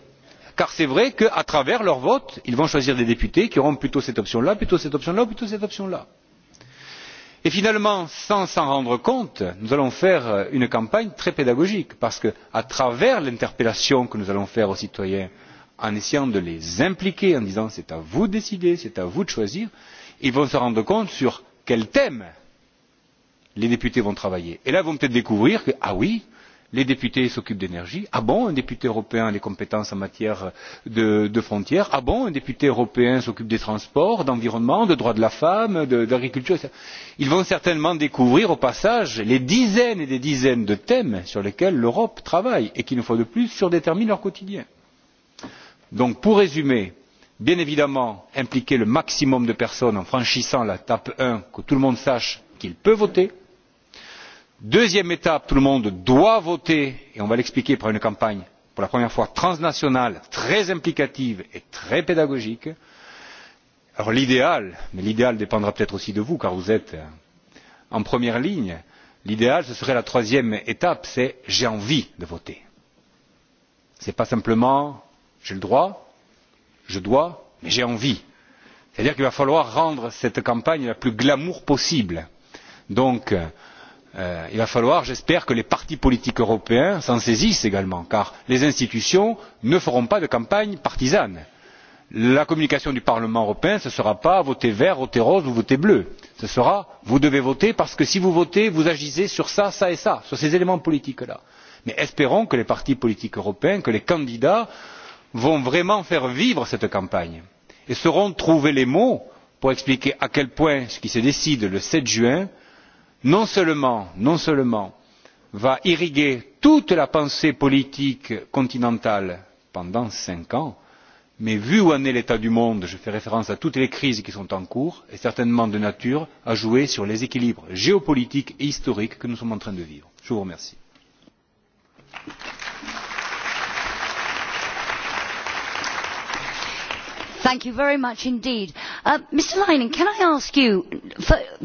[SPEAKER 15] car c'est vrai qu'à travers leur vote ils vont choisir des députés qui auront plutôt cette option là plutôt cette option là ou plutôt cette option là et finalement sans s'en rendre compte nous allons faire une campagne très pédagogique parce que à travers l'interpellation que nous allons faire aux citoyens en essayant de les impliquer en disant c'est à vous de décider c'est à vous de choisir ils vont se rendre compte sur quels thèmes les députés vont travailler et là ils vont peut être découvrir que ah oui les députés s'occupent d'énergie ah bon un député européen a des compétences en matière de frontières ah bon un député européen s'occupe des transports de l'environnement des droits de la femme de l'agriculture etc. ils vont certainement découvrir au passage les dizaines et des dizaines de thèmes sur lesquels l'europe travaille et qui une fois de plus surdéterminent leur quotidien. donc pour résumer bien évidemment impliquer le maximum de personnes en franchissant l'étape un que tout le monde sache qu'il peut voter deuxième étape tout le monde doit voter et on va l'expliquer par une campagne pour la première fois transnationale très implicative et très pédagogique. l'idéal mais l'idéal dépendra peut être aussi de vous car vous êtes euh, en première ligne l'idéal ce serait la troisième étape c'est j'ai envie de voter. ce n'est pas simplement j'ai le droit je dois mais j'ai envie. c'est à dire qu'il va falloir rendre cette campagne la plus glamour possible. donc euh, Euh, il va falloir j'espère que les partis politiques européens s'en saisissent également car les institutions ne feront pas de campagne partisane. la communication du parlement européen ce ne sera pas voter vert voter rose ou voter bleu ce sera vous devez voter parce que si vous votez vous agissez sur ça ça et ça sur ces éléments politiques là. mais espérons que les partis politiques européens que les candidats vont vraiment faire vivre cette campagne et sauront trouver les mots pour expliquer à quel point ce qui se décide le sept juin non seulement va irriguer toute la pensée politique continentale pendant cinq ans mais vu où en est l'état du monde je fais référence à toutes les crises qui sont en cours est certainement de nature à jouer sur les équilibres géopolitiques et historiques que nous sommes en train de vivre. je vous remercie.
[SPEAKER 12] thank you very much indeed. Uh, mr leinen can i ask you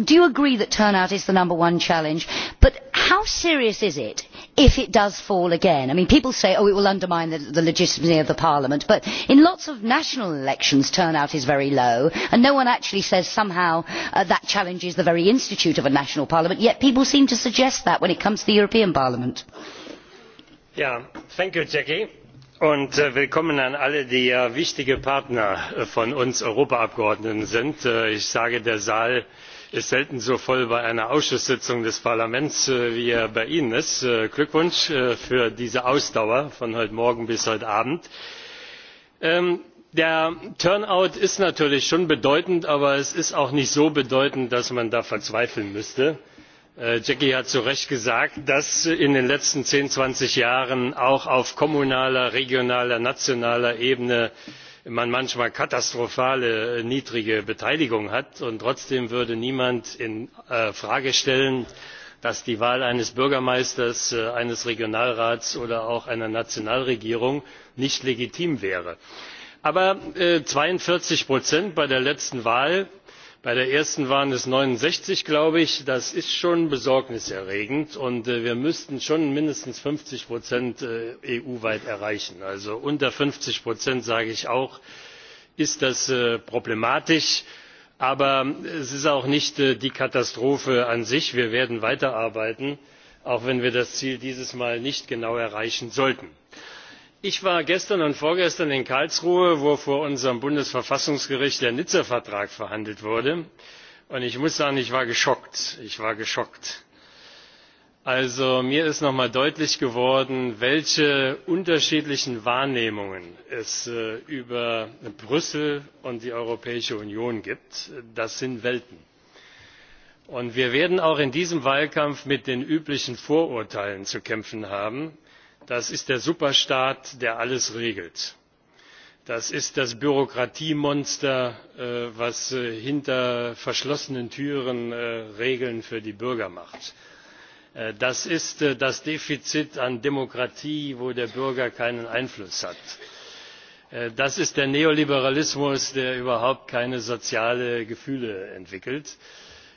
[SPEAKER 12] do you agree that turnout is the number one challenge but how serious is it if it does fall again? i mean people say oh it will undermine the legitimacy of the parliament but in lots of national elections turnout is very low and no one actually says somehow uh, that challenges the very institute of a national parliament yet people seem to suggest that when it comes to the european parliament.
[SPEAKER 9] thank you jackie und äh, willkommen an alle die ja wichtige partner äh, von uns europaabgeordneten sind. Äh, ich sage der saal ist selten so voll bei einer ausschusssitzung des parlaments wie er bei ihnen ist. glückwunsch für diese ausdauer von heute morgen bis heute abend! Ähm, der turnout ist natürlich schon bedeutend aber er ist auch nicht so bedeutend dass man daran verzweifeln müsste. Äh, jaggi hat zu recht gesagt dass in den letzten zehn zwanzig jahren auch auf kommunaler regionaler nationaler ebene man manchmal katastrophal äh, niedrige beteiligung hat und trotzdem würde niemand in äh, frage stellen dass die wahl eines bürgermeisters eines regionalrats oder auch einer nationalregierung nicht legitim wäre. aber zweiundvierzig bei der letzten wahl bei der ersten waren es neunundsechzig das ist schon besorgniserregend und äh, wir müssten schon mindestens fünfzig äh, eu weit erreichen. also unter fünfzig sage ich auch ist das äh, problematisch aber es ist auch nicht die katastrophe an sich. wir werden weiterarbeiten auch wenn wir das ziel dieses mal nicht genau erreichen sollten ich war gestern und vorgestern in karlsruhe wo vor unserem bundesverfassungsgericht der nizza vertrag verhandelt wurde und ich muss sagen ich war geschockt. ich war geschockt! mir ist noch einmal deutlich geworden welche unterschiedlichen wahrnehmungen es äh, über brüssel und die europäische union gibt. das sind welten! und wir werden auch in diesem wahlkampf mit den üblichen vorurteilen zu kämpfen haben das ist der superstaat der alles regelt das ist das bürokratiemonster das äh, äh, hinter verschlossenen türen äh, regeln für die bürger macht das ist das defizit an demokratie wo der bürger keinen einfluss hat das ist der neoliberalismus der überhaupt keine sozialen gefühle entwickelt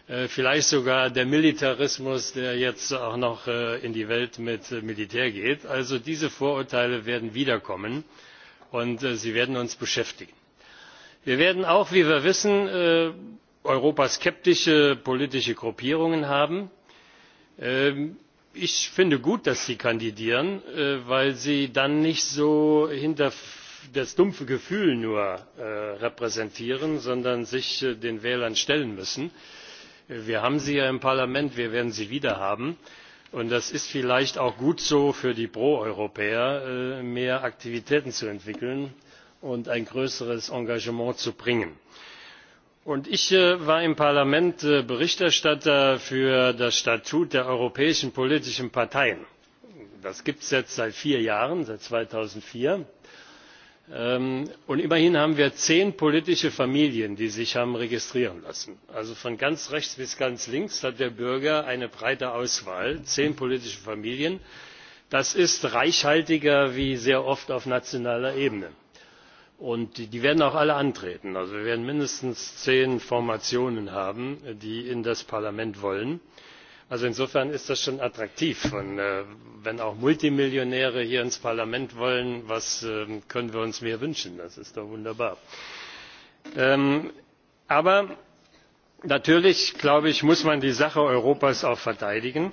[SPEAKER 9] Äh, vielleicht sogar der militarismus der jetzt auch noch äh, in die welt mit äh, militär geht. also diese vorurteile werden wiederkommen und sie werden uns beschäftigen. wir werden auch wie wir wissen europaskeptische politische gruppierungen haben. Ähm, ich finde gut dass sie kandidieren weil sie dann nicht so nur das dumpfe gefühl repräsentieren sondern sich den wählern stellen müssen wir haben sie ja im parlament wir werden sie wieder haben und das ist vielleicht auch gut so für die pro europäer äh, mehr aktivitäten zu entwickeln und ein größeres engagement zu bringen. ich äh, war im parlament äh, berichterstatter für das statut der europäischen politischen parteien. das gibt es jetzt seit vier jahren seit zweitausendvier Ähm, und immerhin haben wir zehn politische familien die sich haben registrieren lassen. also von ganz rechts bis ganz links hat der bürger eine breite auswahl zehn politische familien das ist reichhaltiger als sehr oft auf nationaler ebene. und die werden auch alle antreten. also wir werden mindestens zehn formationen haben die in das parlament wollen also insofern ist das schon attraktiv. Äh, wenn auch multimillionäre hier ins parlament wollen was ähm, können wir uns mehr wünschen? das ist doch wunderbar! Ähm, aber natürlich muss man die sache europas auch verteidigen.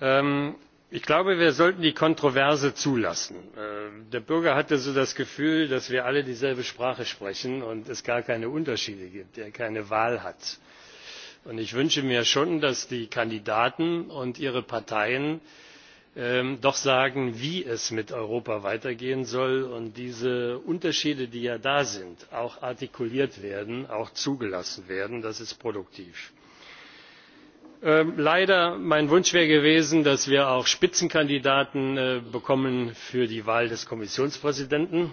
[SPEAKER 9] Ähm, ich glaube wir sollten die kontroverse zulassen. Äh, der bürger hatte so das gefühl dass wir alle dieselbe sprache sprechen und es gar keine unterschiede gibt er keine wahl hat und ich wünsche mir schon dass die kandidaten und ihre parteien ähm, doch sagen wie es mit europa weitergehen soll und diese unterschiede die ja da sind auch artikuliert werden auch zugelassen werden. das ist produktiv. Ähm, leider wäre mein wunsch gewesen dass wir auch spitzenkandidaten äh, bekommen für die wahl des kommissionspräsidenten.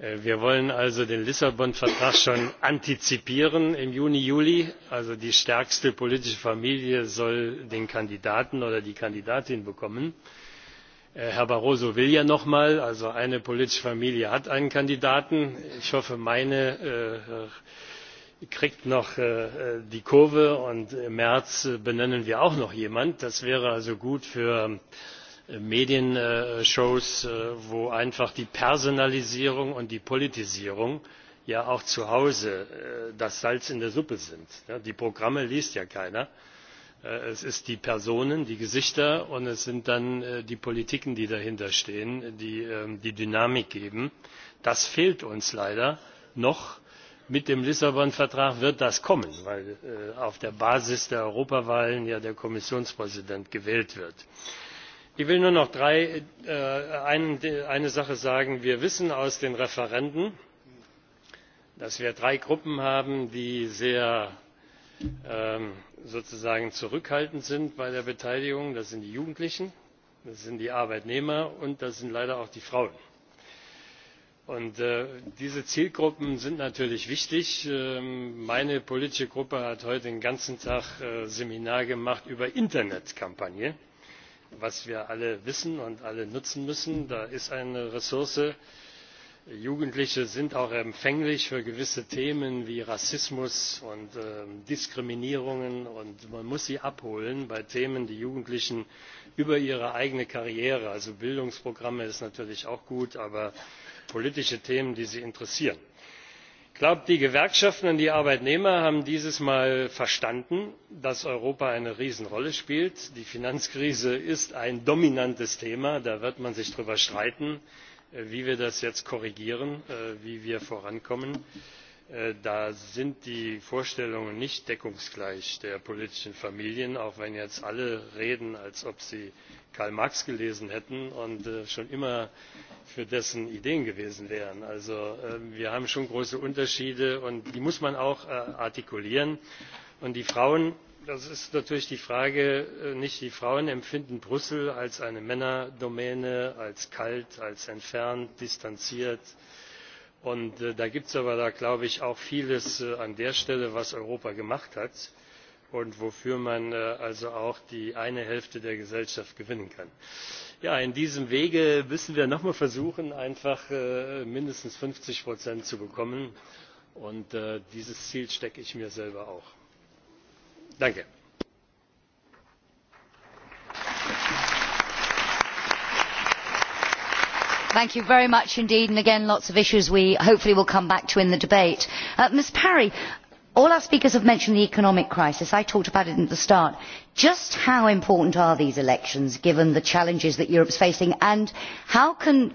[SPEAKER 9] Äh, wir wollen also den lissabon vertrag schon antizipieren im juni juli also die stärkste politische familie soll den kandidaten oder die kandidatin bekommen. Äh, herr barroso will ja noch mal also eine politische familie hat einen kandidaten. ich hoffe meine äh, kriegt noch die kurve und im märz benennen wir auch noch jemanden. das wäre also gut für medienshows äh, äh, wo einfach die personalisierung und die politisierung ja auch zu hause äh, das salz in der suppe sind. Ja, die programme liest ja keiner es sind die personen die gesichter und es sind dann die politiken die dahinter stehen die ähm, die dynamik geben. das fehlt uns leider noch. mit dem lissabon vertrag wird das kommen weil auf der basis der europawahlen ja der kommissionspräsident gewählt wird ich will nur noch äh, eine sache sagen wir wissen aus den referenden dass wir drei gruppen haben die ähm, sozusagen sehr zurückhaltend sind bei der beteiligung das sind die jugendlichen das sind die arbeitnehmer und das sind leider auch die frauen. Äh, diese zielgruppen sind natürlich wichtig. Ähm, meine politische fraktion hat heute den ganzen tag ein äh, seminar gemacht über internetkampagnen was wir alle wissen und alle nutzen müssen da ist eine ressource. jugendliche sind auch empfänglich für gewisse themen wie rassismus und ähm, diskriminierungen und man muss sie abholen bei themen die jugendlichen über ihre eigene karriere also bildungsprogramme ist natürlich auch gut aber politische themen die sie interessieren ich glaube die gewerkschaften und die arbeitnehmer haben dieses mal verstanden dass europa eine riesenrolle spielt. die finanzkrise ist ein dominantes thema da wird man sich darüber streiten äh, wie wir das jetzt korrigieren äh, wie wir vorankommen. Äh, da sind die vorstellungen nicht deckungsgleich der politischen familien auch wenn jetzt alle reden als ob sie karl marx gelesen hätten und schon immer für dessen ideen gewesen wären. also ähm, wir haben schon große unterschiede und die muss man auch äh, artikulieren. und die frauen das ist natürlich die frage äh, nicht die frauen empfinden brüssel als eine männerdomäne als kalt als entfernt distanziert. und äh, da gibt es aber glaube ich auch vieles an der stelle was europa gemacht hat und wofür man also auch die eine hälfte der gesellschaft gewinnen kann. Ja, in diesem wege müssen wir noch mal versuchen einfach äh, mindestens fünfzig zu bekommen und äh, dieses ziel stecke ich mir selber auch. thank
[SPEAKER 12] you very much indeed and again lots of issues we hopefully will come back to in the debate. Uh, ms parry all our speakers have mentioned the economic crisis i talked about it at the start just how important are these elections given the challenges that europe is facing and how can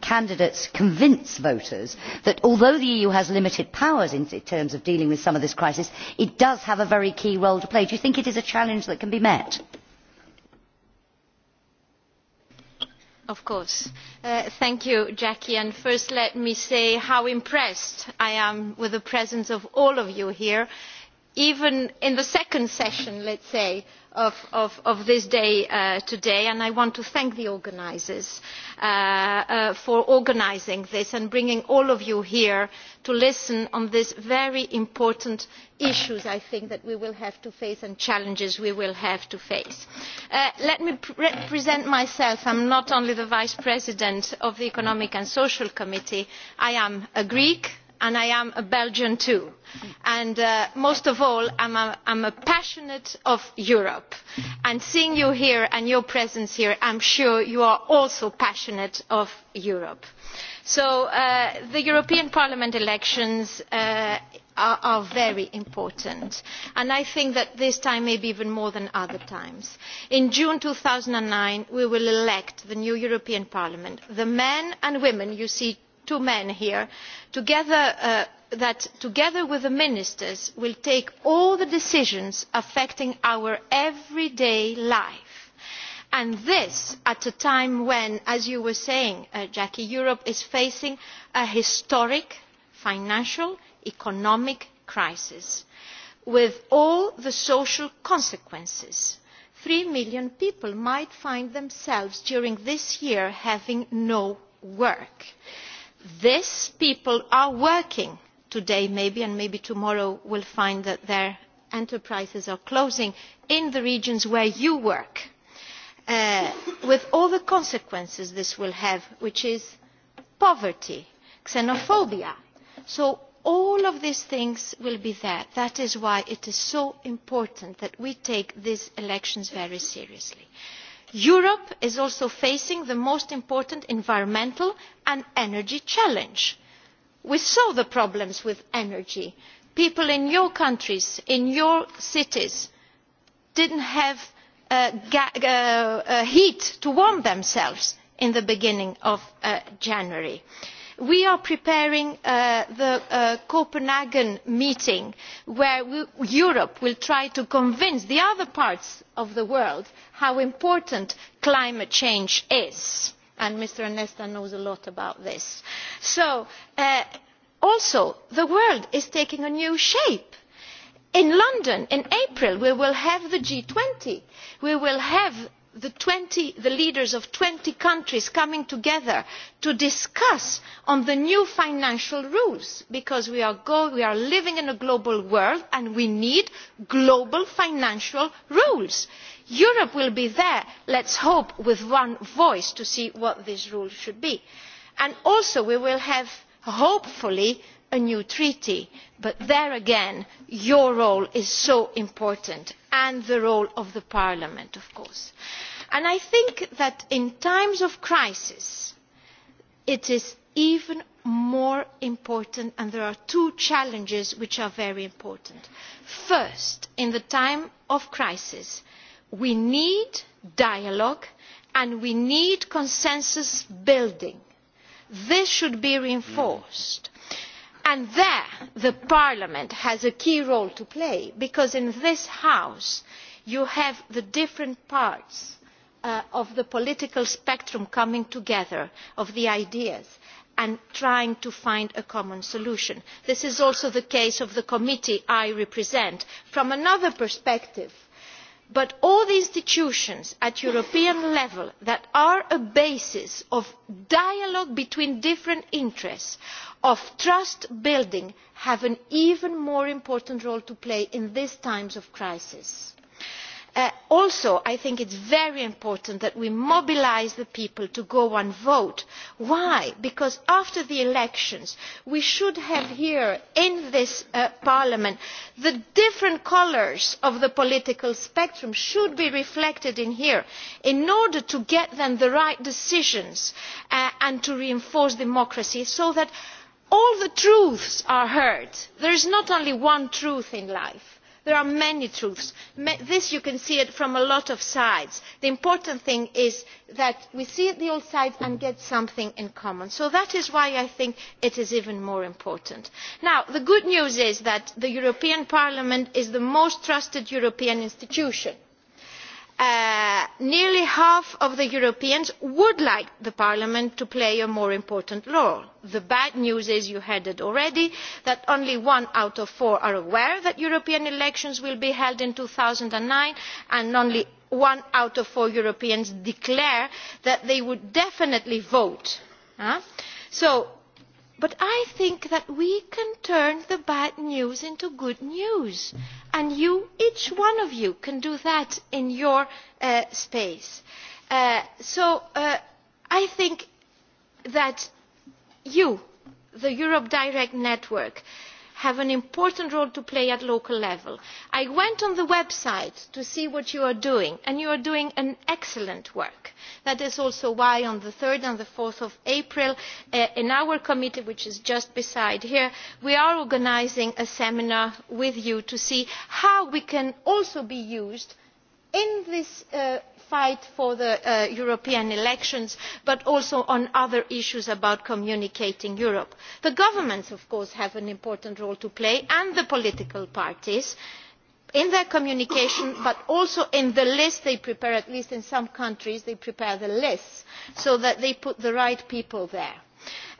[SPEAKER 12] candidates convince voters that although the eu has limited powers in terms of dealing with some of this crisis it does have a very key role to play? do you think it is a challenge that can be met?
[SPEAKER 17] of course. Uh, thank you jackie and first let me say how impressed i am with the presence of all of you here even in the second session let us say of this parliament of, of this day uh, today, and I want to thank the organizers uh, uh, for organizing this and bringing all of you here to listen on these very important issues, I think, that we will have to face and challenges we will have to face. Uh, let me pre present myself. I'm not only the Vice President of the Economic and Social Committee. I am a Greek, and i am a belgian too and uh, most of all i am a passionate fan of europe and seeing you here and your presence here i am sure you are also passionate about europe. so uh, the european parliament elections uh, are very important and i think that this time maybe even more than other times. in june two thousand and nine we will elect the new european parliament the men and women you see two men here uh, that together with the ministers will take all the decisions affecting our everyday life and this at a time when as you were saying uh, jackie europe is facing a historic financial economic crisis with all the social consequences. three million people might find themselves during this year having no work these people are working today maybe and maybe tomorrow will find that their enterprises are closing in the regions where you work uh, with all the consequences this will have which is poverty xenophobia. so all of these things will be there. that is why it is so important that we take these elections very seriously europe is also facing the most important environmental and energy challenge. we saw the problems with energy people in your countries in your cities did not have uh, uh, uh, heat to warm themselves at the beginning of january we are preparing uh, the uh, copenhagen meeting where europe will try to convince the other parts of the world how important climate change is and mr nesta knows a lot about this. Uh, also the world is taking a new shape. in london in april we will have the g twenty we will have the leaders of twenty countries coming together to discuss the new financial rules because we are living in a global world and we need global financial rules. europe will be there let us hope with one voice to see what these rules should be. also we will have hopefully a new treaty but there again your role is so important and the role of parliament of course. i think that in times of crisis it is even more important and there are two challenges which are very important. first in the time of crisis we need dialogue and we need consensus building. this should be reinforced and there parliament has a key role to play because in this house you have the different parts uh, of the political spectrum coming together of the ideas and trying to find a common solution. this is also the case of the committee i represent from another perspective but all the institutions at european level that are a basis of dialogue between different interests of trust building have an even more important role to play in these times of crisis. Uh, also i think it is very important that we mobilise the people to go and vote. why? because after the elections we should have here in this uh, parliament the different colours of the political spectrum should be reflected in here in order to get then the right decisions uh, and to reinforce democracy so that all the truths are heard. there is not only one truth in life there are many truths. this you can see from a lot of sides. the important thing is that we see the old sides and get something in common. so that is why i think it is even more important. now the good news is that the european parliament is the most trusted european institution. Uh, nearly half of europeans would like parliament to play a more important role. the bad news is you heard it already that only one out of four are aware that european elections will be held in two thousand and nine and only one out of four europeans declare that they would definitely vote. But I think that we can turn the bad news into good news. And you, each one of you, can do that in your uh, space. Uh, so uh, I think that you, the Europe Direct Network, uh, have an important role to play at local level. i went on the website to see what you are doing and you are doing excellent work. that is also why on three and four april uh, in our committee which is just beside here we are organising a seminar with you to see how we can also be used in this uh, fight for the uh, european elections but also on other issues about communicating europe. the governments of course have an important role to play and the political parties in their communication but also in the list they prepare at least in some countries they prepare the lists so that they put the right people there.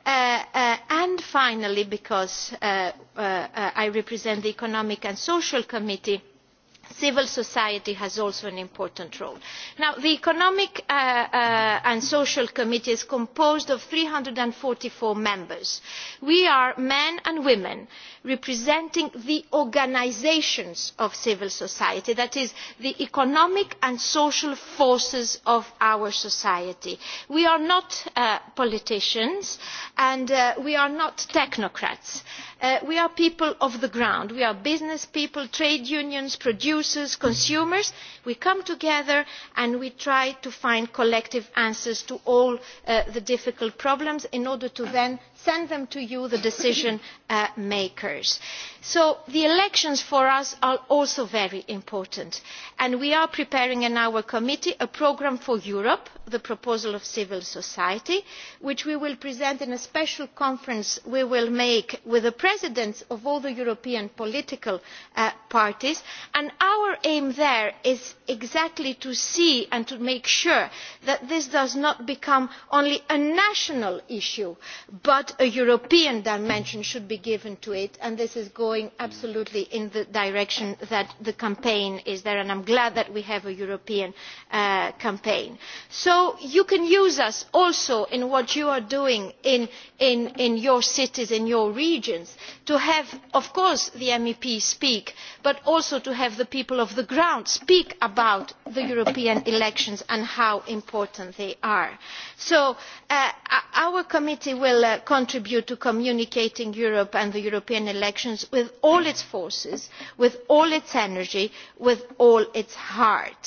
[SPEAKER 17] Uh, uh, finally because i represent the economic and social committee civil society has also an important role. the economic uh, uh, and social committee is composed of three hundred and forty four members. we are men and women representing the organisations of civil society that is the economic and social forces of our society. we are not uh, politicians and uh, we are not technocrats uh, we are people of the ground we are business people trade unions producers consumers. we come together and we try to find collective answers to all the difficult problems in order then send them to you the decision uh, makers. so the elections for us are also very important and we are preparing in our committee a programme for europe the proposal of civil society which we will present in a special conference we will make with the presidents of all the european political uh, parties and our aim there is exactly to see and to make sure that this does not become only a national issue but a european dimension should be given to it and this is going absolutely in the direction that the campaign is there and i am glad that we have a european uh, campaign. so you can use us also in what you are doing in your cities in your regions to have of course the meps speak but also to have the people on the ground speak about the european elections and how important they are. so uh, our committee will uh, contribute to communicating europe and the european elections with all its forces with all its energy with all its heart.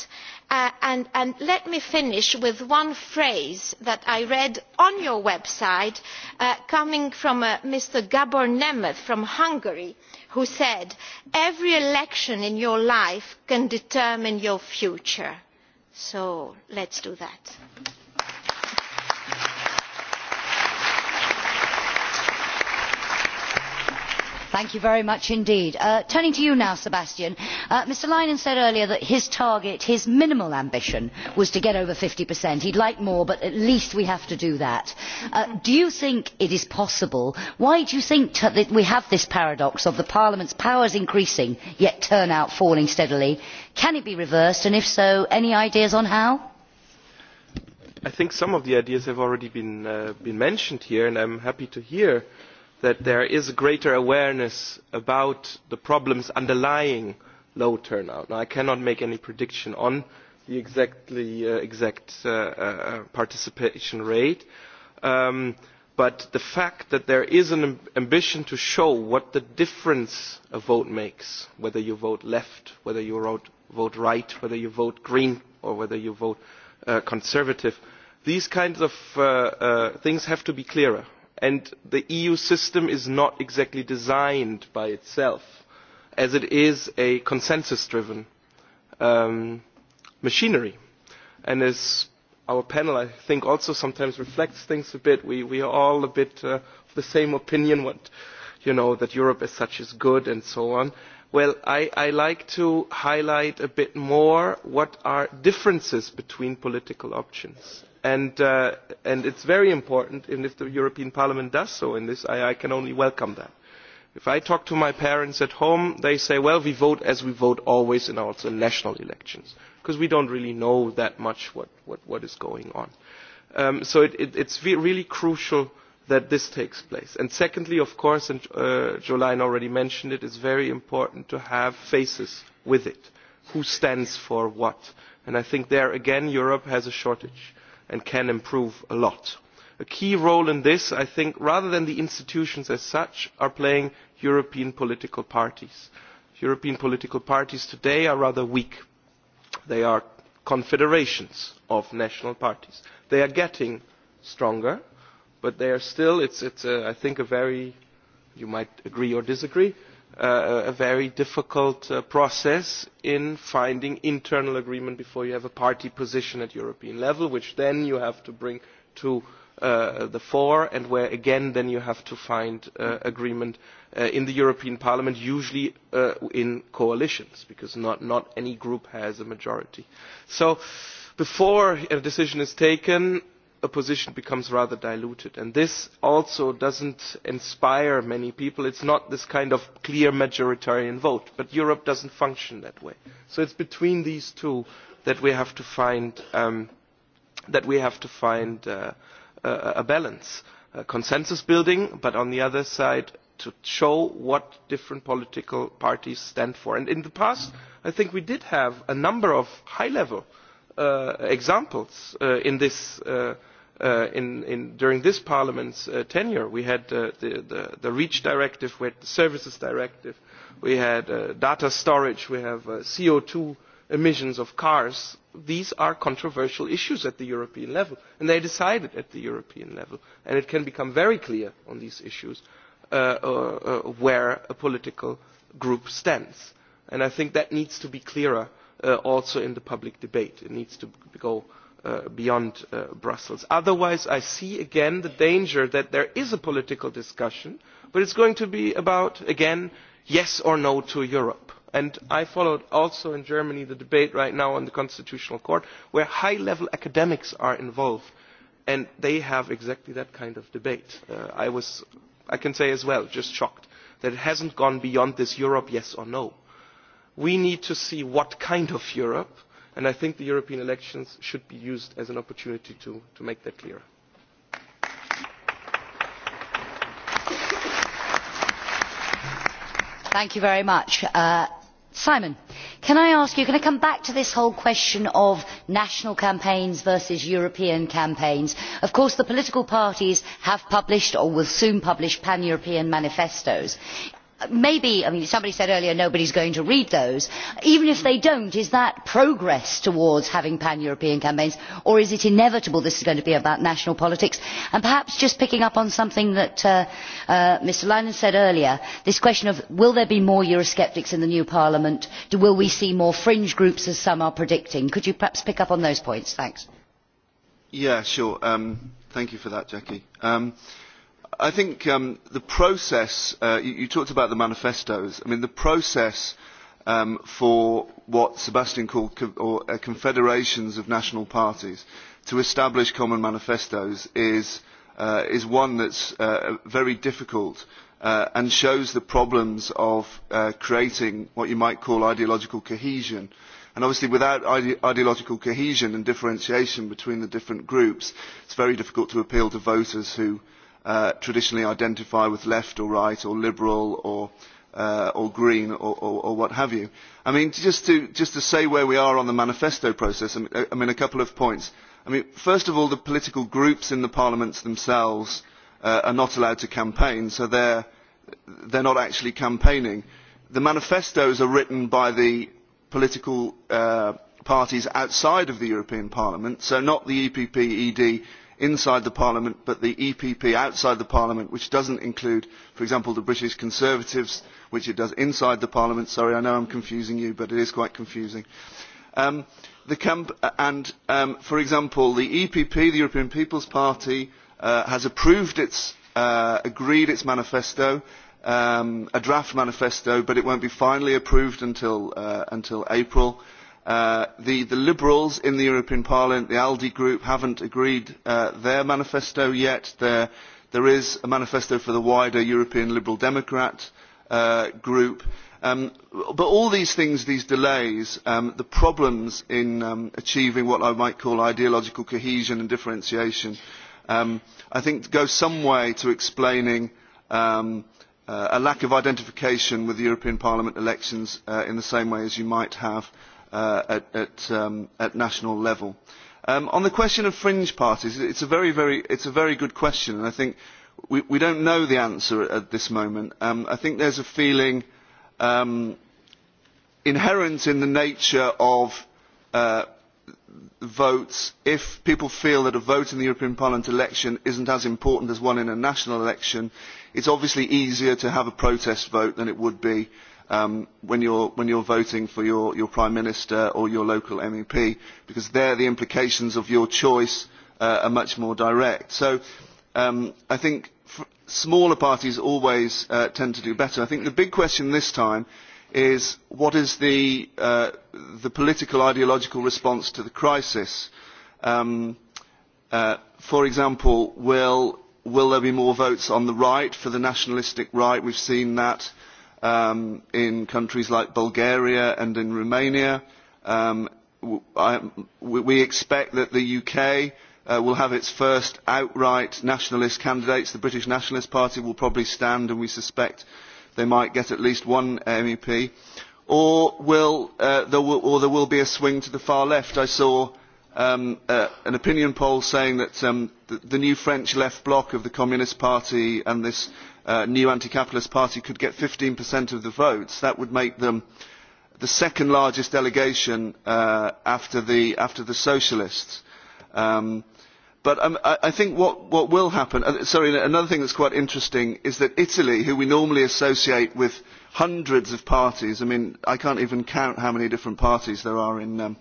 [SPEAKER 17] Uh, let me finish with one phrase that i read on your website uh, coming from uh, mr gabor nemeth from hungary who said every election in your life can determine your future'. so let us do that.
[SPEAKER 12] thank you very much indeed. Uh, turning to you now sebastian uh, mr leinen said earlier that his target his minimal ambition was to get over fifty percent he would like more but at least we have to do that. Uh, do you think it is possible why do you think that we have this paradox of parliament's powers increasing yet turnout falling steadily? can it be reversed and if so any ideas on how?
[SPEAKER 18] i think some of the ideas have already been mentioned here and i am happy to hear that there is greater awareness about the problems underlying low turnout. i cannot make any prediction on the uh, exact uh, uh, participation rate um, but the fact that there is an ambition to show what the difference a vote makes whether you vote left whether you vote right whether you vote green or whether you vote conservative these kinds of things have to be clearer and the eu system is not exactly designed by itself as it is a consensus driven um, machinery. And as our panel, I think, also sometimes reflects things a bit, we, we are all a bit uh, of the same opinion, what, you know, that Europe as such is good and so on i like to highlight a bit more what are the differences between political options and uh, it is very important and if the european parliament does so in this i can only welcome that. if i talk to my parents at home they say well we vote as we vote always in our national elections because we do not really know that much what is going on. Um, so it is really crucial that this takes place. secondly of course and uh, jo leinen already mentioned it it is very important to have faces with it who stands for what and i think there again europe has a shortage and can improve a lot. a key role in this i think rather than the institutions as such are playing european political parties. european political parties today are rather weak. they are confederations of national parties. they are getting stronger but they are still it's, it's a, I think a very you might agree or disagree uh, a very difficult uh, process in finding internal agreement before you have a party position at European level which then you have to bring to uh, the fore and where again then you have to find uh, agreement uh, in the European Parliament usually uh, in coalitions because not, not any group has a majority. So before a decision is taken a position becomes rather diluted. This also does not inspire many people. It is not this kind of clear majoritarian vote. But Europe does not function that way. So it is between these two that we have to find, um, that we have to find uh, a, a balance. A uh, consensus building, but on the other side, to show what different political parties stand for. And in the past, I think we did have a number of high-level uh, examples uh, in this uh, uh, in, in, during this parliament's uh, tenure. We had uh, the, the, the REACH directive, we had the services directive, we had uh, data storage, we have uh, CO2 emissions of cars. These are controversial issues at the European level, and they are decided at the European level. And it can become very clear on these issues uh, uh, uh, where a political group stands. And I think that needs to be clearer uh, also in the public debate. It needs to go uh, Uh, beyond uh, brussels. otherwise i see again the danger that there is a political discussion but it is going to be about again yes or no to europe. i followed also in germany the debate right now in the constitutional court where high level academics are involved and they have exactly that kind of debate. Uh, i was i can say as well just shocked that it has not gone beyond this europe yes or no. we need to see what kind of europe and i think the european elections should be used as an opportunity to make that clear.
[SPEAKER 12] Uh, can i come back to this whole question of national campaigns versus european campaigns? of course the political parties have published or will soon publish pan european manifestos maybe somebody said earlier that nobody is going to read those even if they do not is that progress towards having pan european campaigns or is it inevitable that this is going to be about national politics? perhaps just picking up on something that uh, uh, mr leinen said earlier this question of will there be more eurosceptics in the new parliament will we see more fringe groups as some are predicting could you perhaps pick up on those points?
[SPEAKER 13] Um, thank you for that jackie. Um, I think um, the process, uh, you, you talked about the manifestos. I mean, the process um, for what Sebastian called co- or, uh, confederations of national parties to establish common manifestos is, uh, is one that's uh, very difficult uh, and shows the problems of uh, creating what you might call ideological cohesion. And obviously, without ide- ideological cohesion and differentiation between the different groups, it's very difficult to appeal to voters who Uh, traditionally identify with left or right or liberal or uh, or green or, or, or what have you. I mean, just to, just to say where we are on the manifesto process, I mean, uh, I mean, a couple of points. I mean, first of all, the political groups in the parliaments themselves uh, are not allowed to campaign, so they're, they're not actually campaigning. The manifestos are written by the political uh, parties outside of the European Parliament, so not the EPP, ED, inside the parliament but the epp outside the parliament which does not include for example the british conservatives which it does inside the parliament sorry i know i am confusing you but it is quite confusing um, uh, and um, for example the epp the european people's party uh, has approved its uh, agreed its manifesto um, a draft manifesto but it will not be finally approved until april Uh, the, the Liberals in the European Parliament, the ALDE group, haven't agreed uh, their manifesto yet. There, there is a manifesto for the wider European Liberal Democrat uh, group. Um, but all these things, these delays, um, the problems in um, achieving what I might call ideological cohesion and differentiation, um, I think go some way to explaining um, uh, a lack of identification with the European Parliament elections uh, in the same way as you might have Uh, at, at, um, at national level. Um, on the question of fringe parties, it's a very, very, it's a very good question, and I think we, we don't know the answer at this moment. Um, I think there's a feeling um, inherent in the nature of uh, votes if people feel that a vote in the European Parliament election isn't as important as one in a national election. It's obviously easier to have a protest vote than it would be uh, um, when you're when you're voting for your your prime minister or your local MEP, because there the implications of your choice uh, are much more direct. So, um, I think smaller parties always uh, tend to do better. I think the big question this time is what is the uh, the political ideological response to the crisis? Um, uh, for example, will Will there be more votes on the right for the nationalistic right? We've seen that uh, um, in countries like Bulgaria and in Romania. Um, I, we expect that the UK uh, will have its first outright nationalist candidates. The British Nationalist Party will probably stand, and we suspect they might get at least one MEP. Or, will, uh, there will, or there will be a swing to the far left. I saw um, uh, an opinion poll saying that um, the, the new French left bloc of the Communist Party and this uh, new anti capitalist party could get 15% of the votes. That would make them the second largest delegation uh, after, the, after the socialists. Um, but um, I, I think what, what will happen, uh, sorry, another thing that's quite interesting is that Italy, who we normally associate with hundreds of parties, I mean, I can't even count how many different parties there are in um,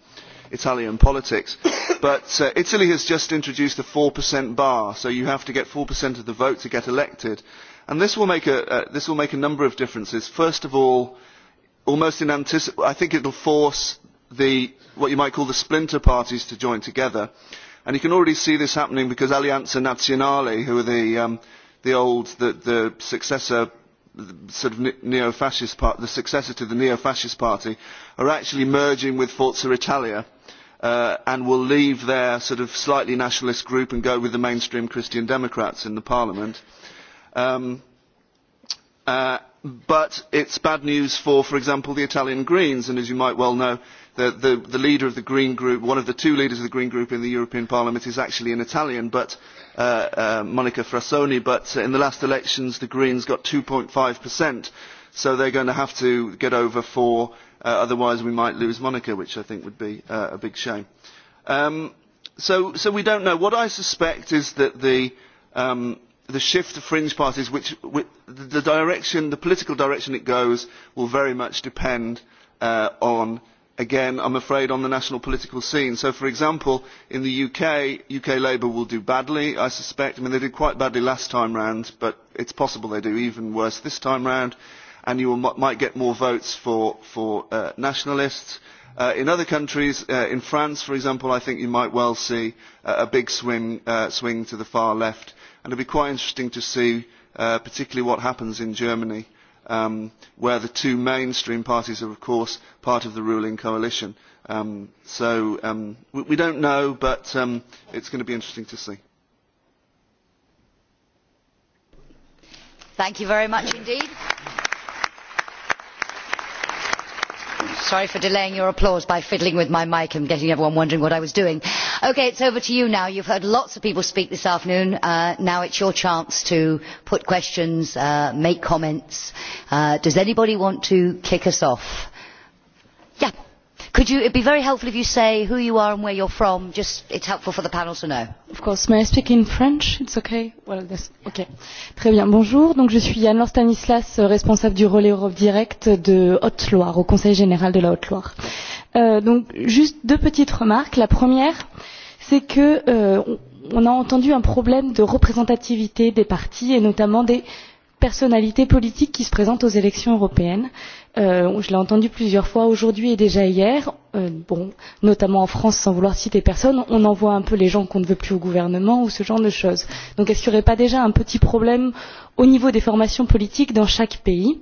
[SPEAKER 13] Italian politics, but uh, Italy has just introduced a 4% bar, so you have to get 4% of the vote to get elected and this will make a uh, this will make a number of differences first of all almost in anticip i think it'll force the what you might call the splinter parties to join together and you can already see this happening because alianza nazionale who are the um, the old the the successor sort of neo-fascist part the successor to the neo-fascist party are actually merging with Forza Italia uh, and will leave their sort of slightly nationalist group and go with the mainstream Christian Democrats in the parliament Um, uh, but it is bad news for for example the italian greens and as you might well know the leader of the green group one of the two leaders of the green group in the european parliament is actually an italian uh, uh, monica frassoni but in the last elections the greens got. two five so they are going to have to get over four otherwise we might lose monica which i think would be a big shame. Um, so we do not know. what i suspect is that um, the shift of fringe parties, which, which the direction, the political direction it goes, will very much depend uh, on, again, I'm afraid, on the national political scene. So, for example, in the UK, UK Labour will do badly, I suspect. I mean, they did quite badly last time round, but it's possible they do even worse this time round. And you will, might get more votes for, for uh, nationalists. Uh, in other countries, uh, in France, for example, I think you might well see uh, a big swing, uh, swing to the far left and it'll be quite interesting to see uh, particularly what happens in Germany um, where the two mainstream parties are of course part of the ruling coalition. Um, so um, we, we don't know but um, it's going to be interesting to see.
[SPEAKER 12] Thank you very much indeed. Sorry for delaying your applause by fiddling with my mic and getting everyone wondering what I was doing okay it is over to you now you have heard lots of people speak this afternoon uh, now it is your chance to put questions uh, make comments uh, does anybody want to kick us off? it would be very helpful if you say who you are and where you are from just it is helpful for the panel to know.
[SPEAKER 19] of course may i speak in french it is okay? well yes okay. très bien bonjour donc je suis anne stanislas responsable du relais europe direct de haute loire au conseil général de la haute loire. Euh, juste deux petites remarques la première c'est que euh, nous avons entendu un problème de représentativité des partis et notamment des personnalités politiques qui se présentent aux élections européennes euh, je l'ai entendu plusieurs fois aujourd'hui et déjà hier notamment en france sans vouloir citer personne on envoie un peu les gens qu'on ne veut plus au gouvernement ou ce genre de choses. donc est ce qu'il n'y aurait pas déjà un petit problème au niveau des formations politiques dans chaque pays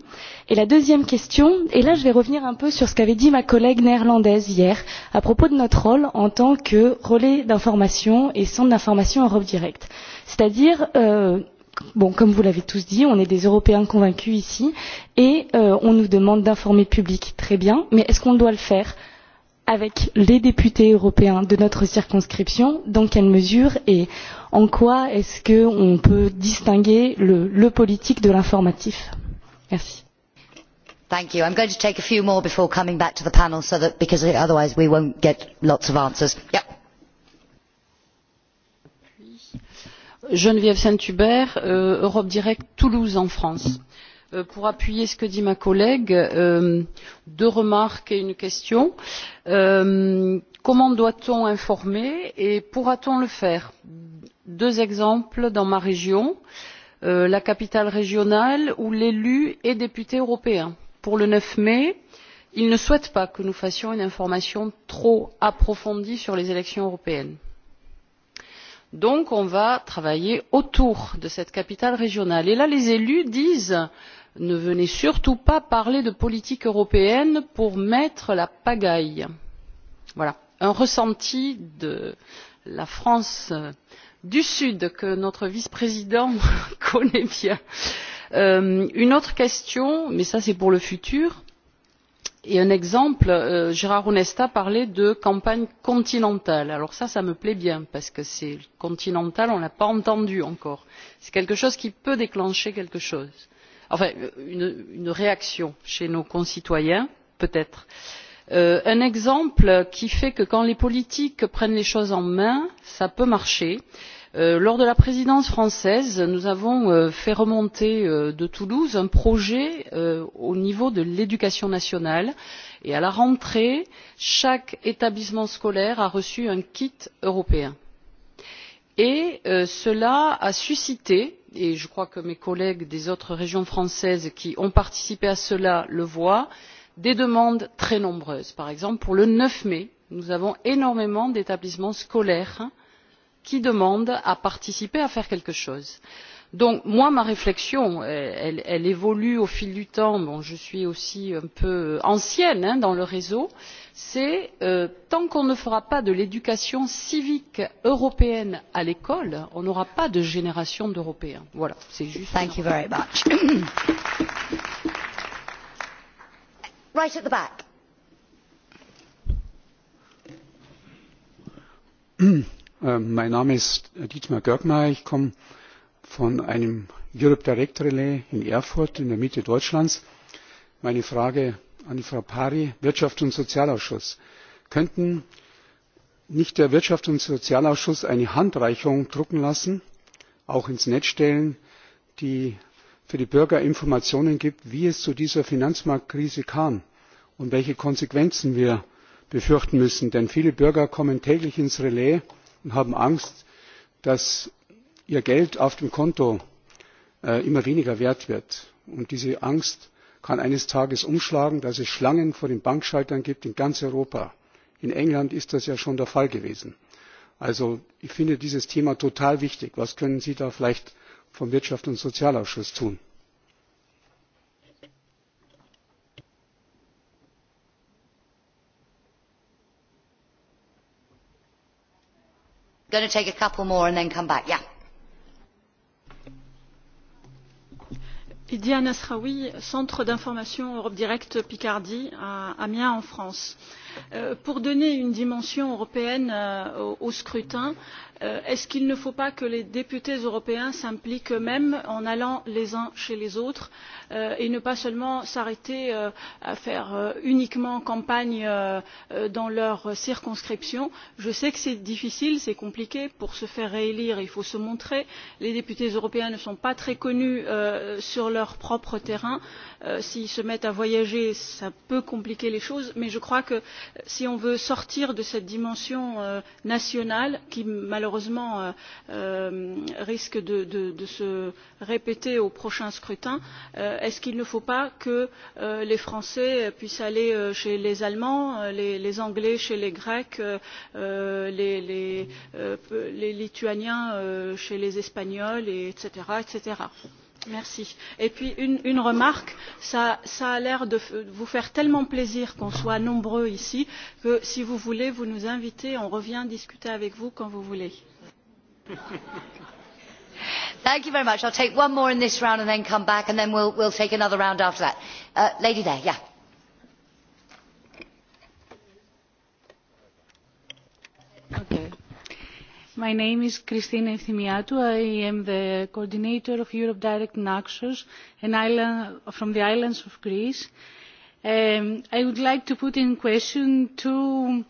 [SPEAKER 19] et la deuxième question et là je vais revenir un peu sur ce qu'avait dit ma collègue néerlandaise hier à propos de notre rôle en tant que relais d'information et centre d'information europe directe c'est à dire euh, comme vous l'avez tous dit on est des européens convaincus ici et euh, on nous demande d'informer le public très bien mais est ce qu'on doit le faire avec les députés européens de notre circonscription dans quelle mesure et en quoi est ce qu'on peut distinguer le politique de l'informatif? merci.
[SPEAKER 12] Thank you. I'm going to take a few more before coming back to the panel so that, because otherwise we won't get lots of answers. Yep.
[SPEAKER 16] Geneviève Saint-Hubert, euh, Europe Direct Toulouse en France. Euh, pour appuyer ce que dit ma collègue, euh, deux remarques et une question. Euh, comment doit-on informer et pourra-t-on le faire deux exemples dans ma région euh, la capitale régionale où l'élu est député européen. pour le neuf mai il ne souhaite pas que nous fassions une information trop approfondie sur les élections européennes. donc on va travailler autour de cette capitale régionale et là les élus disent ne venez surtout pas parler de politique européenne pour mettre la pagaille. voilà un ressenti de la france du sud que notre vice président connaît bien. Euh, une autre question mais cela c'est pour le futur et un exemple euh, gérard onesta parlait de campagne continentale. cela cela me plaît bien parce que c'est continental on ne l'a pas entendu encore. c'est quelque chose qui peut déclencher quelque chose enfin une réaction chez nos concitoyens peut être. mais Euh, un exemple qui fait que quand les politiques prennent les choses en main cela peut marcher euh, lors de la présidence française nous avons euh, fait remonter de toulouse un projet au niveau de l'éducation nationale et à la rentrée chaque établissement scolaire a reçu un kit européen. cela a suscité et je crois que mes collègues des autres régions françaises qui ont participé à cela le voient des demandes très nombreuses. par exemple pour le neuf mai nous avons énormément d'établissements scolaires qui demandent à participer à faire quelque chose. donc ma réflexion évolue au fil du temps je suis aussi un peu ancienne dans le réseau c'est que euh, tant qu'on ne fera pas de l'éducation civique européenne à l'école on n'aura pas de génération d'européens. voilà c'est juste right at the back.
[SPEAKER 20] Ähm, mein name ist äh, dietmar görgmair ich komme von einem europe direct relais in erfurt in der mitte deutschlands. meine frage an frau pari wirtschafts und sozialausschuss könnte nicht der wirtschafts und sozialausschuss eine handreichung drucken lassen auch ins netz stellen die für die bürger informationen gibt wie es zu dieser finanzmarktkrise kam und welche konsequenzen wir befürchten müssen. denn viele bürger kommen täglich ins relais und haben angst dass ihr geld auf dem konto äh, immer weniger wert wird. diese angst kann eines tages umschlagen dass es schlangen vor den bankschaltern gibt in ganz europa. in england ist das ja schon der fall gewesen. also ich finde dieses thema total wichtig. was können sie da vielleicht vom Wirtschafts- und Sozialausschuss tun.
[SPEAKER 12] Going to take a couple more and then come back. Yeah. Idia Nasraoui,
[SPEAKER 21] Centre d'information Europe Direct Picardie à Amiens en France. Euh, pour donner une dimension européenne euh, au, au scrutin, euh, Euh, est ce qu'il ne faut pas que les députés européens s'impliquent eux mêmes en allant les uns chez les autres euh, et ne pas s'arrêter euh, à faire uniquement campagne dans leur circonscription? je sais que c'est difficile c'est compliqué pour se faire réélire il faut se montrer les députés européens ne sont pas très connus sur leur propre terrain s'ils se mettent à voyager cela peut compliquer les choses mais je crois que si on veut sortir de cette dimension nationale qui malheureusement euh, euh, risque de, de, de se répéter au prochain scrutin. Euh, Est-ce qu'il ne faut pas que euh, les Français puissent aller euh, chez les Allemands, euh, les, les Anglais chez les Grecs, euh, les, les, euh, les Lituaniens euh, chez les Espagnols, et etc. etc. Merci. Et puis une, une remarque, ça, ça a l'air de vous faire tellement plaisir qu'on soit nombreux ici que si vous voulez, vous nous invitez, on revient discuter avec vous quand vous voulez.
[SPEAKER 12] Thank you very much. I'll take one more in this round and then come back and then we'll, we'll take another round after that. Uh, lady there, yeah.
[SPEAKER 22] Okay my name is christine efthymiatou i am the coordinator of europe direct naxos an island from the islands of greece. Um, i would like to put in question two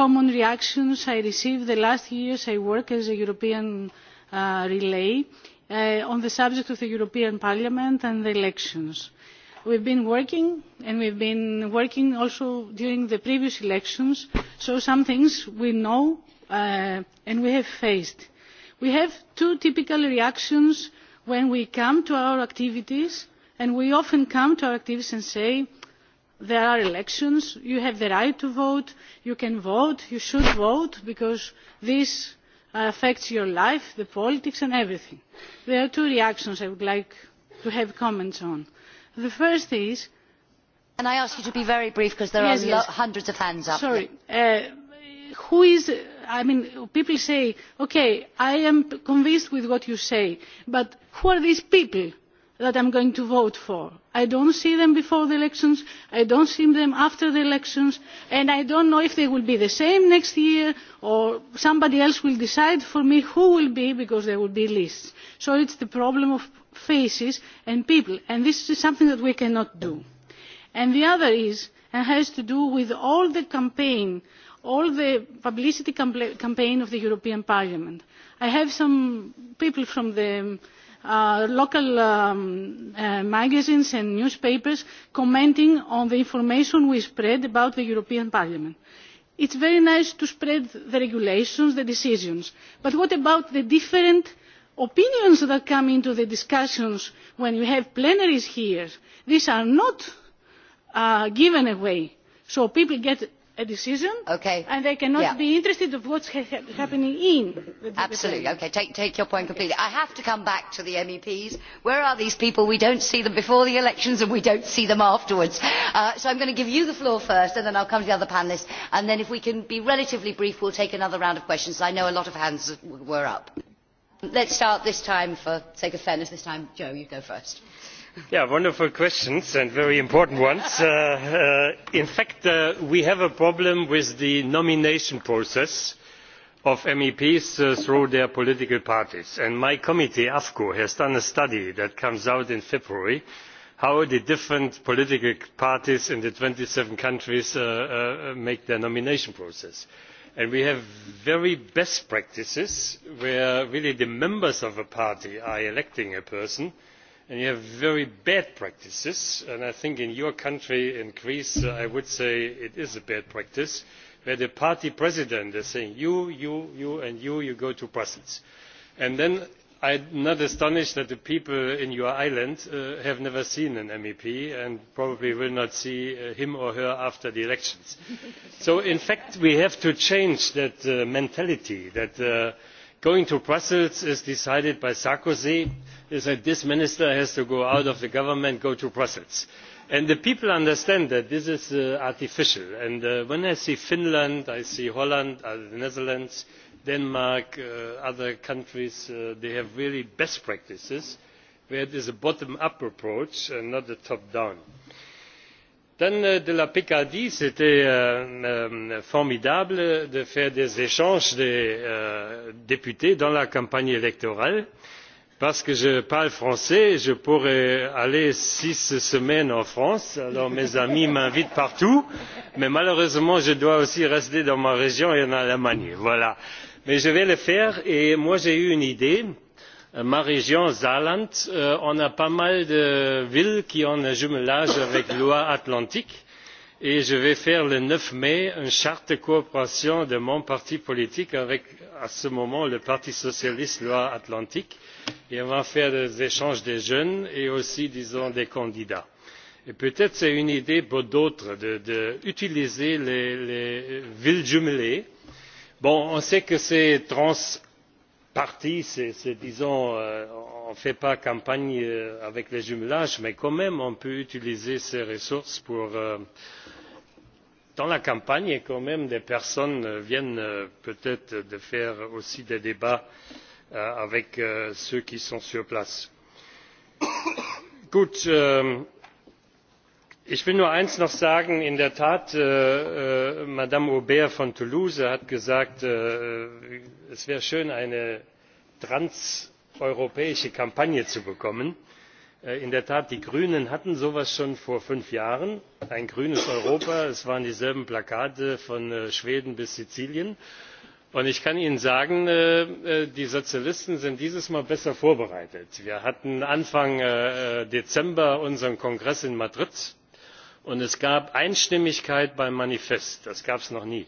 [SPEAKER 22] common reactions i received the last years i work as a european uh, relay uh, on the subject of the european parliament and the elections we have been working and we have been working also during the previous elections so some things we know uh, and we have faced. We have two typical reactions when we come to our activities and we often come to our activities and say there are elections, you have the right to vote, you can vote, you should vote because this affects your life, the politics and everything. There are two reactions I would like to have comments on the first is and i ask you to be very brief because there are hundreds of hands up sorry uh, who is i mean people say ok i am convinced with what you say but who are these people? that I'm going to vote for. I don't see them before the elections, I don't see them after the elections, and I don't know if they will be the same next year or somebody else will decide for me who will be because there will be lists. So it's the problem of faces and people, and this is something that we cannot do. And the other is, and has to do with all the campaign, all the publicity campaign of the European Parliament. I have some people from the Uh, local um, uh, magazines and newspapers commenting on the information we spread about the European Parliament. It's very nice to spread the regulations, the decisions, but what about the different opinions that come into the discussions when you have plenaries here? These are not uh, given away. So people get a decision
[SPEAKER 12] okay. and they cannot yeah. be interested in what's ha- happening in the, the absolutely the okay take, take your point completely okay. i have to come back to the meps where are these people we don't see them before the elections and we don't see them afterwards uh, so i'm going to give you the floor first and then i'll come to the other panelists and then if we can be relatively brief we'll take another round of questions i know a lot of hands were up let's start this time for sake of fairness this time joe you go first
[SPEAKER 9] wonderful questions and very important ones. Uh, uh, in fact uh, we have a problem with the nomination process of meps through their political parties and my committee afco has done a study that comes out in february on how the different political parties in the twenty seven countries make their nomination process. we have very best practices where really the members of a party are electing a person and you have very bad practices and i think in your country in greece uh, i would say it is a bad practice where the party president is saying you you you and you you go to brussels and then i am not astonished that the people in your island uh, have never seen an mep and probably will not see uh, him or her after the elections. so in fact we have to change that mentality that going to brussels is decided by sarkozy and this minister has to go out of the government and go to brussels. the people understand that this is uh, artificial and uh, when i see finland i see holland uh, the netherlands denmark other countries they have really best practices where it is a bottom up approach and not a top down dan äh, de la picardie c'était euh, euh, formidable de faire des échanges de euh, députés dans la campagne électorale parce que je parle français je pourrais aller six semaines en france alors mes amis m'invitent partout mais malheureusement je dois aussi rester dans ma région et en allemagne. voilà mais je vais le faire et moi j'ai eu une idée ma région saarland euh, on a pas mal de villes qui ont un jumelage avec loire atlantique et je vais faire le neuf mai une charte de coopération de mon parti politique avec à ce moment là le parti socialiste loire atlantique et on va faire des échanges de jeunes et aussi disons des candidats. peut être est ce une idée pour d'autres d'utiliser les villes jumelées. on sait que c'est trans parti disons euh, on ne fait pas campagne euh, avec les jumelages mais quand même on peut utiliser ces ressources pour euh, dans la campagne et quand même des personnes viennent peut être de faire aussi des débats avec ceux qui sont sur place. écoute ich will nur eines noch sagen in der tat äh, äh, madame aubert von toulouse hat gesagt äh, es wäre schön eine transeuropäische kampagne zu bekommen. in der tat die grünen hatten so etwas schon vor fünf jahren ein grünes europa es waren dieselben plakate von schweden bis sizilien. und ich kann ihnen sagen die sozialisten sind dieses mal besser vorbereitet. wir hatten anfang dezember unseren kongress in madrid und es gab einstimmigkeit beim manifest das gab es noch nie.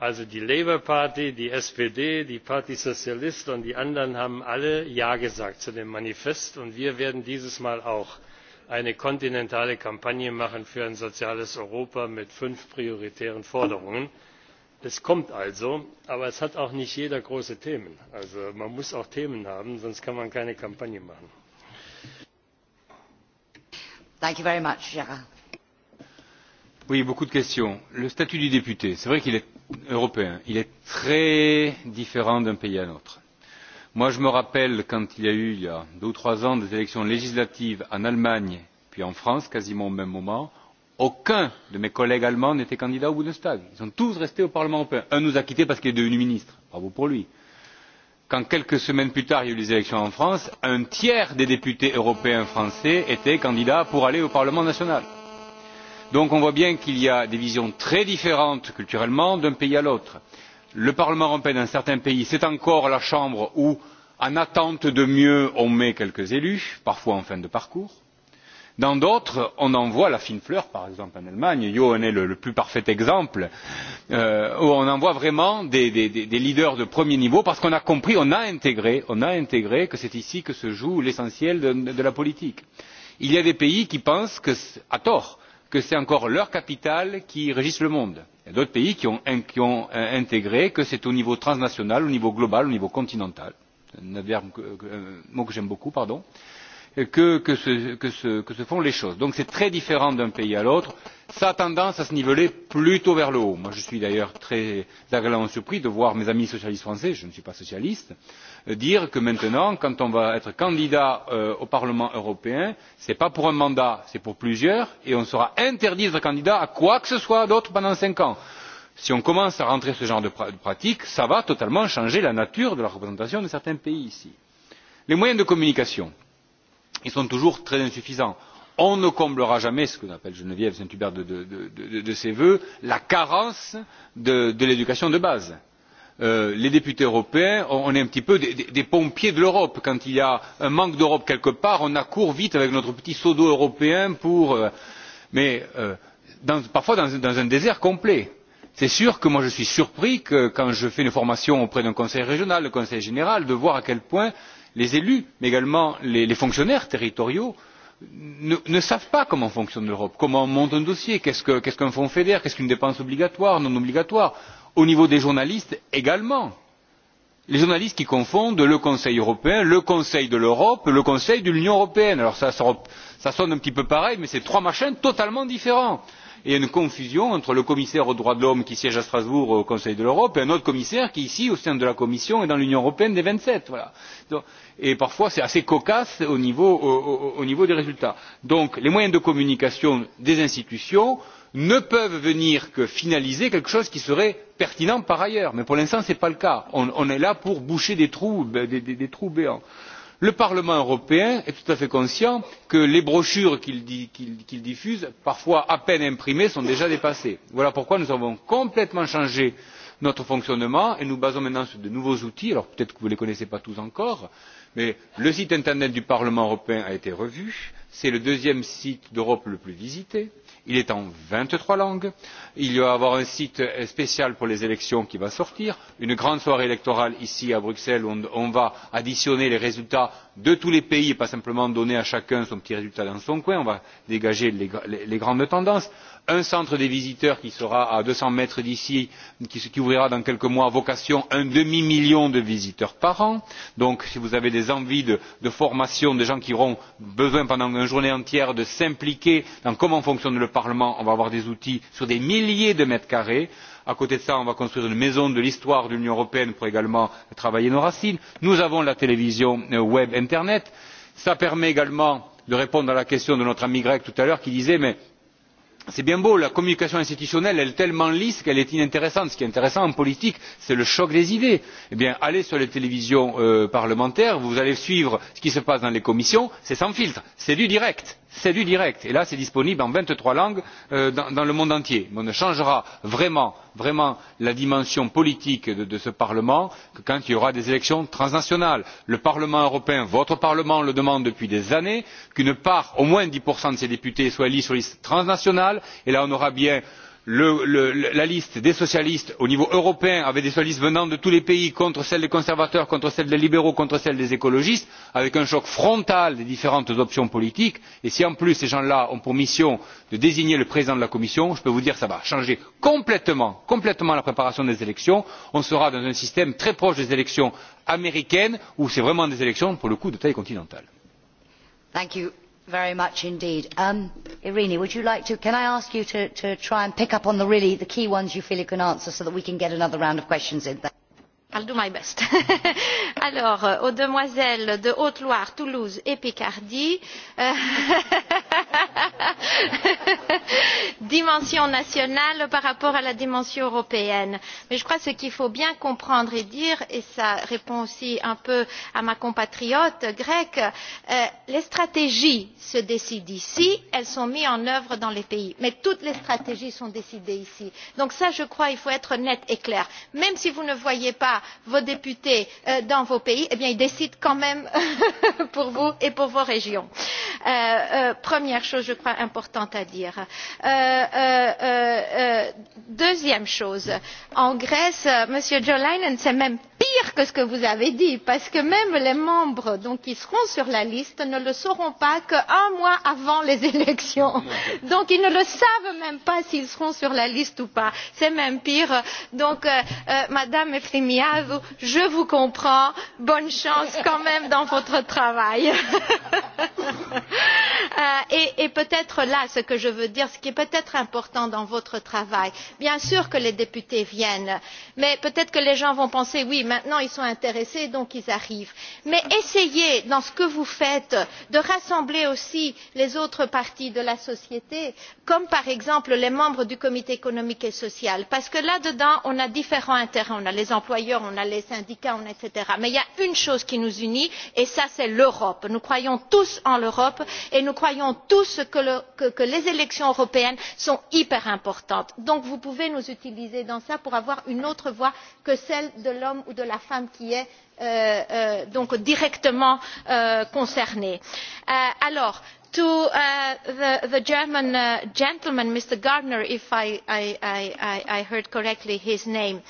[SPEAKER 9] also die labour party die spd die parti socialiste und die anderen haben alle ja gesagt zu dem manifest und wir werden dieses mal auch eine kontinentale kampagne machen für ein soziales europa mit fünf prioritären forderungen. es kommt also aber es hat auch nicht jeder große themen. also man muss auch themen haben sonst kann man keine kampagne machen
[SPEAKER 15] beaucoup de questions. le statut du député c'est vrai qu'il est européen mais il est très différent d'un pays à l'autre. je me rappelle quand il y a eu il y a deux ou trois ans des élections législatives en allemagne puis en france quasiment au même moment aucun de mes collègues allemands n'était candidat au bundestag ils sont tous restés au parlement européen. un nous a quittés parce qu'il est devenu ministre bravo pour lui! quand quelques semaines plus tard il y a eu les élections en france un tiers des députés européens français étaient candidats pour aller au parlement national on voit bien qu'il y a des visions très différentes culturellement d'un pays à l'autre. le parlement européen dans certains pays c'est encore la chambre où en attente de mieux on met quelques élus parfois en fin de parcours. dans d'autres on envoie la fine fleur par exemple en allemagne jo leinen est le plus parfait exemple euh, où on envoie vraiment des leaders de premier niveau parce qu'on a compris on a intégré que c'est ici que se joue l'essentiel de la politique. il y a des pays qui pensent à tort que c'est encore leur capital qui régisse le monde. il y a d'autres pays qui ont euh, intégré que c'est au niveau transnational au niveau global au niveau continental euh, mot que j'aime beaucoup que se font les choses. donc c'est très différent d'un pays à l'autre. cela a tendance à se niveler plutôt vers le haut. je suis d'ailleurs très agréablement surpris de voir mes amis socialistes français je ne suis pas socialiste dire que maintenant quand on va être candidat euh, au parlement européen ce n'est pas pour un mandat c'est pour plusieurs et on sera interdit d'être candidat à quoi que ce soit d'autre pendant cinq ans. si on commence à entrer dans ce genre de pratique cela va totalement changer la nature de la représentation de certains pays ici. les moyens de communication sont toujours très insuffisants. on ne comblera jamais ce que l'appelle geneviève saint hubert de ses vœux la carence de l'éducation de base. Euh, les députés européens on est un petit peu des pompiers de l'europe quand il y a un manque d'europe quelque part on accourt vite avec notre petit seau d'eau européen euh, mais euh, parfois dans un désert complet. c'est sûr que moi je suis surpris quand je fais une formation auprès d'un conseil régional d'un conseil général de voir à quel point les élus mais également les fonctionnaires territoriaux ne savent pas comment fonctionne l'europe comment on monte un dossier qu'est ce qu'un fonds feder qu'est ce qu'une dépense obligatoire non obligatoire? au niveau des journalistes également les journalistes qui confondent le conseil européen le conseil de l'europe et le conseil de l'union européenne. cela sonne un petit peu pareil mais ce sont trois machins totalement différents. il y a une confusion entre le commissaire aux droits de l'homme qui siège à strasbourg au conseil de l'europe et un autre commissaire qui ici au sein de la commission et dans l'union européenne des vingt sept voilà. et parfois c'est assez cocasse au niveau des résultats. donc les moyens de communication des institutions ne peuvent venir que finaliser quelque chose qui serait pertinent par ailleurs mais pour l'instant ce n'est pas le cas on est là pour boucher des trous béants. le parlement européen est tout à fait conscient que les brochures qu'il diffuse parfois à peine imprimées sont déjà dépassées. voilà pourquoi nous avons complètement changé notre fonctionnement et nous basons maintenant sur de nouveaux outils alors peut être que vous ne les connaissez pas tous encore mais le site internet du parlement européen a été revu c'est le deuxième site d'europe le plus visité il est en vingt trois langues il va y avoir un site spécial pour les élections qui va sortir une grande soirée électorale ici à bruxelles où on va additionner les résultats de tous les pays et pas simplement donner à chacun son petit résultat dans son coin on va dégager les grandes tendances un centre des visiteurs qui sera à deux cents mètres d'ici ce qui ouvrira dans quelques mois vocation un demi million de visiteurs par an donc si vous avez des envies de formation de gens qui auront besoin pendant une journée entière de s'impliquer dans comment fonctionne le parlement on va avoir des outils sur des milliers de mètres carrés à côté de cela on va construire une maison de l'histoire de l'union européenne pour également travailler nos racines nous avons la télévision euh, web internet ça permet également de répondre à la question de notre ami grec tout à l'heure qui disait mais c'est bien beau la communication institutionnelle est tellement lisse qu'elle est inintéressante. ce qui est intéressant en politique c'est le choc des idées. eh bien allez sur les télévisions euh, parlementaires vous allez suivre ce qui se passe dans les commissions c'est sans filtre c'est du direct c'est du direct et là c'est disponible en vingt trois langues euh, dans le monde entier. on ne changera vraiment la dimension politique de ce parlement que quand il y aura des élections transnationales. le parlement européen votre parlement le demande depuis des années qu'une part au moins dix de ses députés soit élue sur liste transnationale et là on aura bien la liste des socialistes au niveau européen avec des socialistes venant de tous les pays contre celle des conservateurs contre celle des libéraux contre celle des écologistes avec un choc frontal des différentes options politiques et si en plus ces gens là ont pour mission de désigner le président de la commission je peux vous dire que cela va changer complètement la préparation des élections on sera dans un système très proche des élections américaines où ce sont vraiment des élections pour le coup de taille continentale
[SPEAKER 12] very much indeed. Um, irini can i ask you to try and pick up on the key ones you feel you can answer so that we can get another round of questions in?
[SPEAKER 17] i will do my best. Euh, aux demoiselles de haute loire toulouse et picardie euh, dimension nationale par rapport à la dimension européenne. mais je crois que ce qu'il faut bien comprendre et dire et cela répond aussi un peu à ma compatriote grecque c'est euh, que les stratégies se décident ici elles sont mises en œuvre dans les pays mais toutes les stratégies sont décidées ici. donc sur ce point je crois qu'il faut être net et clair. même si vous ne voyez pas vos députés euh, dans vos pays eh ils décident quand même pour vous et pour vos régions. c'est euh, la première chose première chose je crois importante à dire. Euh, euh, euh, deuxième chose en grèce monsieur johannes c'est même pire que ce que vous avez dit parce que même les membres qui seront sur la liste ne le sauront pas qu'un mois avant les élections. donc ils ne savent même pas s'ils seront sur la liste ou pas. c'est même pire. donc madame efovi je vous comprends. bonne chance quand même dans votre travail. et et peut être là ce que je veux dire ce qui est peut être important dans votre travail bien sûr que les députés viennent mais peut être que les gens vont penser oui maintenant ils sont intéressés donc ils arrivent mais essayez dans ce que vous faites de rassembler aussi les autres parties de la société comme par exemple les membres du comité économique et social parce que là dedans on a différents intérêts on a les employeurs on a les syndicats etc. mais il y a une chose qui nous unit et c'est l'europe. nous croyons tous en l'europe et nous croyons tous tous que les élections européennes sont hyper importantes donc vous pouvez nous utiliser dans cela pour avoir une autre voix que celle de l'homme ou de la femme qui est euh, euh, directement euh, concerné. alors to the german gentleman mr gardner if i heard correctly his name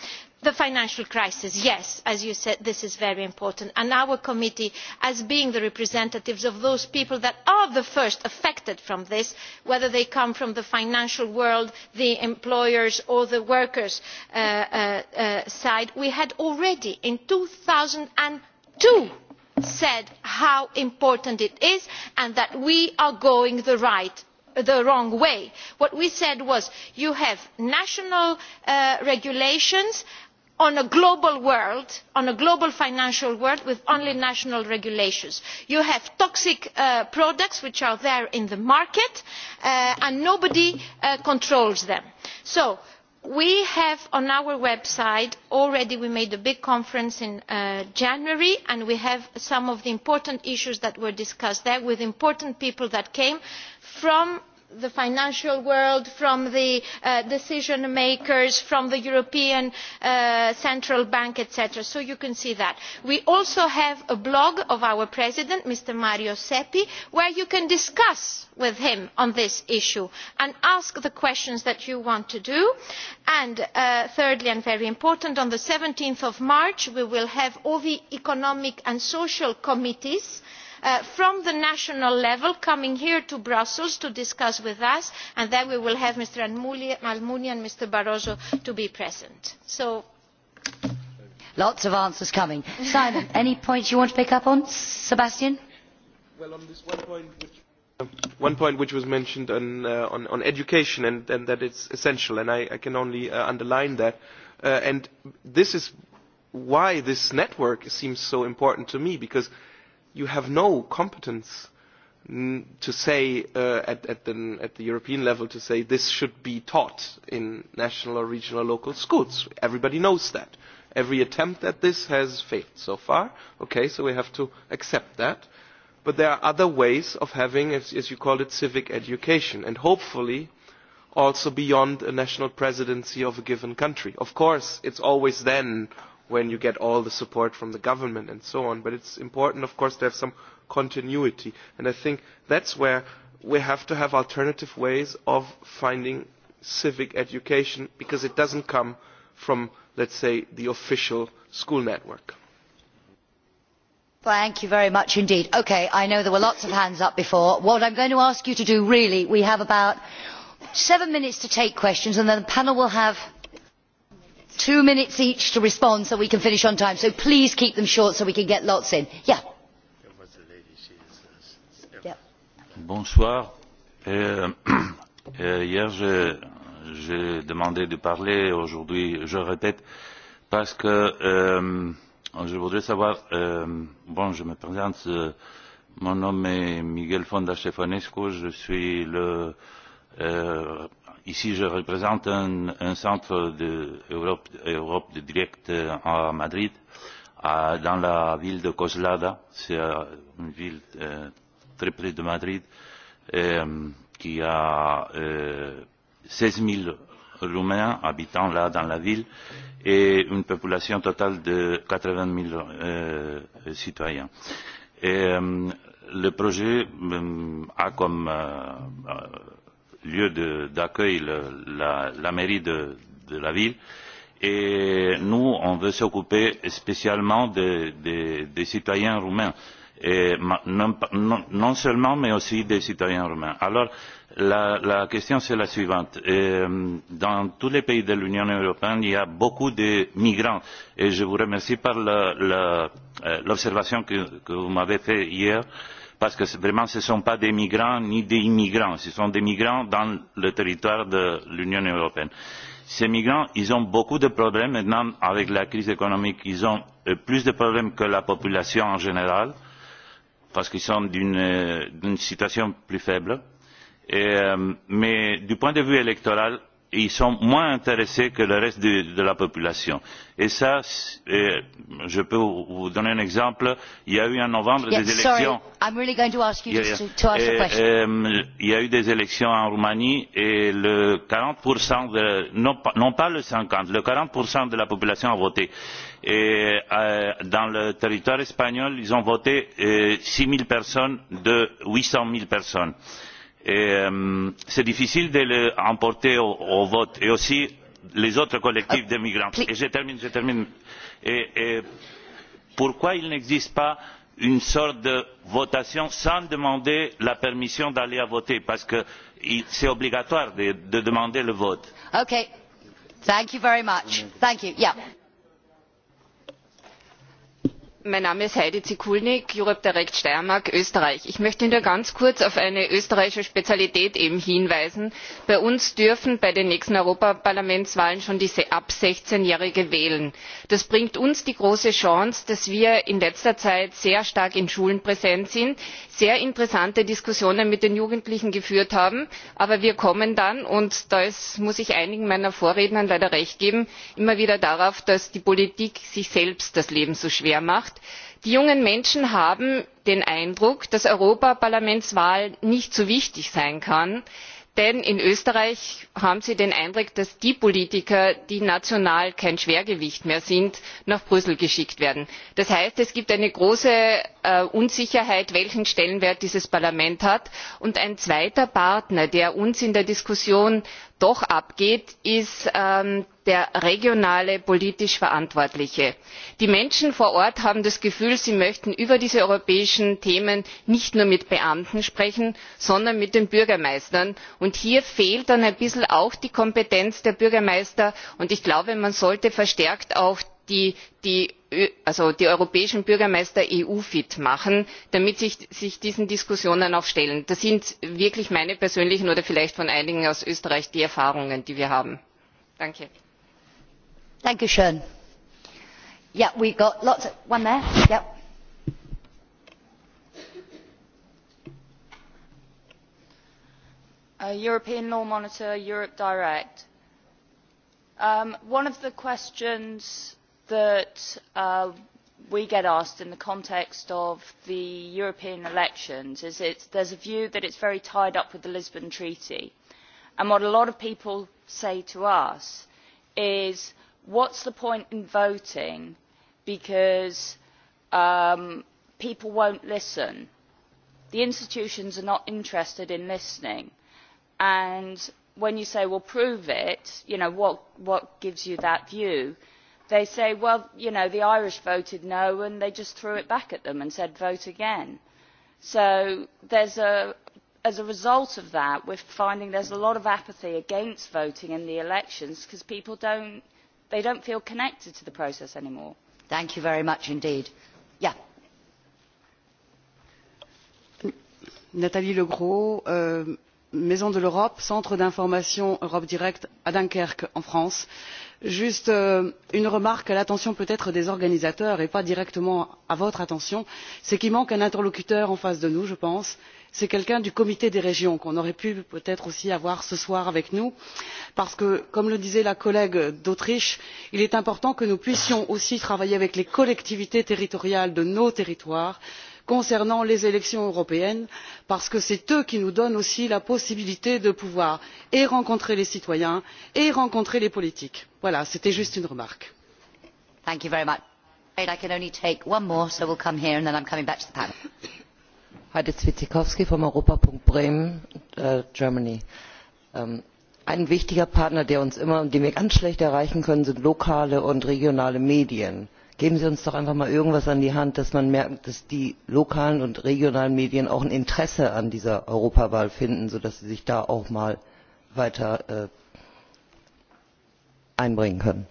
[SPEAKER 17] the financial crisis yes as you said this is very important and our committee as being the representatives of those people that are the first affected by this whether they come from the financial world the employers or the workers' uh, uh, uh, side we had already in two thousand and two said how important it is and that we are going the wrong way. what we said was you have national regulations and in a global financial world with only national regulations. you have toxic uh, products which are there in the market uh, and nobody uh, controls them. so we have on our website already we had a big conference in january and we have some of the important issues that were discussed there with important people that came from the financial world from the uh, decision makers from the european uh, central bank etc. so you can see that. we also have a blog of our president mr mario seppi where you can discuss with him on this issue and ask the questions that you want to do. and uh, thirdly and very important on seventeen march we will have all the economic and social committees Uh, from the national level coming here to brussels to discuss with us and then we will have mr almunia and mr barroso to be present.
[SPEAKER 12] lots of answers coming. simon any points you want to pick up on? sebastian?
[SPEAKER 18] Um, one point which was mentioned on, uh, on, on education and, and that it's essential and i, I can only uh, underline that uh, and this is why this network seems so important to me because you have no competence to say uh, at, at, the, at the European level to say this should be taught in national or regional or local schools. Everybody knows that. Every attempt at this has failed so far. Okay, so we have to accept that. But there are other ways of having, as, as you call it, civic education and hopefully also beyond a national presidency of a given country. Of course, it's always then when you get all the support from the government and so on but it is important of course to have some continuity and i think that is where we have to have alternative ways of finding civic education because it does not come from let us say the official school network.
[SPEAKER 12] Thank you very much indeed. Okay, I know there were lots of hands up before. What I'm going to ask you to do really, we have about seven minutes to take questions and then the panel will have two minutes each to respond so we can finish on time so please keep them short so we can get lots in.
[SPEAKER 23] Euh, euh, hier j'ai demandé de parler aujourd'hui je répète parce que euh, je voudrais savoir bon je me présente mon nom est miguel fonda tchefanescu je suis le ici je représente un, un centre d'europe de Europe de direct euh, à madrid à, dans la ville de coslada c'est euh, une ville euh, très près de madrid euh, qui a euh, 16 000 roumains habitant là dans la ville et une population totale de 80 000 euh, citoyens et, euh, le projet euh, a comme euh, euh, lieu d'accueil la, la, la mairie de, de la ville. Et nous, on veut s'occuper spécialement des, des, des citoyens roumains. Et non, non seulement, mais aussi des citoyens roumains. Alors, la, la question, c'est la suivante. Et dans tous les pays de l'Union européenne, il y a beaucoup de migrants. Et je vous remercie par l'observation la, la, euh, que, que vous m'avez faite hier. Euh, parce que vraiment ce ne sont pas des migrants ni des immigrants ce sont des migrants sur le territoire de l'union européenne. ces migrants ont beaucoup de problèmes maintenant avec la crise économique ils ont euh, plus de problèmes que la population en général parce qu'ils sont dans une euh, situation plus faible euh, mais du point de vue électoral ils sont moins intéressés que le reste de la population. Euh, je peux vous donner un exemple il y a eu en novembre des élections
[SPEAKER 12] euh,
[SPEAKER 23] il y a eu des élections en roumanie et le quarante de non pas, non pas le cinquante le quarante de la population a voté et euh, dans le territoire espagnol ils ont voté six zéro personnes de huit cents zéro personnes c'est difficile de les emporter au vote et aussi les autres collectifs ah, de migrants. je termine je termine. pourquoi il n'existe pas une sorte de votation sans demander la permission d'aller voter parce que c'est obligatoire de demander le vote.
[SPEAKER 24] ok thank you very much thank you yeah mein name ist heidi zikulnik europe direkt steiermark österreich. ich möchte nur ganz kurz auf eine österreichische spezialität hinweisen bei uns dürfen bei den nächsten europaparlamentswahlen schon ab sechzehn jährige wählen. das bringt uns die große chance dass wir in letzter zeit sehr stark in schulen präsent sind sehr interessante diskussionen mit den jugendlichen geführt haben aber wir kommen dann und da muss ich einigen meiner vorredner leider recht geben immer wieder darauf dass die politik sich selbst das leben so schwer macht gemacht die jungen menschen haben den eindruck dass europaparlamentswahl nicht so wichtig sein kann denn in österreich haben sie den eindruck dass die politiker die national kein schwergewicht mehr sind nach brüssel geschickt werden. das heißt es gibt eine große äh, unsicherheit welchen stellenwert dieses parlament hat. und ein zweiter partner der uns in der diskussion doch abgeht ist ähm, der regionale politisch verantwortliche. die menschen vor ort haben das gefühl sie möchten über diese europäischen themen nicht nur mit beamten sprechen sondern mit den bürgermeistern und hier fehlt dann ein bisschen auch die kompetenz der bürgermeister und ich glaube man sollte verstärkt auch die europäischen bürgermeister eu fit machen damit sie sich diesen diskussionen auch stellen. das sind wirklich meine persönlichen oder vielleicht von einigen aus österreich die erfahrungen die wir haben.
[SPEAKER 12] Ja, uh,
[SPEAKER 8] european law monitor europe direct. Um, one of the questions that uh, we get asked in the context of the european elections is that there is a view that it is very tied up with the lisbon treaty and what a lot of people say to us is what is the point in voting because um, people will not listen the institutions are not interested in listening and when you say well prove it you know what gives you that view? they say well you know the irish voted no' and they just threw it back at them and said vote again'. so as a result of that we are finding there is a lot of apathy against voting in the elections because people do not do not feel connected to the process any more.
[SPEAKER 12] thank you very much indeed.
[SPEAKER 16] Yeah. Nathalie Legros, euh, maison de l'europe centre d'information europe directe à dunkerque en france. juste euh, une remarque à l'attention peut être des organisateurs et pas directement à votre attention c'est qu'il manque un interlocuteur en face de nous je pense c'est quelqu'un du comité des régions qu'on aurait pu peut être aussi avoir ce soir avec nous parce que comme le disait la collègue d'autriche il est important que nous puissions aussi travailler avec les collectivités territoriales de nos territoires afin concernant les élections européennes parce que ce sont elles qui nous donnent aussi la possibilité de pouvoir et rencontrer les citoyens et rencontrer les politiques. voilà c'était juste une remarque.
[SPEAKER 24] Äh, ähm, ein wichtiger partner der uns immer und den wir ganz schlecht erreichen können sind lokale
[SPEAKER 5] und regionale medien geben sie uns doch einfach mal irgendwas an die hand damit man merkt dass die
[SPEAKER 10] lokalen und regionalen medien auch ein interesse an dieser europawahl finden sodass sie sich da auch mal weiter äh, einbringen können.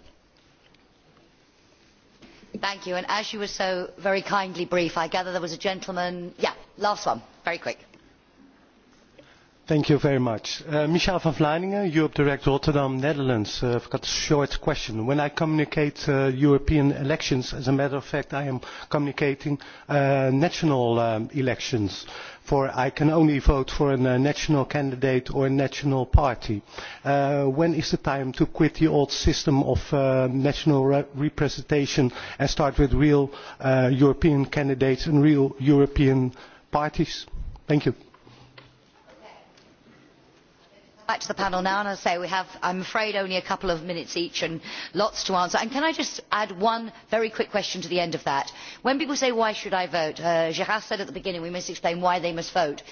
[SPEAKER 3] Thank you very much. Uh, Michel van Vleiningen, Europe Direct Rotterdam, Netherlands. Uh, I've got a short question. When I communicate uh, European elections, as a matter of fact, I am communicating uh, national um, elections. For I can only vote for a uh, national candidate or a national party. Uh, when is the time to quit the old system of uh, national re representation and start with real uh, European candidates and real
[SPEAKER 13] European parties? Thank you
[SPEAKER 12] back to the panel now and i say we have i am afraid only a couple of minutes each and lots to answer. can i just add one very quick question to the end of that? when people say why should i vote uh, gerard said at the beginning we must explain why they must vote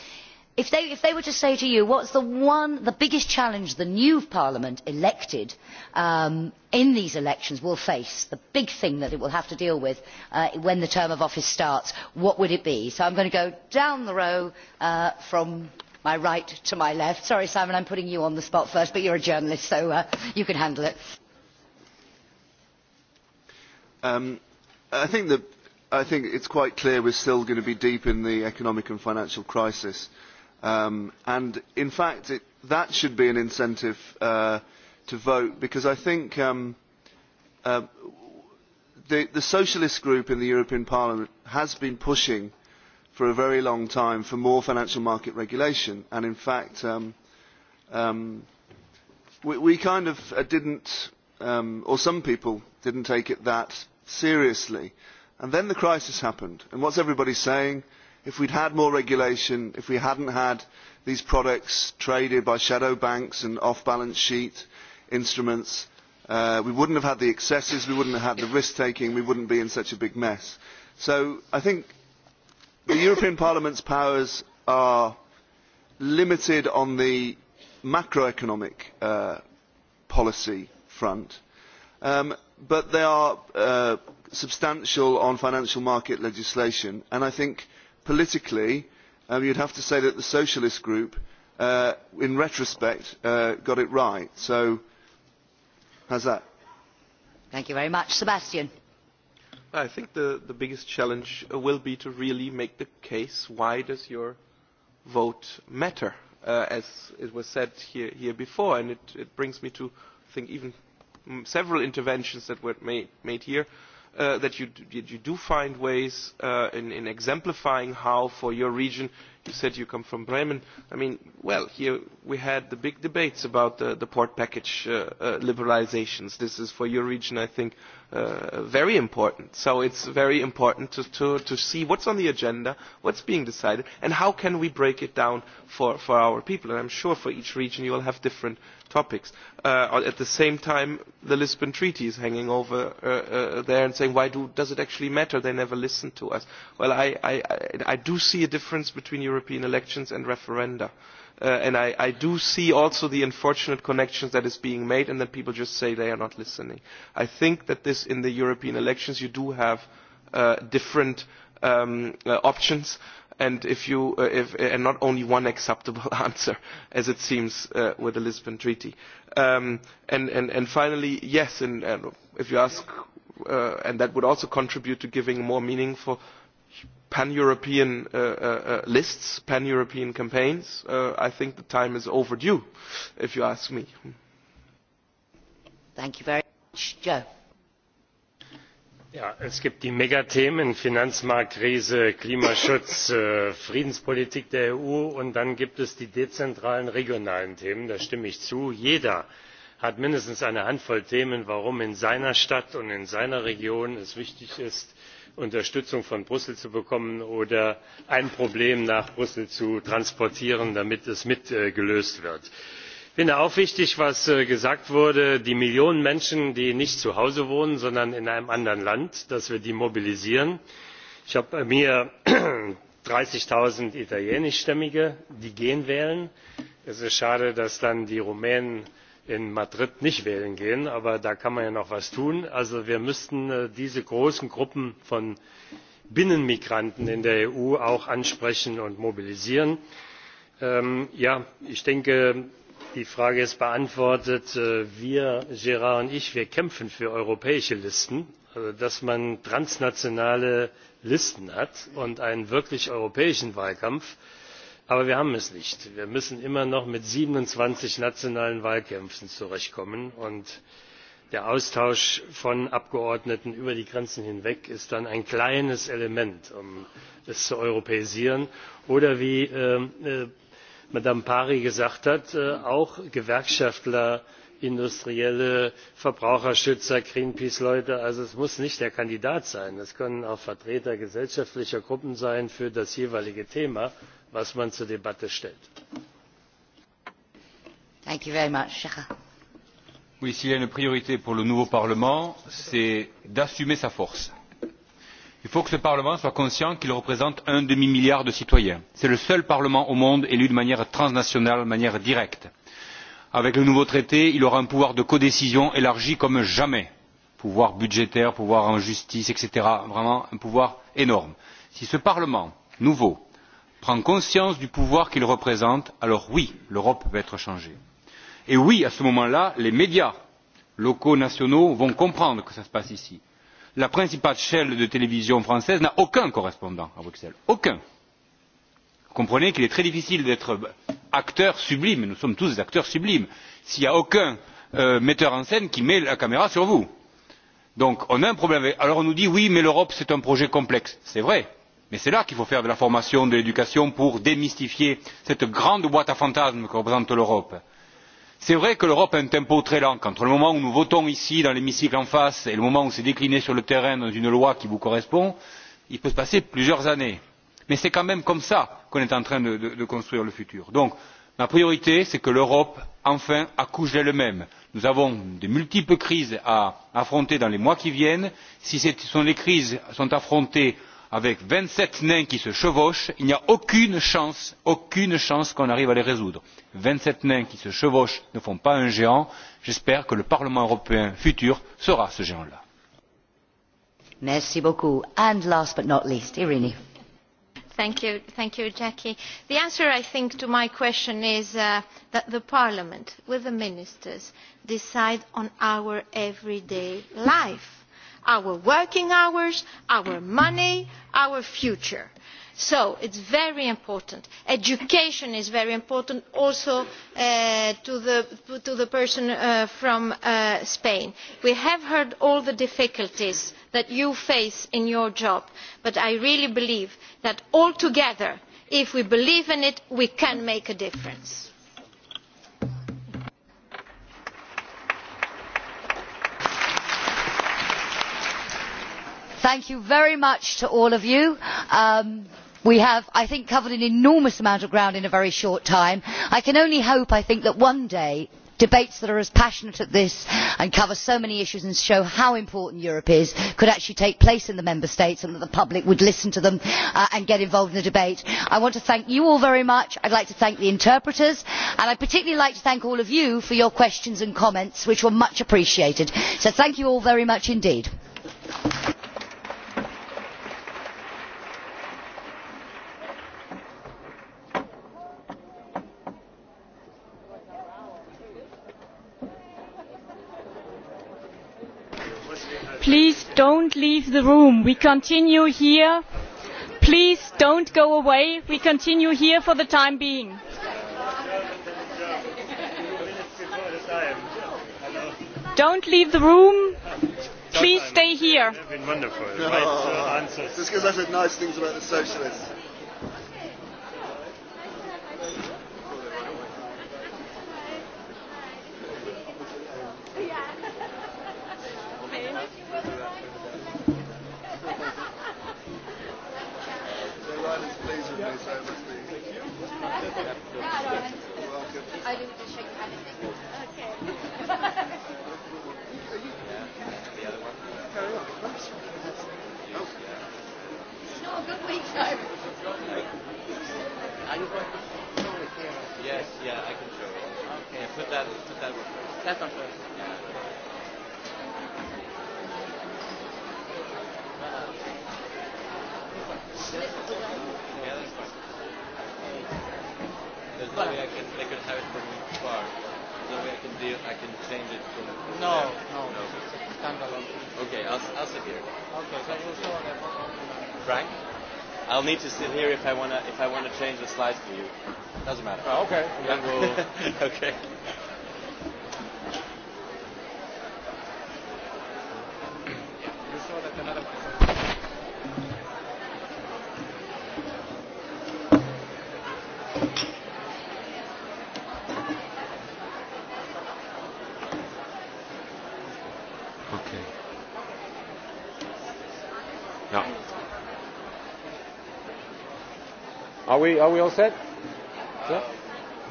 [SPEAKER 12] if they were to say to you what is the biggest challenge the new parliament elected um, in these elections will face the big thing that it will have to deal with uh, when the term of office starts what would it be? so i am going to go down the row uh, from my right to my left. Sorry, Simon, I'm putting you on the spot first, but you're a journalist, so uh, you can handle it.
[SPEAKER 13] Um, I, think that, I think it's quite clear we're still going to be deep in the economic and financial crisis. Um, and in fact, it, that should be an incentive uh, to vote, because I think um, uh, the, the socialist group in the European Parliament has been pushing for a very long time for more financial market regulation. And in fact, um, um, we, we kind of uh, didn't, um, or some people didn't take it that seriously. And then the crisis happened. And what's everybody saying? If we'd had more regulation, if we hadn't had these products traded by shadow banks and off-balance sheet instruments, uh, we wouldn't have had the excesses, we wouldn't have had the risk-taking, we wouldn't be in such a big mess. So I think the european parliament's powers are limited on the macroeconomic uh, policy front um, but they are uh, substantial on financial market legislation and i think politically uh, you would have to say that the socialist group in retrospect got it right. so how is that?
[SPEAKER 18] I think the, the biggest challenge uh, will be to really make the case why does your vote matter, uh, as it was said here, here before. And it, it brings me to think even mm, several interventions that were made, made here, uh, that you, you do find ways uh, in, in exemplifying how for your region you said you come from Bremen. I mean, well, here we had the big debates about the, uh, the port package uh, uh, liberalizations. This is for your region, I think, uh, very important. So it's very important to, to, to see what's on the agenda, what's being decided, and how can we break it down for, for our people. And I'm sure for each region you will have different topics. Uh, at the same time the lisbon treaty is hanging over uh, uh, there and saying why does it actually matter they never listened to us. well i do see a difference between european elections and referenda and i do see also the unfortunate connections that is being made and that people just say they are not listening. i think that this in the european elections you do have different um, options and if you uh, if, and not only one acceptable answer as it seems uh, with the lisbon treaty um, and, and and finally yes and, and if you ask uh, and that would also contribute to giving more meaning for pan-European uh, uh, uh lists, pan-European campaigns, uh, I think the time is overdue, if you ask me. Thank you very much. Joe.
[SPEAKER 9] Ja, es gibt die megathemen finanzmarktkrise klimaschutz äh, friedenspolitik der eu und dann gibt es die dezentralen regionalen themen da stimme ich zu. jeder hat mindestens eine handvoll themen warum es in seiner stadt und in seiner region wichtig ist unterstützung von brüssel zu bekommen oder ein problem nach brüssel zu transportieren damit es mitgelöst äh, wird finde auch wichtig was äh, gesagt wurde die millionen menschen die nicht zu hause wohnen sondern in einem anderen land dass wir die mobilisieren. ich habe bei äh, mir dreißig null italienischstämmige die gehen wählen. es ist schade dass dann die rumänen in madrid nicht wählen gehen aber da kann man ja noch etwas tun. also wir müssten äh, diese großen gruppen von binnenmigranten in der eu auch ansprechen und mobilisieren. Ähm, ja, ich denke die frage ist beantwortet äh, wir gerard und ich kämpfen für europäische listen dass man transnationale listen hat und einen wirklich europäischen wahlkampf aber wir haben es nicht. wir müssen immer noch mit siebenundzwanzig nationalen wahlkämpfen zurechtkommen und der austausch von abgeordneten über die grenzen hinweg ist dann ein kleines element um es zu europäisieren oder wie ähm, äh, madame pari gesagt hat äh, auch gewerkschaftler industrielle verbraucherschützer greenpeace leute also es muss nicht der kandidat sein es können auch vertreter gesellschaftlicher gruppen sein für das jeweilige thema das man zur debatte stellt.
[SPEAKER 15] s'il y a une priorité pour le nouveau parlement c'est d'assumer sa force il faut que ce parlement soit conscient qu'il représente un demi milliard de citoyens. c'est le seul parlement au monde élu de manière transnationale de manière directe. avec le nouveau traité il aura un pouvoir de codécision élargi comme jamais pouvoir budgétaire pouvoir en justice etc. vraiment un pouvoir énorme. si ce parlement nouveau prend conscience du pouvoir qu'il représente alors oui l'europe va être changée. et oui à ce moment là les médias locaux nationaux vont comprendre que cela se passe ici la principale chaîne de télévision française n'a aucun correspondant à bruxelles aucun. vous comprenez qu'il est très difficile d'être acteur sublime nous sommes tous des acteurs sublimes s'il n'y a aucun euh, metteur en scène qui met la caméra sur vous. donc on a un problème. alors on nous dit oui mais l'europe c'est un projet complexe c'est vrai mais c'est là qu'il faut faire de la formation de l'éducation pour démystifier cette grande boîte à fantasmes que représente l'europe il est vrai que l'europe a un tempo très lent entre le moment où nous votons ici dans l'hémicycle en face et le moment où c'est décliné sur le terrain dans une loi qui vous correspond il peut se passer plusieurs années mais c'est quand même comme cela qu'on est en train de construire le futur. donc ma priorité c'est que l'europe enfin accouche d'elle même. nous avons de multiples crises à affronter dans les mois qui viennent si ce sont des crises qui sont affrontées avec vingt sept nains qui se chevauchent il n'y a aucune chance aucune chance qu'on arrive à les résoudre. vingt sept nains qui se chevauchent ne font pas un géant j'espère que le parlement européen futur sera ce géant là.
[SPEAKER 12] merci beaucoup and last but not least irini.
[SPEAKER 17] Thank you, thank you, Jackie. The answer, I think, to my question is uh, that the Parliament, with the ministers, decide on our everyday life our working hours our money our future. so it is very important. education is very important also uh, to the person uh, from uh, spain. we have heard all the difficulties that you face in your job but i really believe that all together if we believe in it we can make a difference.
[SPEAKER 12] thank you very much to all of you. Um, we have, I think, covered an enormous amount of ground in a very short time. I can only hope, I think, that one day debates that are as passionate as this and cover so many issues and show how important Europe is could actually take place in the Member States and that the public would listen to them uh, and get involved in the debate. I want to thank you all very much. I'd like to thank the interpreters and I'd particularly like to thank all of you for your questions and comments which were much appreciated. So thank you all very much indeed. Thank you.
[SPEAKER 19] don't leave the room. We continue here. Please don't go away. We continue here for the time being. Don't leave the room.
[SPEAKER 13] Please stay here. Wonderful. Oh, right, uh, this guy said nice things about the socialists.
[SPEAKER 14] yes, yeah, I can show you. Okay, yeah, put that put that one first. That's on first. No
[SPEAKER 25] no I can change it from no, no, no,
[SPEAKER 15] standalone. Okay, I'll, I'll sit here. Okay, so we'll show
[SPEAKER 25] Frank? I'll need to sit here if I wanna if I wanna change the slides for you. Doesn't matter. Oh, okay. Then we'll. Okay.
[SPEAKER 20] Are we, are we all set? Uh,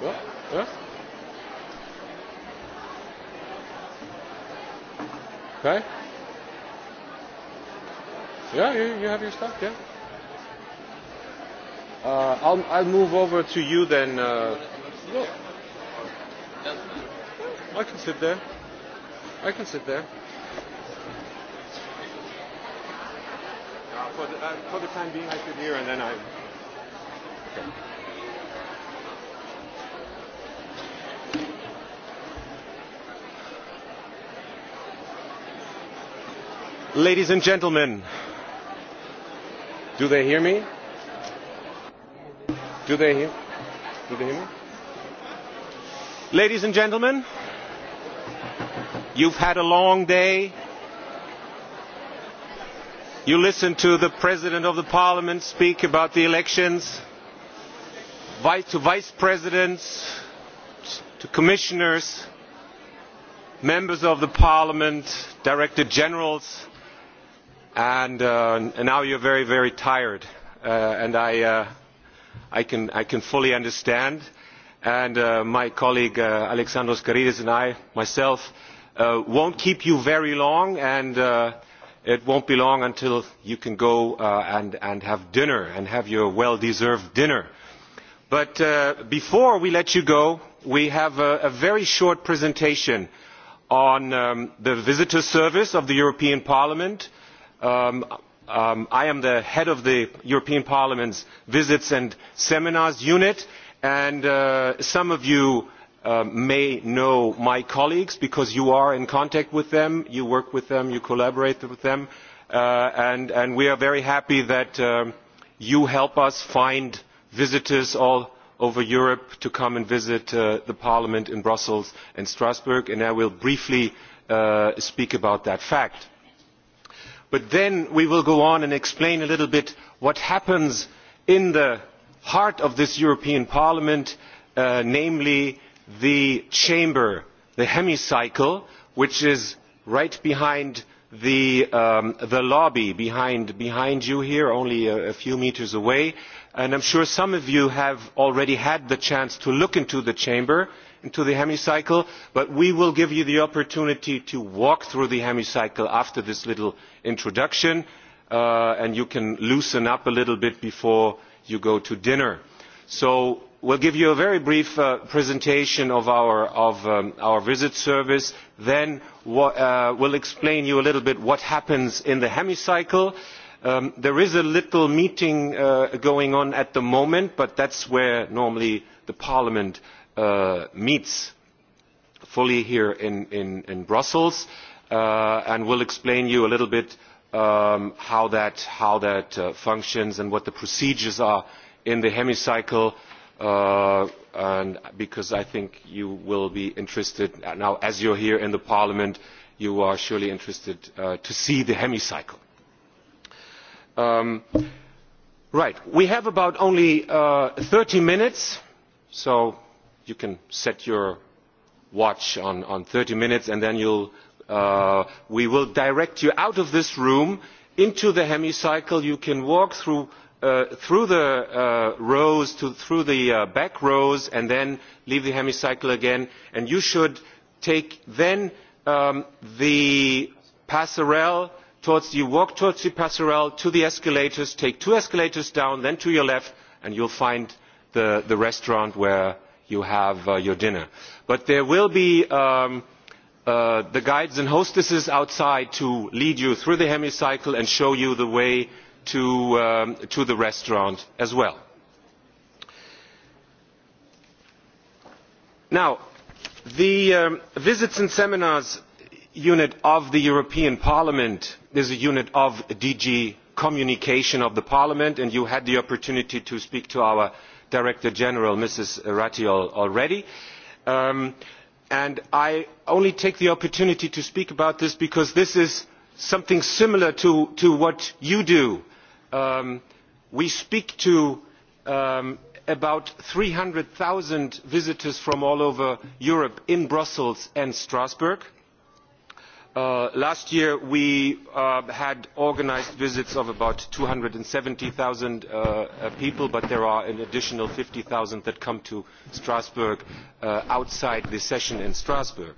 [SPEAKER 20] yeah? Yeah? Yeah? Okay. Yeah, you, you have your stuff, yeah? Uh, I'll, I'll move over to you then. Uh, look. I can sit there. I can sit there. Uh, for the, uh, for the time being, I sit here and then I. Ladies and gentlemen, do they hear me? Do they hear? Do they hear me? Ladies and gentlemen, you've had a long day. You listened to the President of the Parliament speak about the elections to vice presidents, to commissioners, members of the parliament, director generals, and, uh, and now you're very, very tired, uh, and I, uh, I, can, I can fully understand. And uh, my colleague uh, Alexandros Karides and I, myself, uh, won't keep you very long, and uh, it won't be long until you can go uh, and, and have dinner and have your well-deserved dinner but uh, before we let you go we have a very short presentation on um, the visitor service of the european parliament. Um, um, i am the head of the european parliament's visits and seminars unit and uh, some of you uh, may know my colleagues because you are in contact with them you work with them you collaborate with them and we are very happy that you help us find visitors all over europe to come and visit uh, the parliament in brussels and strasbourg and i will briefly uh, speak about that fact. but then we will go on and explain a little bit what happens in the heart of this european parliament uh, namely the chamber the hemicycle which is right behind the, um, the lobby behind, behind you here only a, a few metres away and i am sure some of you have already had the chance to look into the chamber into the hemicycle but we will give you the opportunity to walk through the hemicycle after this little introduction uh, and you can loosen up a little bit before you go to dinner. so we will give you a very brief uh, presentation of um, our visit service then uh, we will explain to you a little bit what happens in the hemicycle Um, there is a little meeting uh, going on at the moment, but that's where normally the Parliament uh, meets fully here in, in, in Brussels, uh, and we'll explain you a little bit um, how that, how that uh, functions and what the procedures are in the hemicycle, uh, and because I think you will be interested. Now, as you're here in the Parliament, you are surely interested uh, to see the hemicycle. Um, right we have about only uh, thirty minutes so you can set your watch on thirty minutes and then uh, we will direct you out of this room into the hemicycle. you can walk through the uh, rows through the back rows and then leave the hemicycle again and you should then take um, the passerelle towards you walk towards the passerelle to the escalators take two escalators down then to your left and you will find the, the restaurant where you have uh, your dinner. But there will be um, uh, the guides and hostesses outside to lead you through the hemicycle and show you the way to, um, to the restaurant as well. Now, the um, visits and seminars unit of the european parliament is a unit of dg communication of the parliament and you had the opportunity to speak to our director general ms ratiol already. Um, i only take the opportunity to speak about this because this is something similar to what you do. Um, we speak to um, about three hundred zero visitors from all over europe in brussels and strasbourg. Uh, last year we uh, had organised visits of about two hundred and seventy zero uh, people but there are an additional fifty zero that come to strasbourg outside the session in strasbourg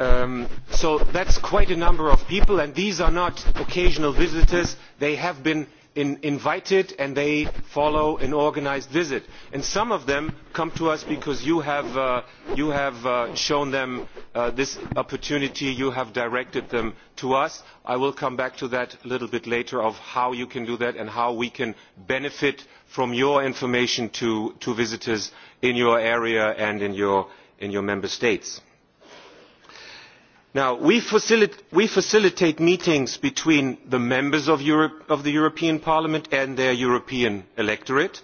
[SPEAKER 20] um, so that is quite a number of people and these are not occasional visitors they have been invited and they follow an organised visit. some of them come to us because you have uh, uh, shown them uh, this opportunity you have directed them to us. i will come back to that a little bit later on how you can do that and how we can benefit from your information to visitors in your area and in your member states we facilitate meetings between the members of the european parliament and their european electorate.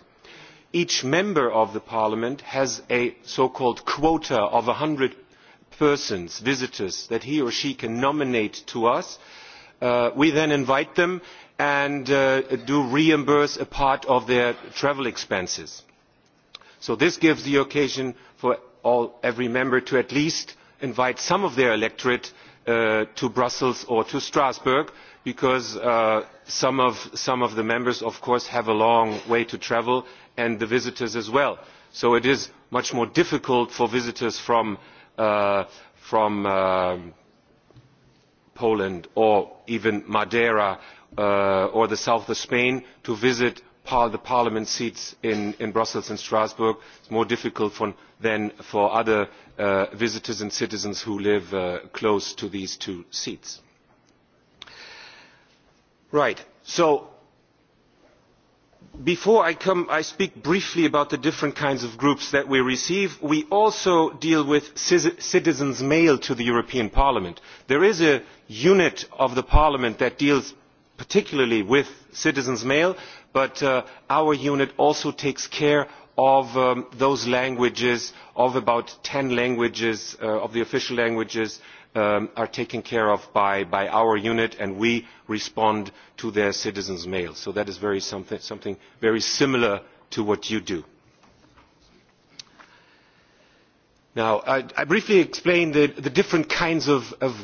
[SPEAKER 20] each member of the parliament has a so called quota of one hundred persons visitors that he or she can nominate to us. Uh, we then invite them and uh, do reimburse a part of their travel expenses. so this gives the occasion for every member to at least invite some of their electorate uh, to brussels or to strasbourg because uh, some of the members of course have a long way to travel and the visitors as well so it is much more difficult for visitors from uh, um, poland or even madeira or the south of spain to visit the parliament seats in brussels and strasbourg it is more difficult than for other uh, visitors and citizens who live uh, close to these two seats. before i speak briefly about the different kinds of groups that we receive we also deal with citizens' mail to the european parliament. there is a unit of the parliament that deals particularly with citizens' mail but uh, our unit also takes care of um, those languages of about ten languages uh, of the official languages that um, are taken care of by our unit and we respond to their citizens' mail so that is something very similar to what you do. now i briefly explained the different kinds of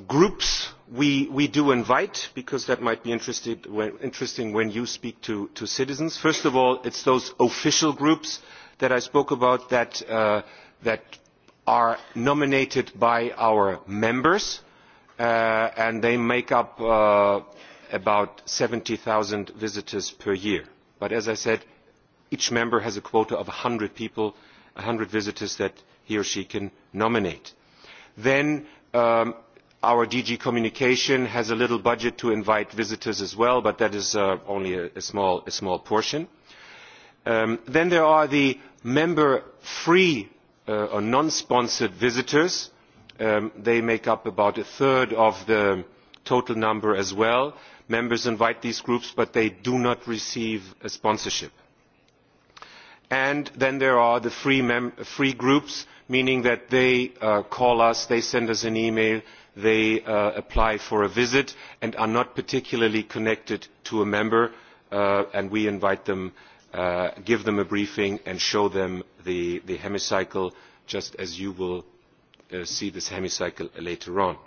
[SPEAKER 20] groups we, we do invite, because that might be interested, when, interesting when you speak to, to citizens. First of all, it's those official groups that I spoke about that, uh, that are nominated by our members, uh, and they make up uh, about 70,000 visitors per year. But as I said, each member has a quota of 100 people, 100 visitors that he or she can nominate. Then um, our dg communication has a little budget to invite visitors as well but that is uh, only a small portion. Um, then there are the member free uh, or non sponsored visitors um, they make up about a third of the total number as well. members invite these groups but they do not receive a sponsorship. and then there are the free groups meaning that they uh, call us they send us an e they uh, apply for a visit and are not particularly connected to a member uh, and we invite them uh, give them a briefing and show them the, the hemicycle just as you will uh, see this hemicycle later on.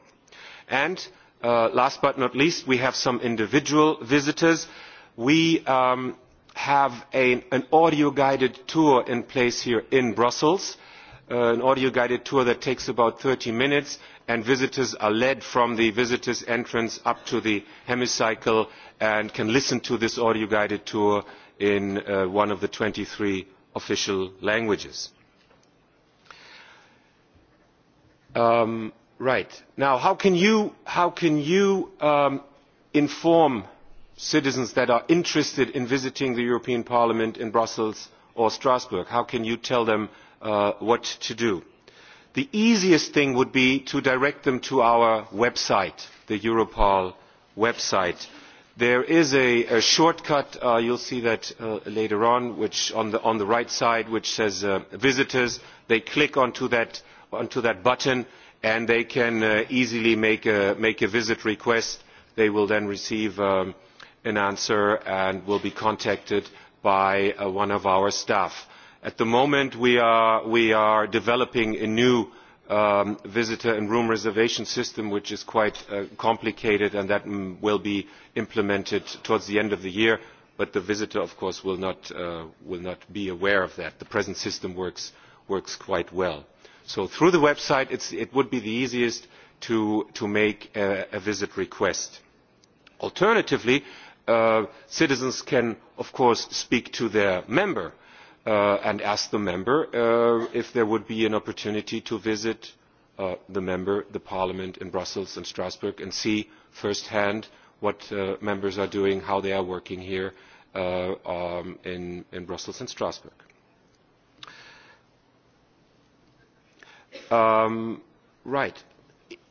[SPEAKER 20] And uh, last but not least, we have some individual visitors. We um, have a, an audio guided tour in place here in Brussels. Uh, Uh, an audio guided tour that takes about 30 minutes and visitors are led from the visitors entrance up to the hemicycle and can listen to this audio guided tour in uh, one of the 23 official languages. Um, right. Now, how can you, how can you um, inform citizens that are interested in visiting the European Parliament in Brussels or Strasbourg? How can you tell them Uh, what to do. the easiest thing would be to direct them to our website the europol website. there is a, a shortcut uh, you will see that uh, later on which on the, on the right side which says uh, visitors they click onto that, onto that button and they can uh, easily make a, make a visit request they will then receive um, an answer and will be contacted by uh, one of our staff at the moment we are developing a new um, visitor and room reservation system which is quite uh, complicated and that mm, will be implemented towards the end of the year but the visitor of course will not uh, be aware of that. the present system works quite well. so through the website it would be the easiest to make a visit request. alternatively uh, citizens can of course speak to their member Uh, and ask the member uh, if there would be an opportunity to visit uh, the member, the parliament in Brussels and Strasbourg and see firsthand what members are doing, how they are working here um, in, in Brussels and Strasbourg. Um, right.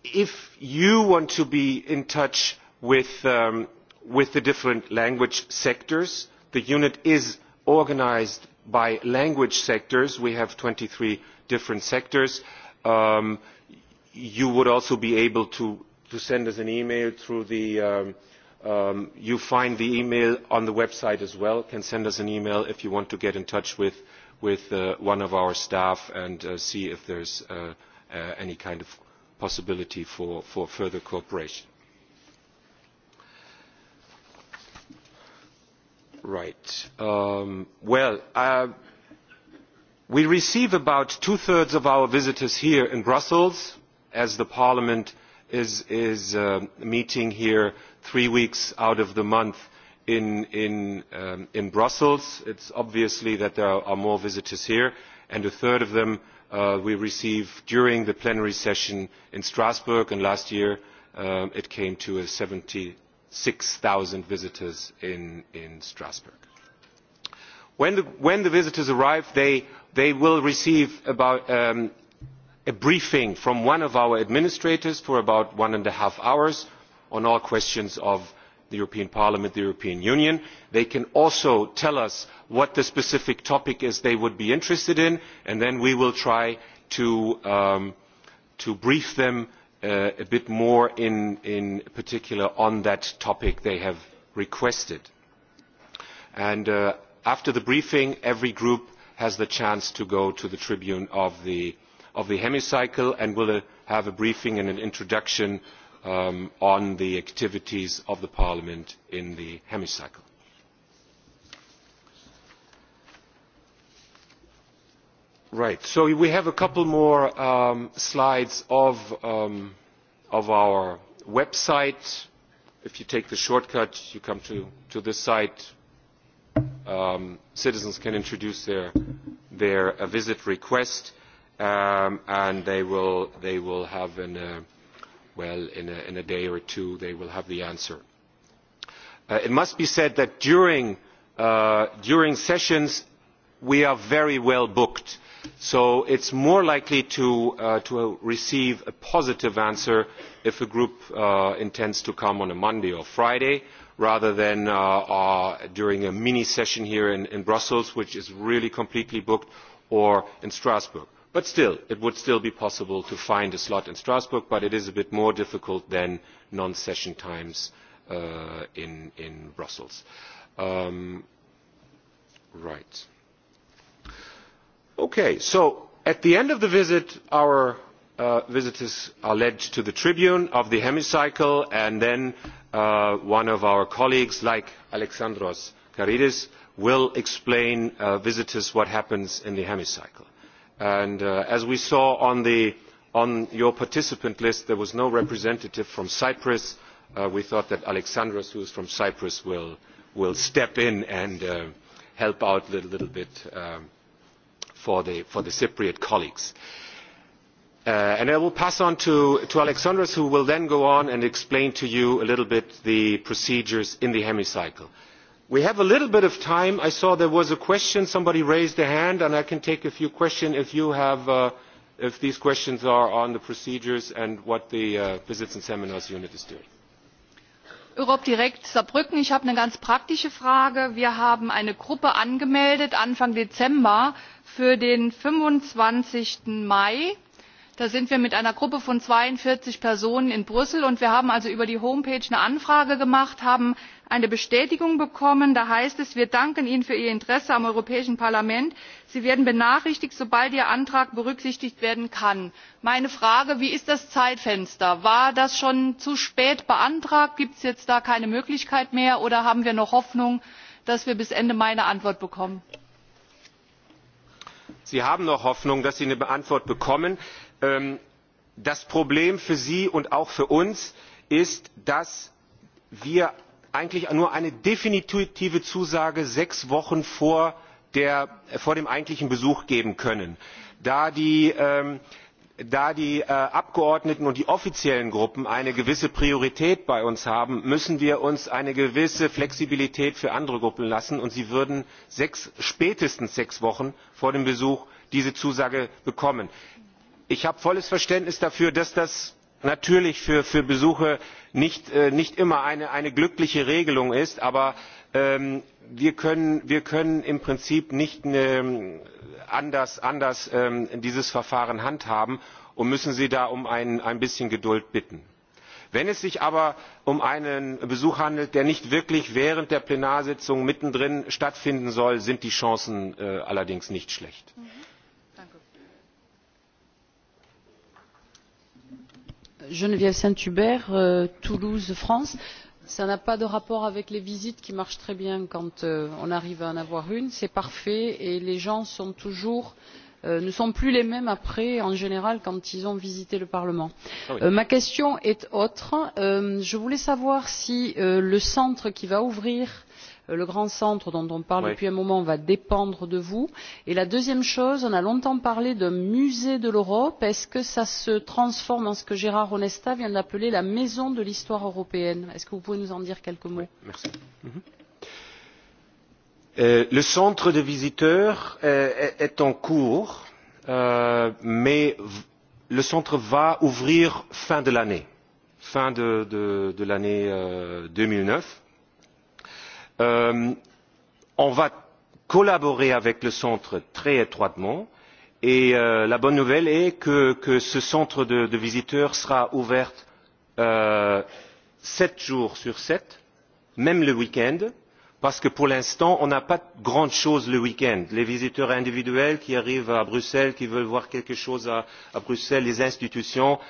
[SPEAKER 20] If you want to be in touch with, um, with the different language sectors, the unit is organized by language sectors we have twenty three different sectors um, you would also be able to, to send us an email through the um, um, you find the email on the website as well can send us an email if you want to get in touch with with uh, one of our staff and uh, see if there's uh, uh, any kind of possibility for, for further cooperation. right. Um, well, uh, we receive about two-thirds of our visitors here in Brussels, as the Parliament is, is uh, meeting here three weeks out of the month in, in, um, in Brussels. It's obviously that there are more visitors here, and a third of them uh, we receive during the plenary session in Strasbourg, and last year um, it came to a 6,000 visitors in, in Strasbourg. When the, when the visitors arrive, they, they will receive about, um, a briefing from one of our administrators for about one and a half hours on all questions of the European Parliament, the European Union. They can also tell us what the specific topic is they would be interested in, and then we will try to, um, to brief them uh, a bit more in, in particular on that topic they have requested. And uh, after the briefing, every group has the chance to go to the tribune of the, of the hemicycle and will uh, have a briefing and an introduction um, on the activities of the parliament in the hemicycle. Right. So we have a couple more um, slides of, um, of our website. If you take the shortcut, you come to, to this site. Um, citizens can introduce their, their a uh, visit request, um, and they will, they will have, in a, well, in a, in a day or two, they will have the answer. Uh, it must be said that during, uh, during sessions, we are very well booked. Uh, so it is more likely uh, to receive a positive answer if a group uh, intends to come on a monday or friday rather than uh, during a mini session here in brussels which is really completely booked or in strasbourg. but still it would still be possible to find a slot in strasbourg but it is a bit more difficult than non session times in brussels. Um, Okay, so at the end of the visit, our uh, visitors are led to the tribune of the hemicycle, and then uh, one of our colleagues, like Alexandros Karidis, will explain uh, visitors what happens in the hemicycle. And uh, as we saw on, the, on your participant list, there was no representative from Cyprus. Uh, we thought that Alexandros, who is from Cyprus, will, will step in and uh, help out a little, little bit. Um, for the for the Cypriot colleagues. Uh, and I will pass on to, to Alexandros, who will then go on and explain to you a little bit the procedures in the hemicycle. We have a little bit of time. I saw there was a question. Somebody raised a hand, and I can take a few questions if you have, uh, if these questions are on the procedures and what the uh, visits and seminars unit is doing
[SPEAKER 24] europe direkt saarbrücken. ich habe eine ganz praktische frage wir haben eine gruppe angemeldet anfang dezember für den. fünfundzwanzig mai da sind wir mit einer gruppe von zweiundvierzig personen in brüssel und wir haben also über die homepage eine anfrage gemacht haben eine bestätigung bekommen da heißt es wir danken ihnen für ihr interesse am europäischen parlament sie werden benachrichtigt sobald ihr antrag berücksichtigt werden kann. meine frage wie ist das zeitfenster? war das schon zu spät beantragt gibt es jetzt da keine möglichkeit mehr oder haben wir noch hoffnung dass wir bis ende mai eine antwort bekommen?
[SPEAKER 20] sie haben noch hoffnung dass sie eine antwort bekommen. Ähm, das problem für sie und auch für uns ist dass eigentlich nur eine definitive zusage sechs wochen vor dem eigentlichen besuch geben können. da die ähm, äh, abgeordneten und die offiziellen gruppen eine gewisse priorität bei uns haben müssen wir uns eine gewisse flexibilität für andere gruppen lassen und sie würden spätestens sechs wochen vor dem besuch diese zusage bekommen. ich habe volles verständnis dafür dass natürlich für besuche nicht äh, immer eine glückliche regelung ist aber ähm, wir können im prinzip nicht ähm, anders ähm, dieses verfahren handhaben und müssen sie da um ein bisschen geduld bitten. wenn es sich aber um einen besuch handelt der nicht wirklich während der plenarsitzung mittendrin stattfinden soll sind die chancen äh, allerdings nicht schlecht.
[SPEAKER 11] Mhm.
[SPEAKER 16] geneviève saint hubert euh, toulouse france cela n'a pas de rapport avec les visites qui marchent très bien quand euh, on arrive à en avoir une c'est parfait et les gens euh, ne sont plus les mêmes après en général quand ils ont visité le parlement. Ah ma question est autre je voulais savoir si le centre qui va ouvrir Euh, le grand centre dont on parle depuis un moment va dépendre de vous et la deuxième chose on a longtemps parlé d'un musée de l'europe est ce que ça se transforme en ce que gérard onesta vient d'appeler la maison de l'histoire européenne? est ce que vous pouvez nous en dire quelques mots? oui
[SPEAKER 20] merci. Mhm. Euh, le centre de visiteurs euh, est en cours mais le centre va ouvrir fin de l'année fin de l'année deux mille neuf Euh, on va collaborer avec le centre très étroitement et euh, la bonne nouvelle est que ce centre de visiteurs sera ouvert euh, sept jours sur sept même le week end parce que pour l'instant on n'a pas grand chose le week end les visiteurs individuels qui arrivent à bruxelles qui veulent voir quelque chose à bruxelles les institutions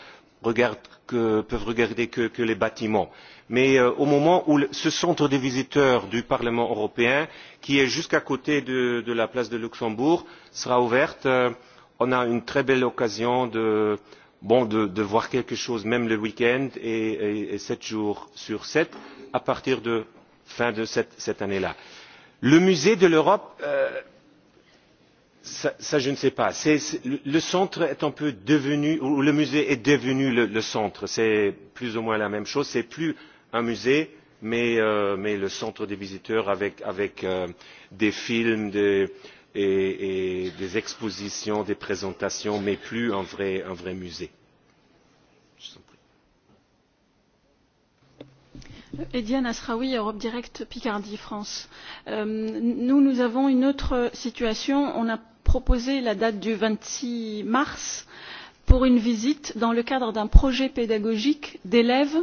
[SPEAKER 20] peuvent regarder que les bâtiments mais euh, au moment où ce centre de visiteurs du parlement européen qui est juste à côté de la place du luxembourg sera ouvert euh, on a une très belle occasion de voir quelque chose même le week end et sept jours sur sept à partir de la fin de cette année là. le musée de l'europe euh, ça je ne sais pas. le centre est un peu devenu ou le musée est devenu le centre c'est plus ou moins la même chose c'est plus un musée mais euh, le centre des visiteurs avec euh, des films et des expositions des présentations mais plus un vrai musée.
[SPEAKER 21] Euh, ediane asrawi europe directe picardie france. nous nous avons une autre situation. on a proposé la date du vingt six mars pour une visite dans le cadre d'un projet pédagogique d'élèves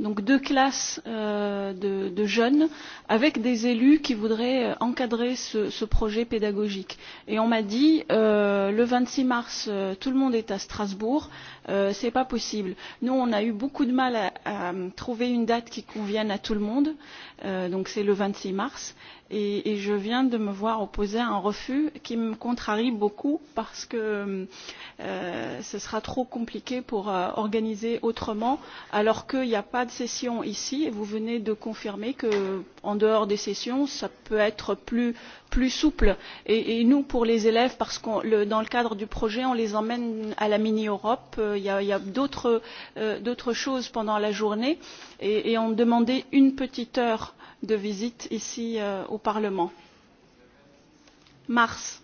[SPEAKER 21] donc deux classes euh, de, de jeunes avec des élus qui voudraient euh, encadrer ce, ce projet pédagogique. Et on m'a dit euh, le 26 mars, euh, tout le monde est à Strasbourg, euh, ce n'est pas possible. Nous, on a eu beaucoup de mal à, à trouver une date qui convienne à tout le monde. Euh, donc c'est le 26 mars, et, et je viens de me voir opposer un refus qui me contrarie beaucoup parce que euh, ce sera trop compliqué pour euh, organiser autrement, alors qu'il n'y a pas de session ici, et vous venez de confirmer qu'en dehors des sessions, ça peut être plus plus souple et nous pour les élèves parce que dans le cadre du projet on les emmène à la mini europe euh, il y a euh, d'autres choses pendant la journée et on demandait une petite heure de visite ici euh, au parlement. mars.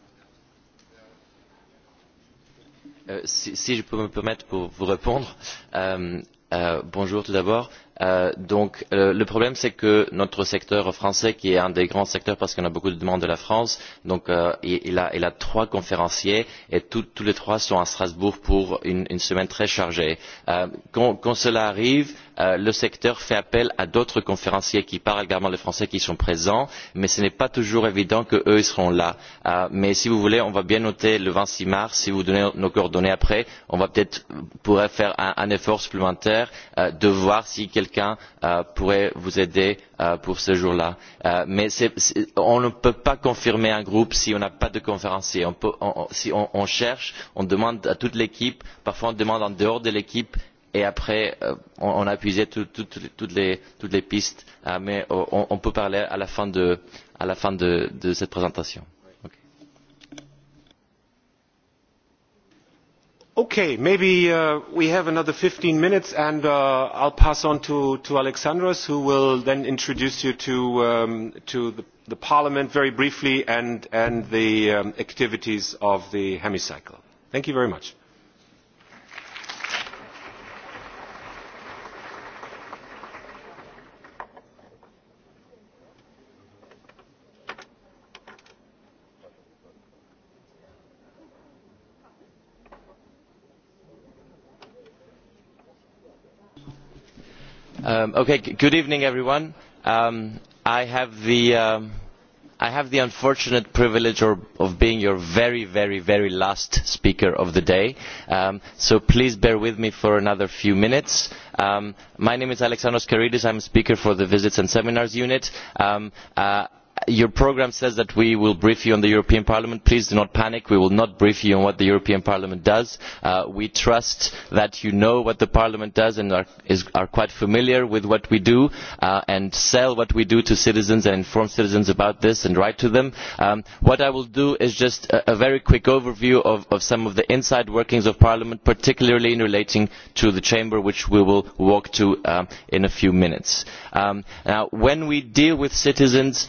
[SPEAKER 25] si je peux me permettre de vous répondre euh, euh, bonjour tout d'abord. Euh, donc euh, le problème c'est que notre secteur français qui est un des grands secteurs parce qu'on a beaucoup de demandes de la france euh, a trois conférenciers et tous les trois sont à strasbourg pour une semaine très chargée. quand cela arrive Euh, le secteur fait appel à d'autres conférenciers qui parlent également le français qui sont présents mais ce n'est pas toujours évident qu'eux seront là. Euh, mais si vous voulez on va bien noter le vingt six mars si vous donnez nos coordonnées après on va peut être pouvoir faire un effort supplémentaire euh, de voir si quelqu'un pourrait vous aider pour ce jour là. mais c'est, c'est, on ne peut pas confirmer un groupe si on n'a pas de conférencier. On peut, on, si on, on cherche on demande à toute l'équipe parfois on demande en dehors de l'équipe et après euh, on a épuisé toutes les pistes euh, mais euh, on peut en parler à la fin de cette présentation.
[SPEAKER 20] Okay, maybe uh, we have another 15 minutes and uh, I'll pass on to, to Alexandros who will then introduce you to, um, to the, the Parliament very briefly and, and the um, activities of the hemicycle. Thank you very much.
[SPEAKER 25] Um, good evening everyone um, um, i have the unfortunate privilege of being your very very very last speaker of the day so please bear with me for another few minutes. my name is alexandros karidis i am a speaker for the visits and seminars unit. Uh, your programme says that we will brief you on the european parliament. please do not panic we will not brief you on what the european parliament does. Uh, we trust that you know what the parliament does and are quite familiar with what we do uh, and sell what we do to citizens and inform citizens about this and write to them. Um, what i will do is just a very quick overview of some of the inside workings of parliament particularly in relating to the chamber which we will walk to um, in a few minutes. Um, now when we deal with citizens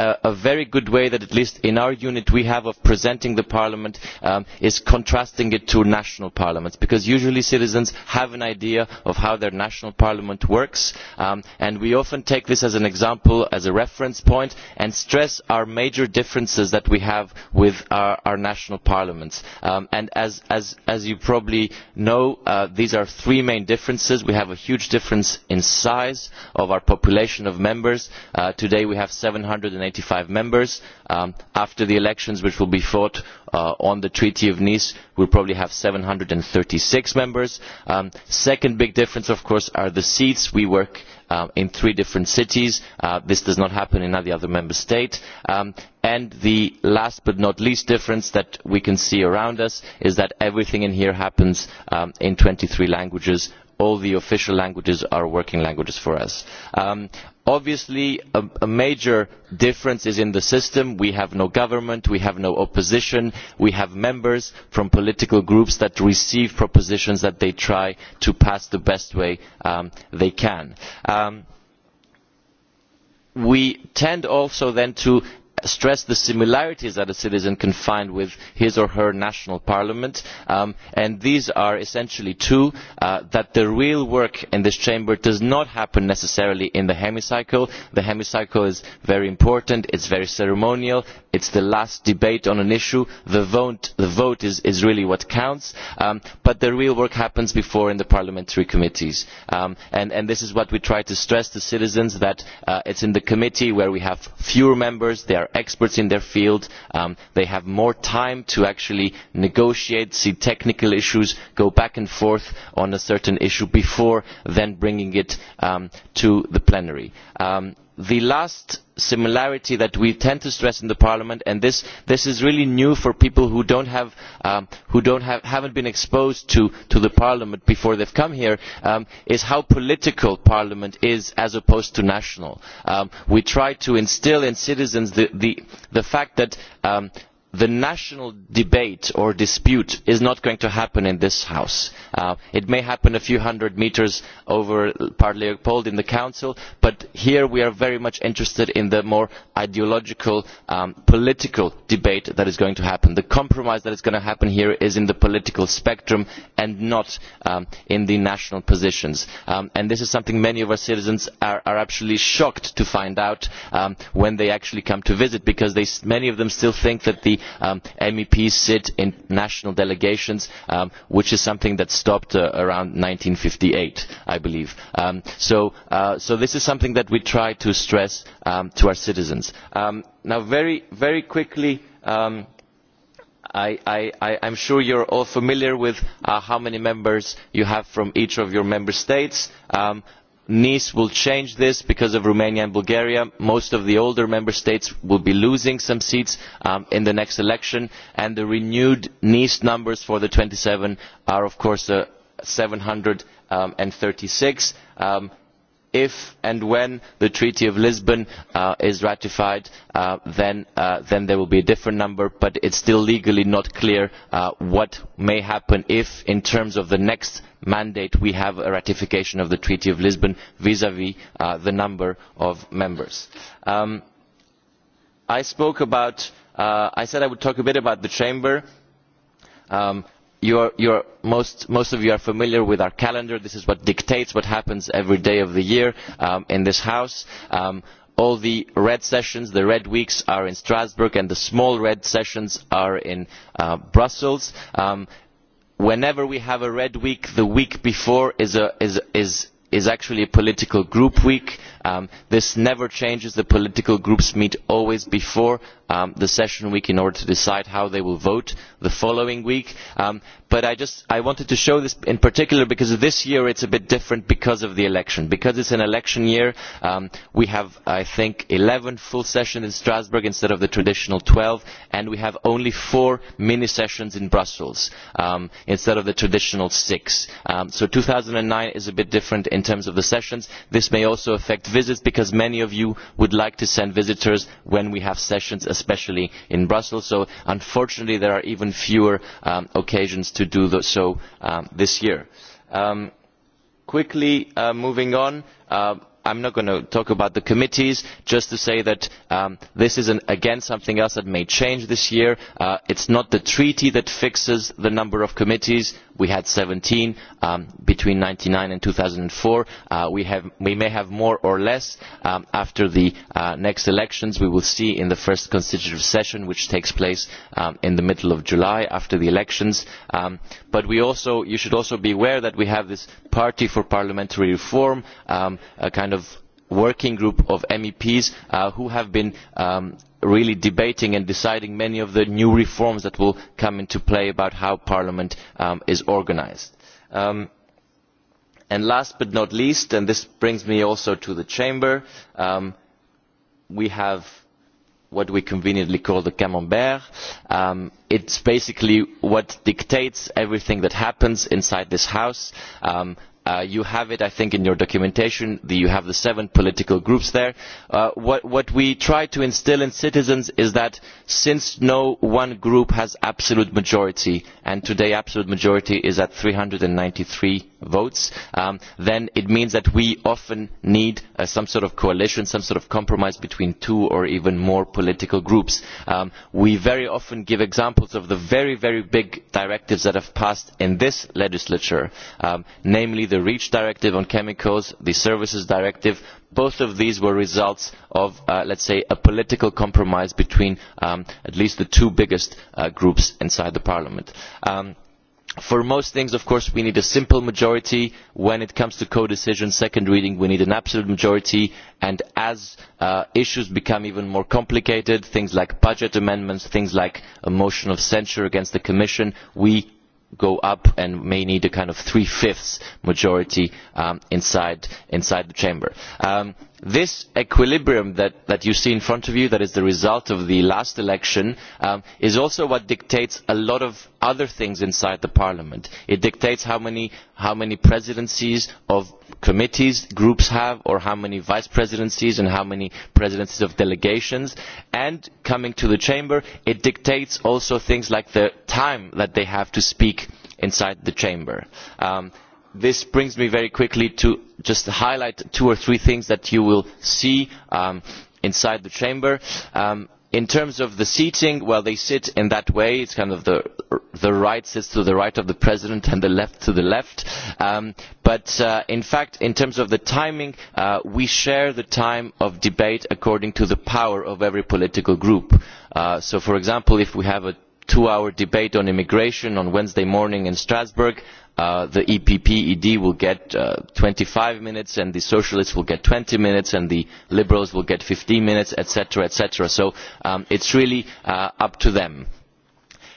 [SPEAKER 25] a very good way that at least in our unit we have of presenting the parliament um, is contrasting it to national parliaments because usually citizens have an idea of how their national parliament works um, and we often take this as an example as a reference point and stress our major differences that we have with our national parliaments um, and as you probably know uh, these are three main differences we have a huge difference in size of our population of members uh, today we have seven hundred ninety five members um, after the elections which will be fought uh, on the treaty of nice we will probably have seven hundred and thirty six members. the um, second big difference of course are the seats we work uh, in three different cities uh, this does not happen in any other member state um, and the last but not least difference that we can see around us is that everything in here happens in twenty three languages all the official languages are working languages for us. Um, obviously, a, a major difference is in the system. We have no government, we have no opposition, we have members from political groups that receive propositions that they try to pass the best way um, they can. Um, we tend also then to stress the similarities that a citizen can find with his or her national parliament um, and these are essentially two uh, that the real work in this chamber does not happen necessarily in the hemicycle. the hemicycle is very important it is very ceremonial it is the last debate on an issue the vote is really what counts um, but the real work happens before in the parliamentary committees um, and this is what we try to stress to citizens that uh, it is in the committee where we have fewer members are experts in their field um, they have more time to actually negotiate see technical issues go back and forth on a certain issue before then bringing it um, to the plenary um, the last similarity that we tend to stress in parliament and this, this is really new for people who, don't have, um, who don't have, haven't been exposed to, to the parliament before they've come here um, is how political parliament is as opposed to national. Um, we try to instill in citizens the, the, the fact that um, the national debate or dispute is not going to happen in this house. Uh, it may happen a few hundred metres over parc leopold in the council but here we are very much interested in the more ideological um, political debate that is going to happen. the compromise that is going to happen here is in the political spectrum and not um, in the national positions. Um, this is something many of our citizens are absolutely shocked to find out when they actually come to visit because many of them still think that um, MEPs sit in national delegations, um, which is something that stopped uh, around 1958, I believe. Um, so, uh, so this is something that we try to stress um, to our citizens. Um, now, very, very quickly, um, I, I, I'm sure you're all familiar with uh, how many members you have from each of your member states. Um, nice will change this because of romania and bulgaria most of the older member states will be losing some seats um, in the next election and the renewed nice numbers for the twenty seven are of course uh, seven hundred um, and thirty six seats. Um, if and when the treaty of lisbon uh, is ratified uh, uh, then there will be a different number but it is still legally not clear what may happen if in terms of the next mandate we have a ratification of the treaty of lisbon vis vis the number of members. Um, i said i would talk a bit about the chamber. Um, most of you are familiar with our calendar this is what dictates what happens every day of the year um, in this house. Um, all the red sessions the red weeks are in strasbourg and the small red sessions are in uh, brussels. Um, whenever we have a red week the week before is is actually a political group week. Um, this never changes. The political groups meet always before um, the session week in order to decide how they will vote the following week. Um, but I just I wanted to show this in particular because this year it's a bit different because of the election. Because it's an election year, um, we have I think 11 full sessions in Strasbourg instead of the traditional 12, and we have only four mini sessions in Brussels um, instead of the traditional six. Um, so 2009 is a bit different in terms of the sessions. This may also affect visits because many of you would like to send visitors when we have sessions, especially in Brussels. So unfortunately, there are even fewer um, occasions. To to do so um, this year. Um, quickly uh, moving on, uh, I'm not going to talk about the committees, just to say that um, this is an, again something else that may change this year. Uh, it's not the treaty that fixes the number of committees we had 17 um, between 1999 and 2004. Uh, we, have, we may have more or less um, after the uh, next elections. We will see in the first constitutive session, which takes place um, in the middle of July after the elections. Um, but we also, you should also be aware that we have this Party for Parliamentary Reform, um, a kind of working group of meps uh, who have been um, really debating and deciding many of the new reforms that will come into play about how parliament um, is organised. Um, last but not least and this brings me also to the chamber we have what we conveniently call the camembert. it is basically what dictates everything that happens inside this house. Uh, you have it i think in your documentation you have the seven political groups there uh, what what we try to instill in citizens is that since no one group has absolute majority and today absolute majority is at three hundred and ninety three votes um, then it means that we often need uh, some sort of coalition, some sort of compromise between two or even more political groups. Um, we very often give examples of the very, very big directives that have passed in this legislature, um, namely the REACH directive on chemicals, the services directive. Both of these were results of, uh, let's say, a political compromise between um, at least the two biggest uh, groups inside the parliament. Um, For most things, of course, we need a simple majority. When it comes to co-decision second reading, we need an absolute majority. And as uh, issues become even more complicated, things like budget amendments, things like a motion of censure against the Commission, we go up and may need a kind of three-fifths majority um, inside, inside the chamber. Um, this equilibrium that you see in front of you that is the result of the last election um, is also what dictates a lot of other things inside the parliament. it dictates how many presidencies of committees groups have or how many vice presidencies and how many presidencies of delegations and coming to the chamber it dictates also things like the time that they have to speak inside the chamber. Um, this brings me very quickly to just highlight two or three things that you will see um, inside the chamber. Um, in terms of the seating well they sit in that way it is kind of the right sits to the right of the president and the left to the left um, but uh, in fact in terms of the timing uh, we share the time of debate according to the power of every political group. Uh, so for example if we have a two hour debate on immigration on wednesday morning in strasbourg Uh, the epp ed will get uh, 25 minutes and the socialists will get 20 minutes and the liberals will get 15 minutes etc etc so um, it's really uh, up to them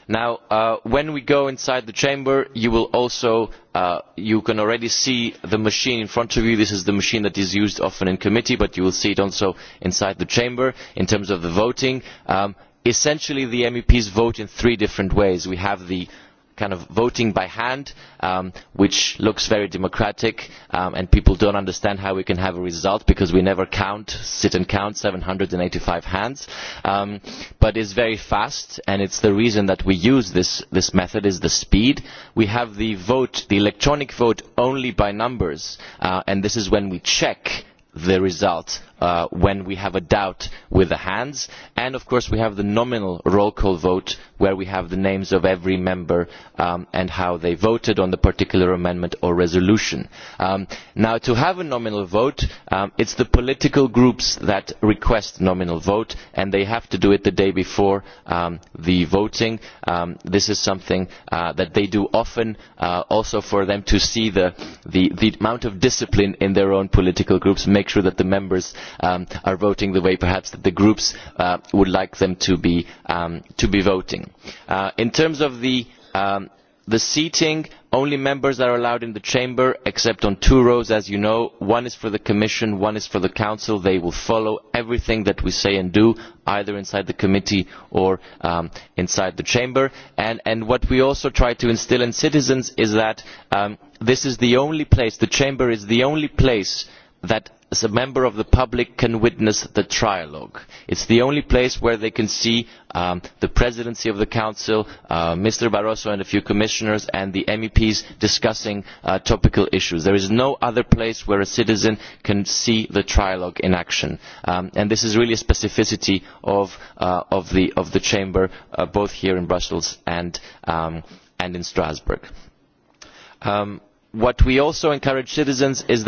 [SPEAKER 25] now uh, when we go inside the chamber you will also uh, you can already see the machine in front of you this is the machine that is used often in committee but you will see it also inside the chamber in terms of the voting um, essentially the meps vote in three different ways we have the uh, kind of voting by hand, um, which looks very democratic, um, and people don't understand how we can have a result because we never count, sit and count 785 hands. Um, but it's very fast, and it's the reason that we use this, this method is the speed. We have the vote, the electronic vote, only by numbers, uh, and this is when we check the result Uh, when we have a doubt with the hands and of course we have the nominal roll call vote where we have the names of every member um, and how they voted on the particular amendment or resolution. Um, now to have a nominal vote um, it's the political groups that request nominal vote and they have to do it the day before um, the voting. Um, this is something uh, that they do often uh, also for them to see the, the, the amount of discipline in their own political groups, make sure that the members um, are voting the way perhaps that the groups uh, would like them to be um, to be voting. Uh, in terms of the um, the seating, only members are allowed in the chamber except on two rows, as you know. One is for the Commission, one is for the Council. They will follow everything that we say and do, either inside the committee or um, inside the chamber. And, and what we also try to instill in citizens is that um, this is the only place, the chamber is the only place that as a member of the public can witness the trialogue. it is the only place where they can see um, the presidency of the council uh, mr barroso and a few commissioners and the meps discussing uh, topical issues. there is no other place where a citizen can see the trialogue in action um, and this is really a specificity of uh, the chamber both here in brussels and um, in strasbourg what we also encourage citizens to do is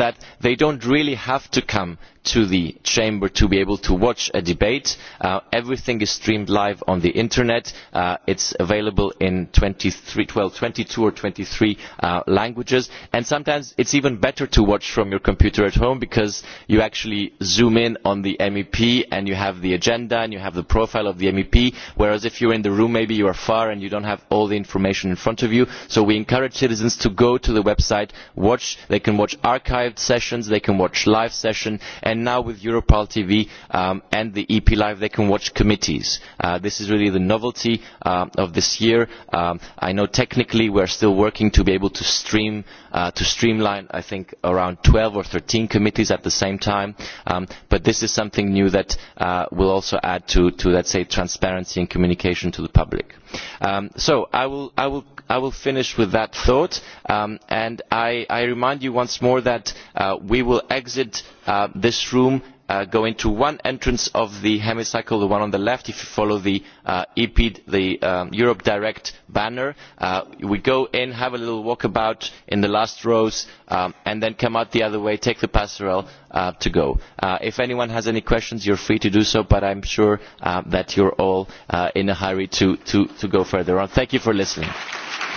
[SPEAKER 25] not really have to come to the chamber to be able to watch a debate. Uh, everything is streamed live on the internet. Uh, it is available in twenty two or twenty three uh, languages and sometimes it is even better to watch from your computer at home because you actually zoom in on the mep and you have the agenda and you have the profile of the mep whereas if you are in the room maybe you are far and you do not have all the information in front of you. so we encourage citizens to go to the website. Watch. they can watch archived sessions they can watch live sessions and now with europol tv um, and the ep live they can watch committees uh, this is really the novelty um, of this year um, i know technically we're still working to be able to stream uh, to streamline i think around 12 or 13 committees at the same time um, but this is something new that uh, will also add to to let's say transparency and communication to the public um, so i will i will i will finish with that thought um, and i remind you once more that uh, we will exit uh, this room Uh, going to one entrance of the hemicycle the one on the left if you follow the uh, epp the um, europe direct banner uh, we go in have a little walk about in the last rows um, and then come out the other way take the passerelle to go. if anyone has any questions you are free to do so but i am sure that you are all in a hurry to go further on. thank you for listening. applause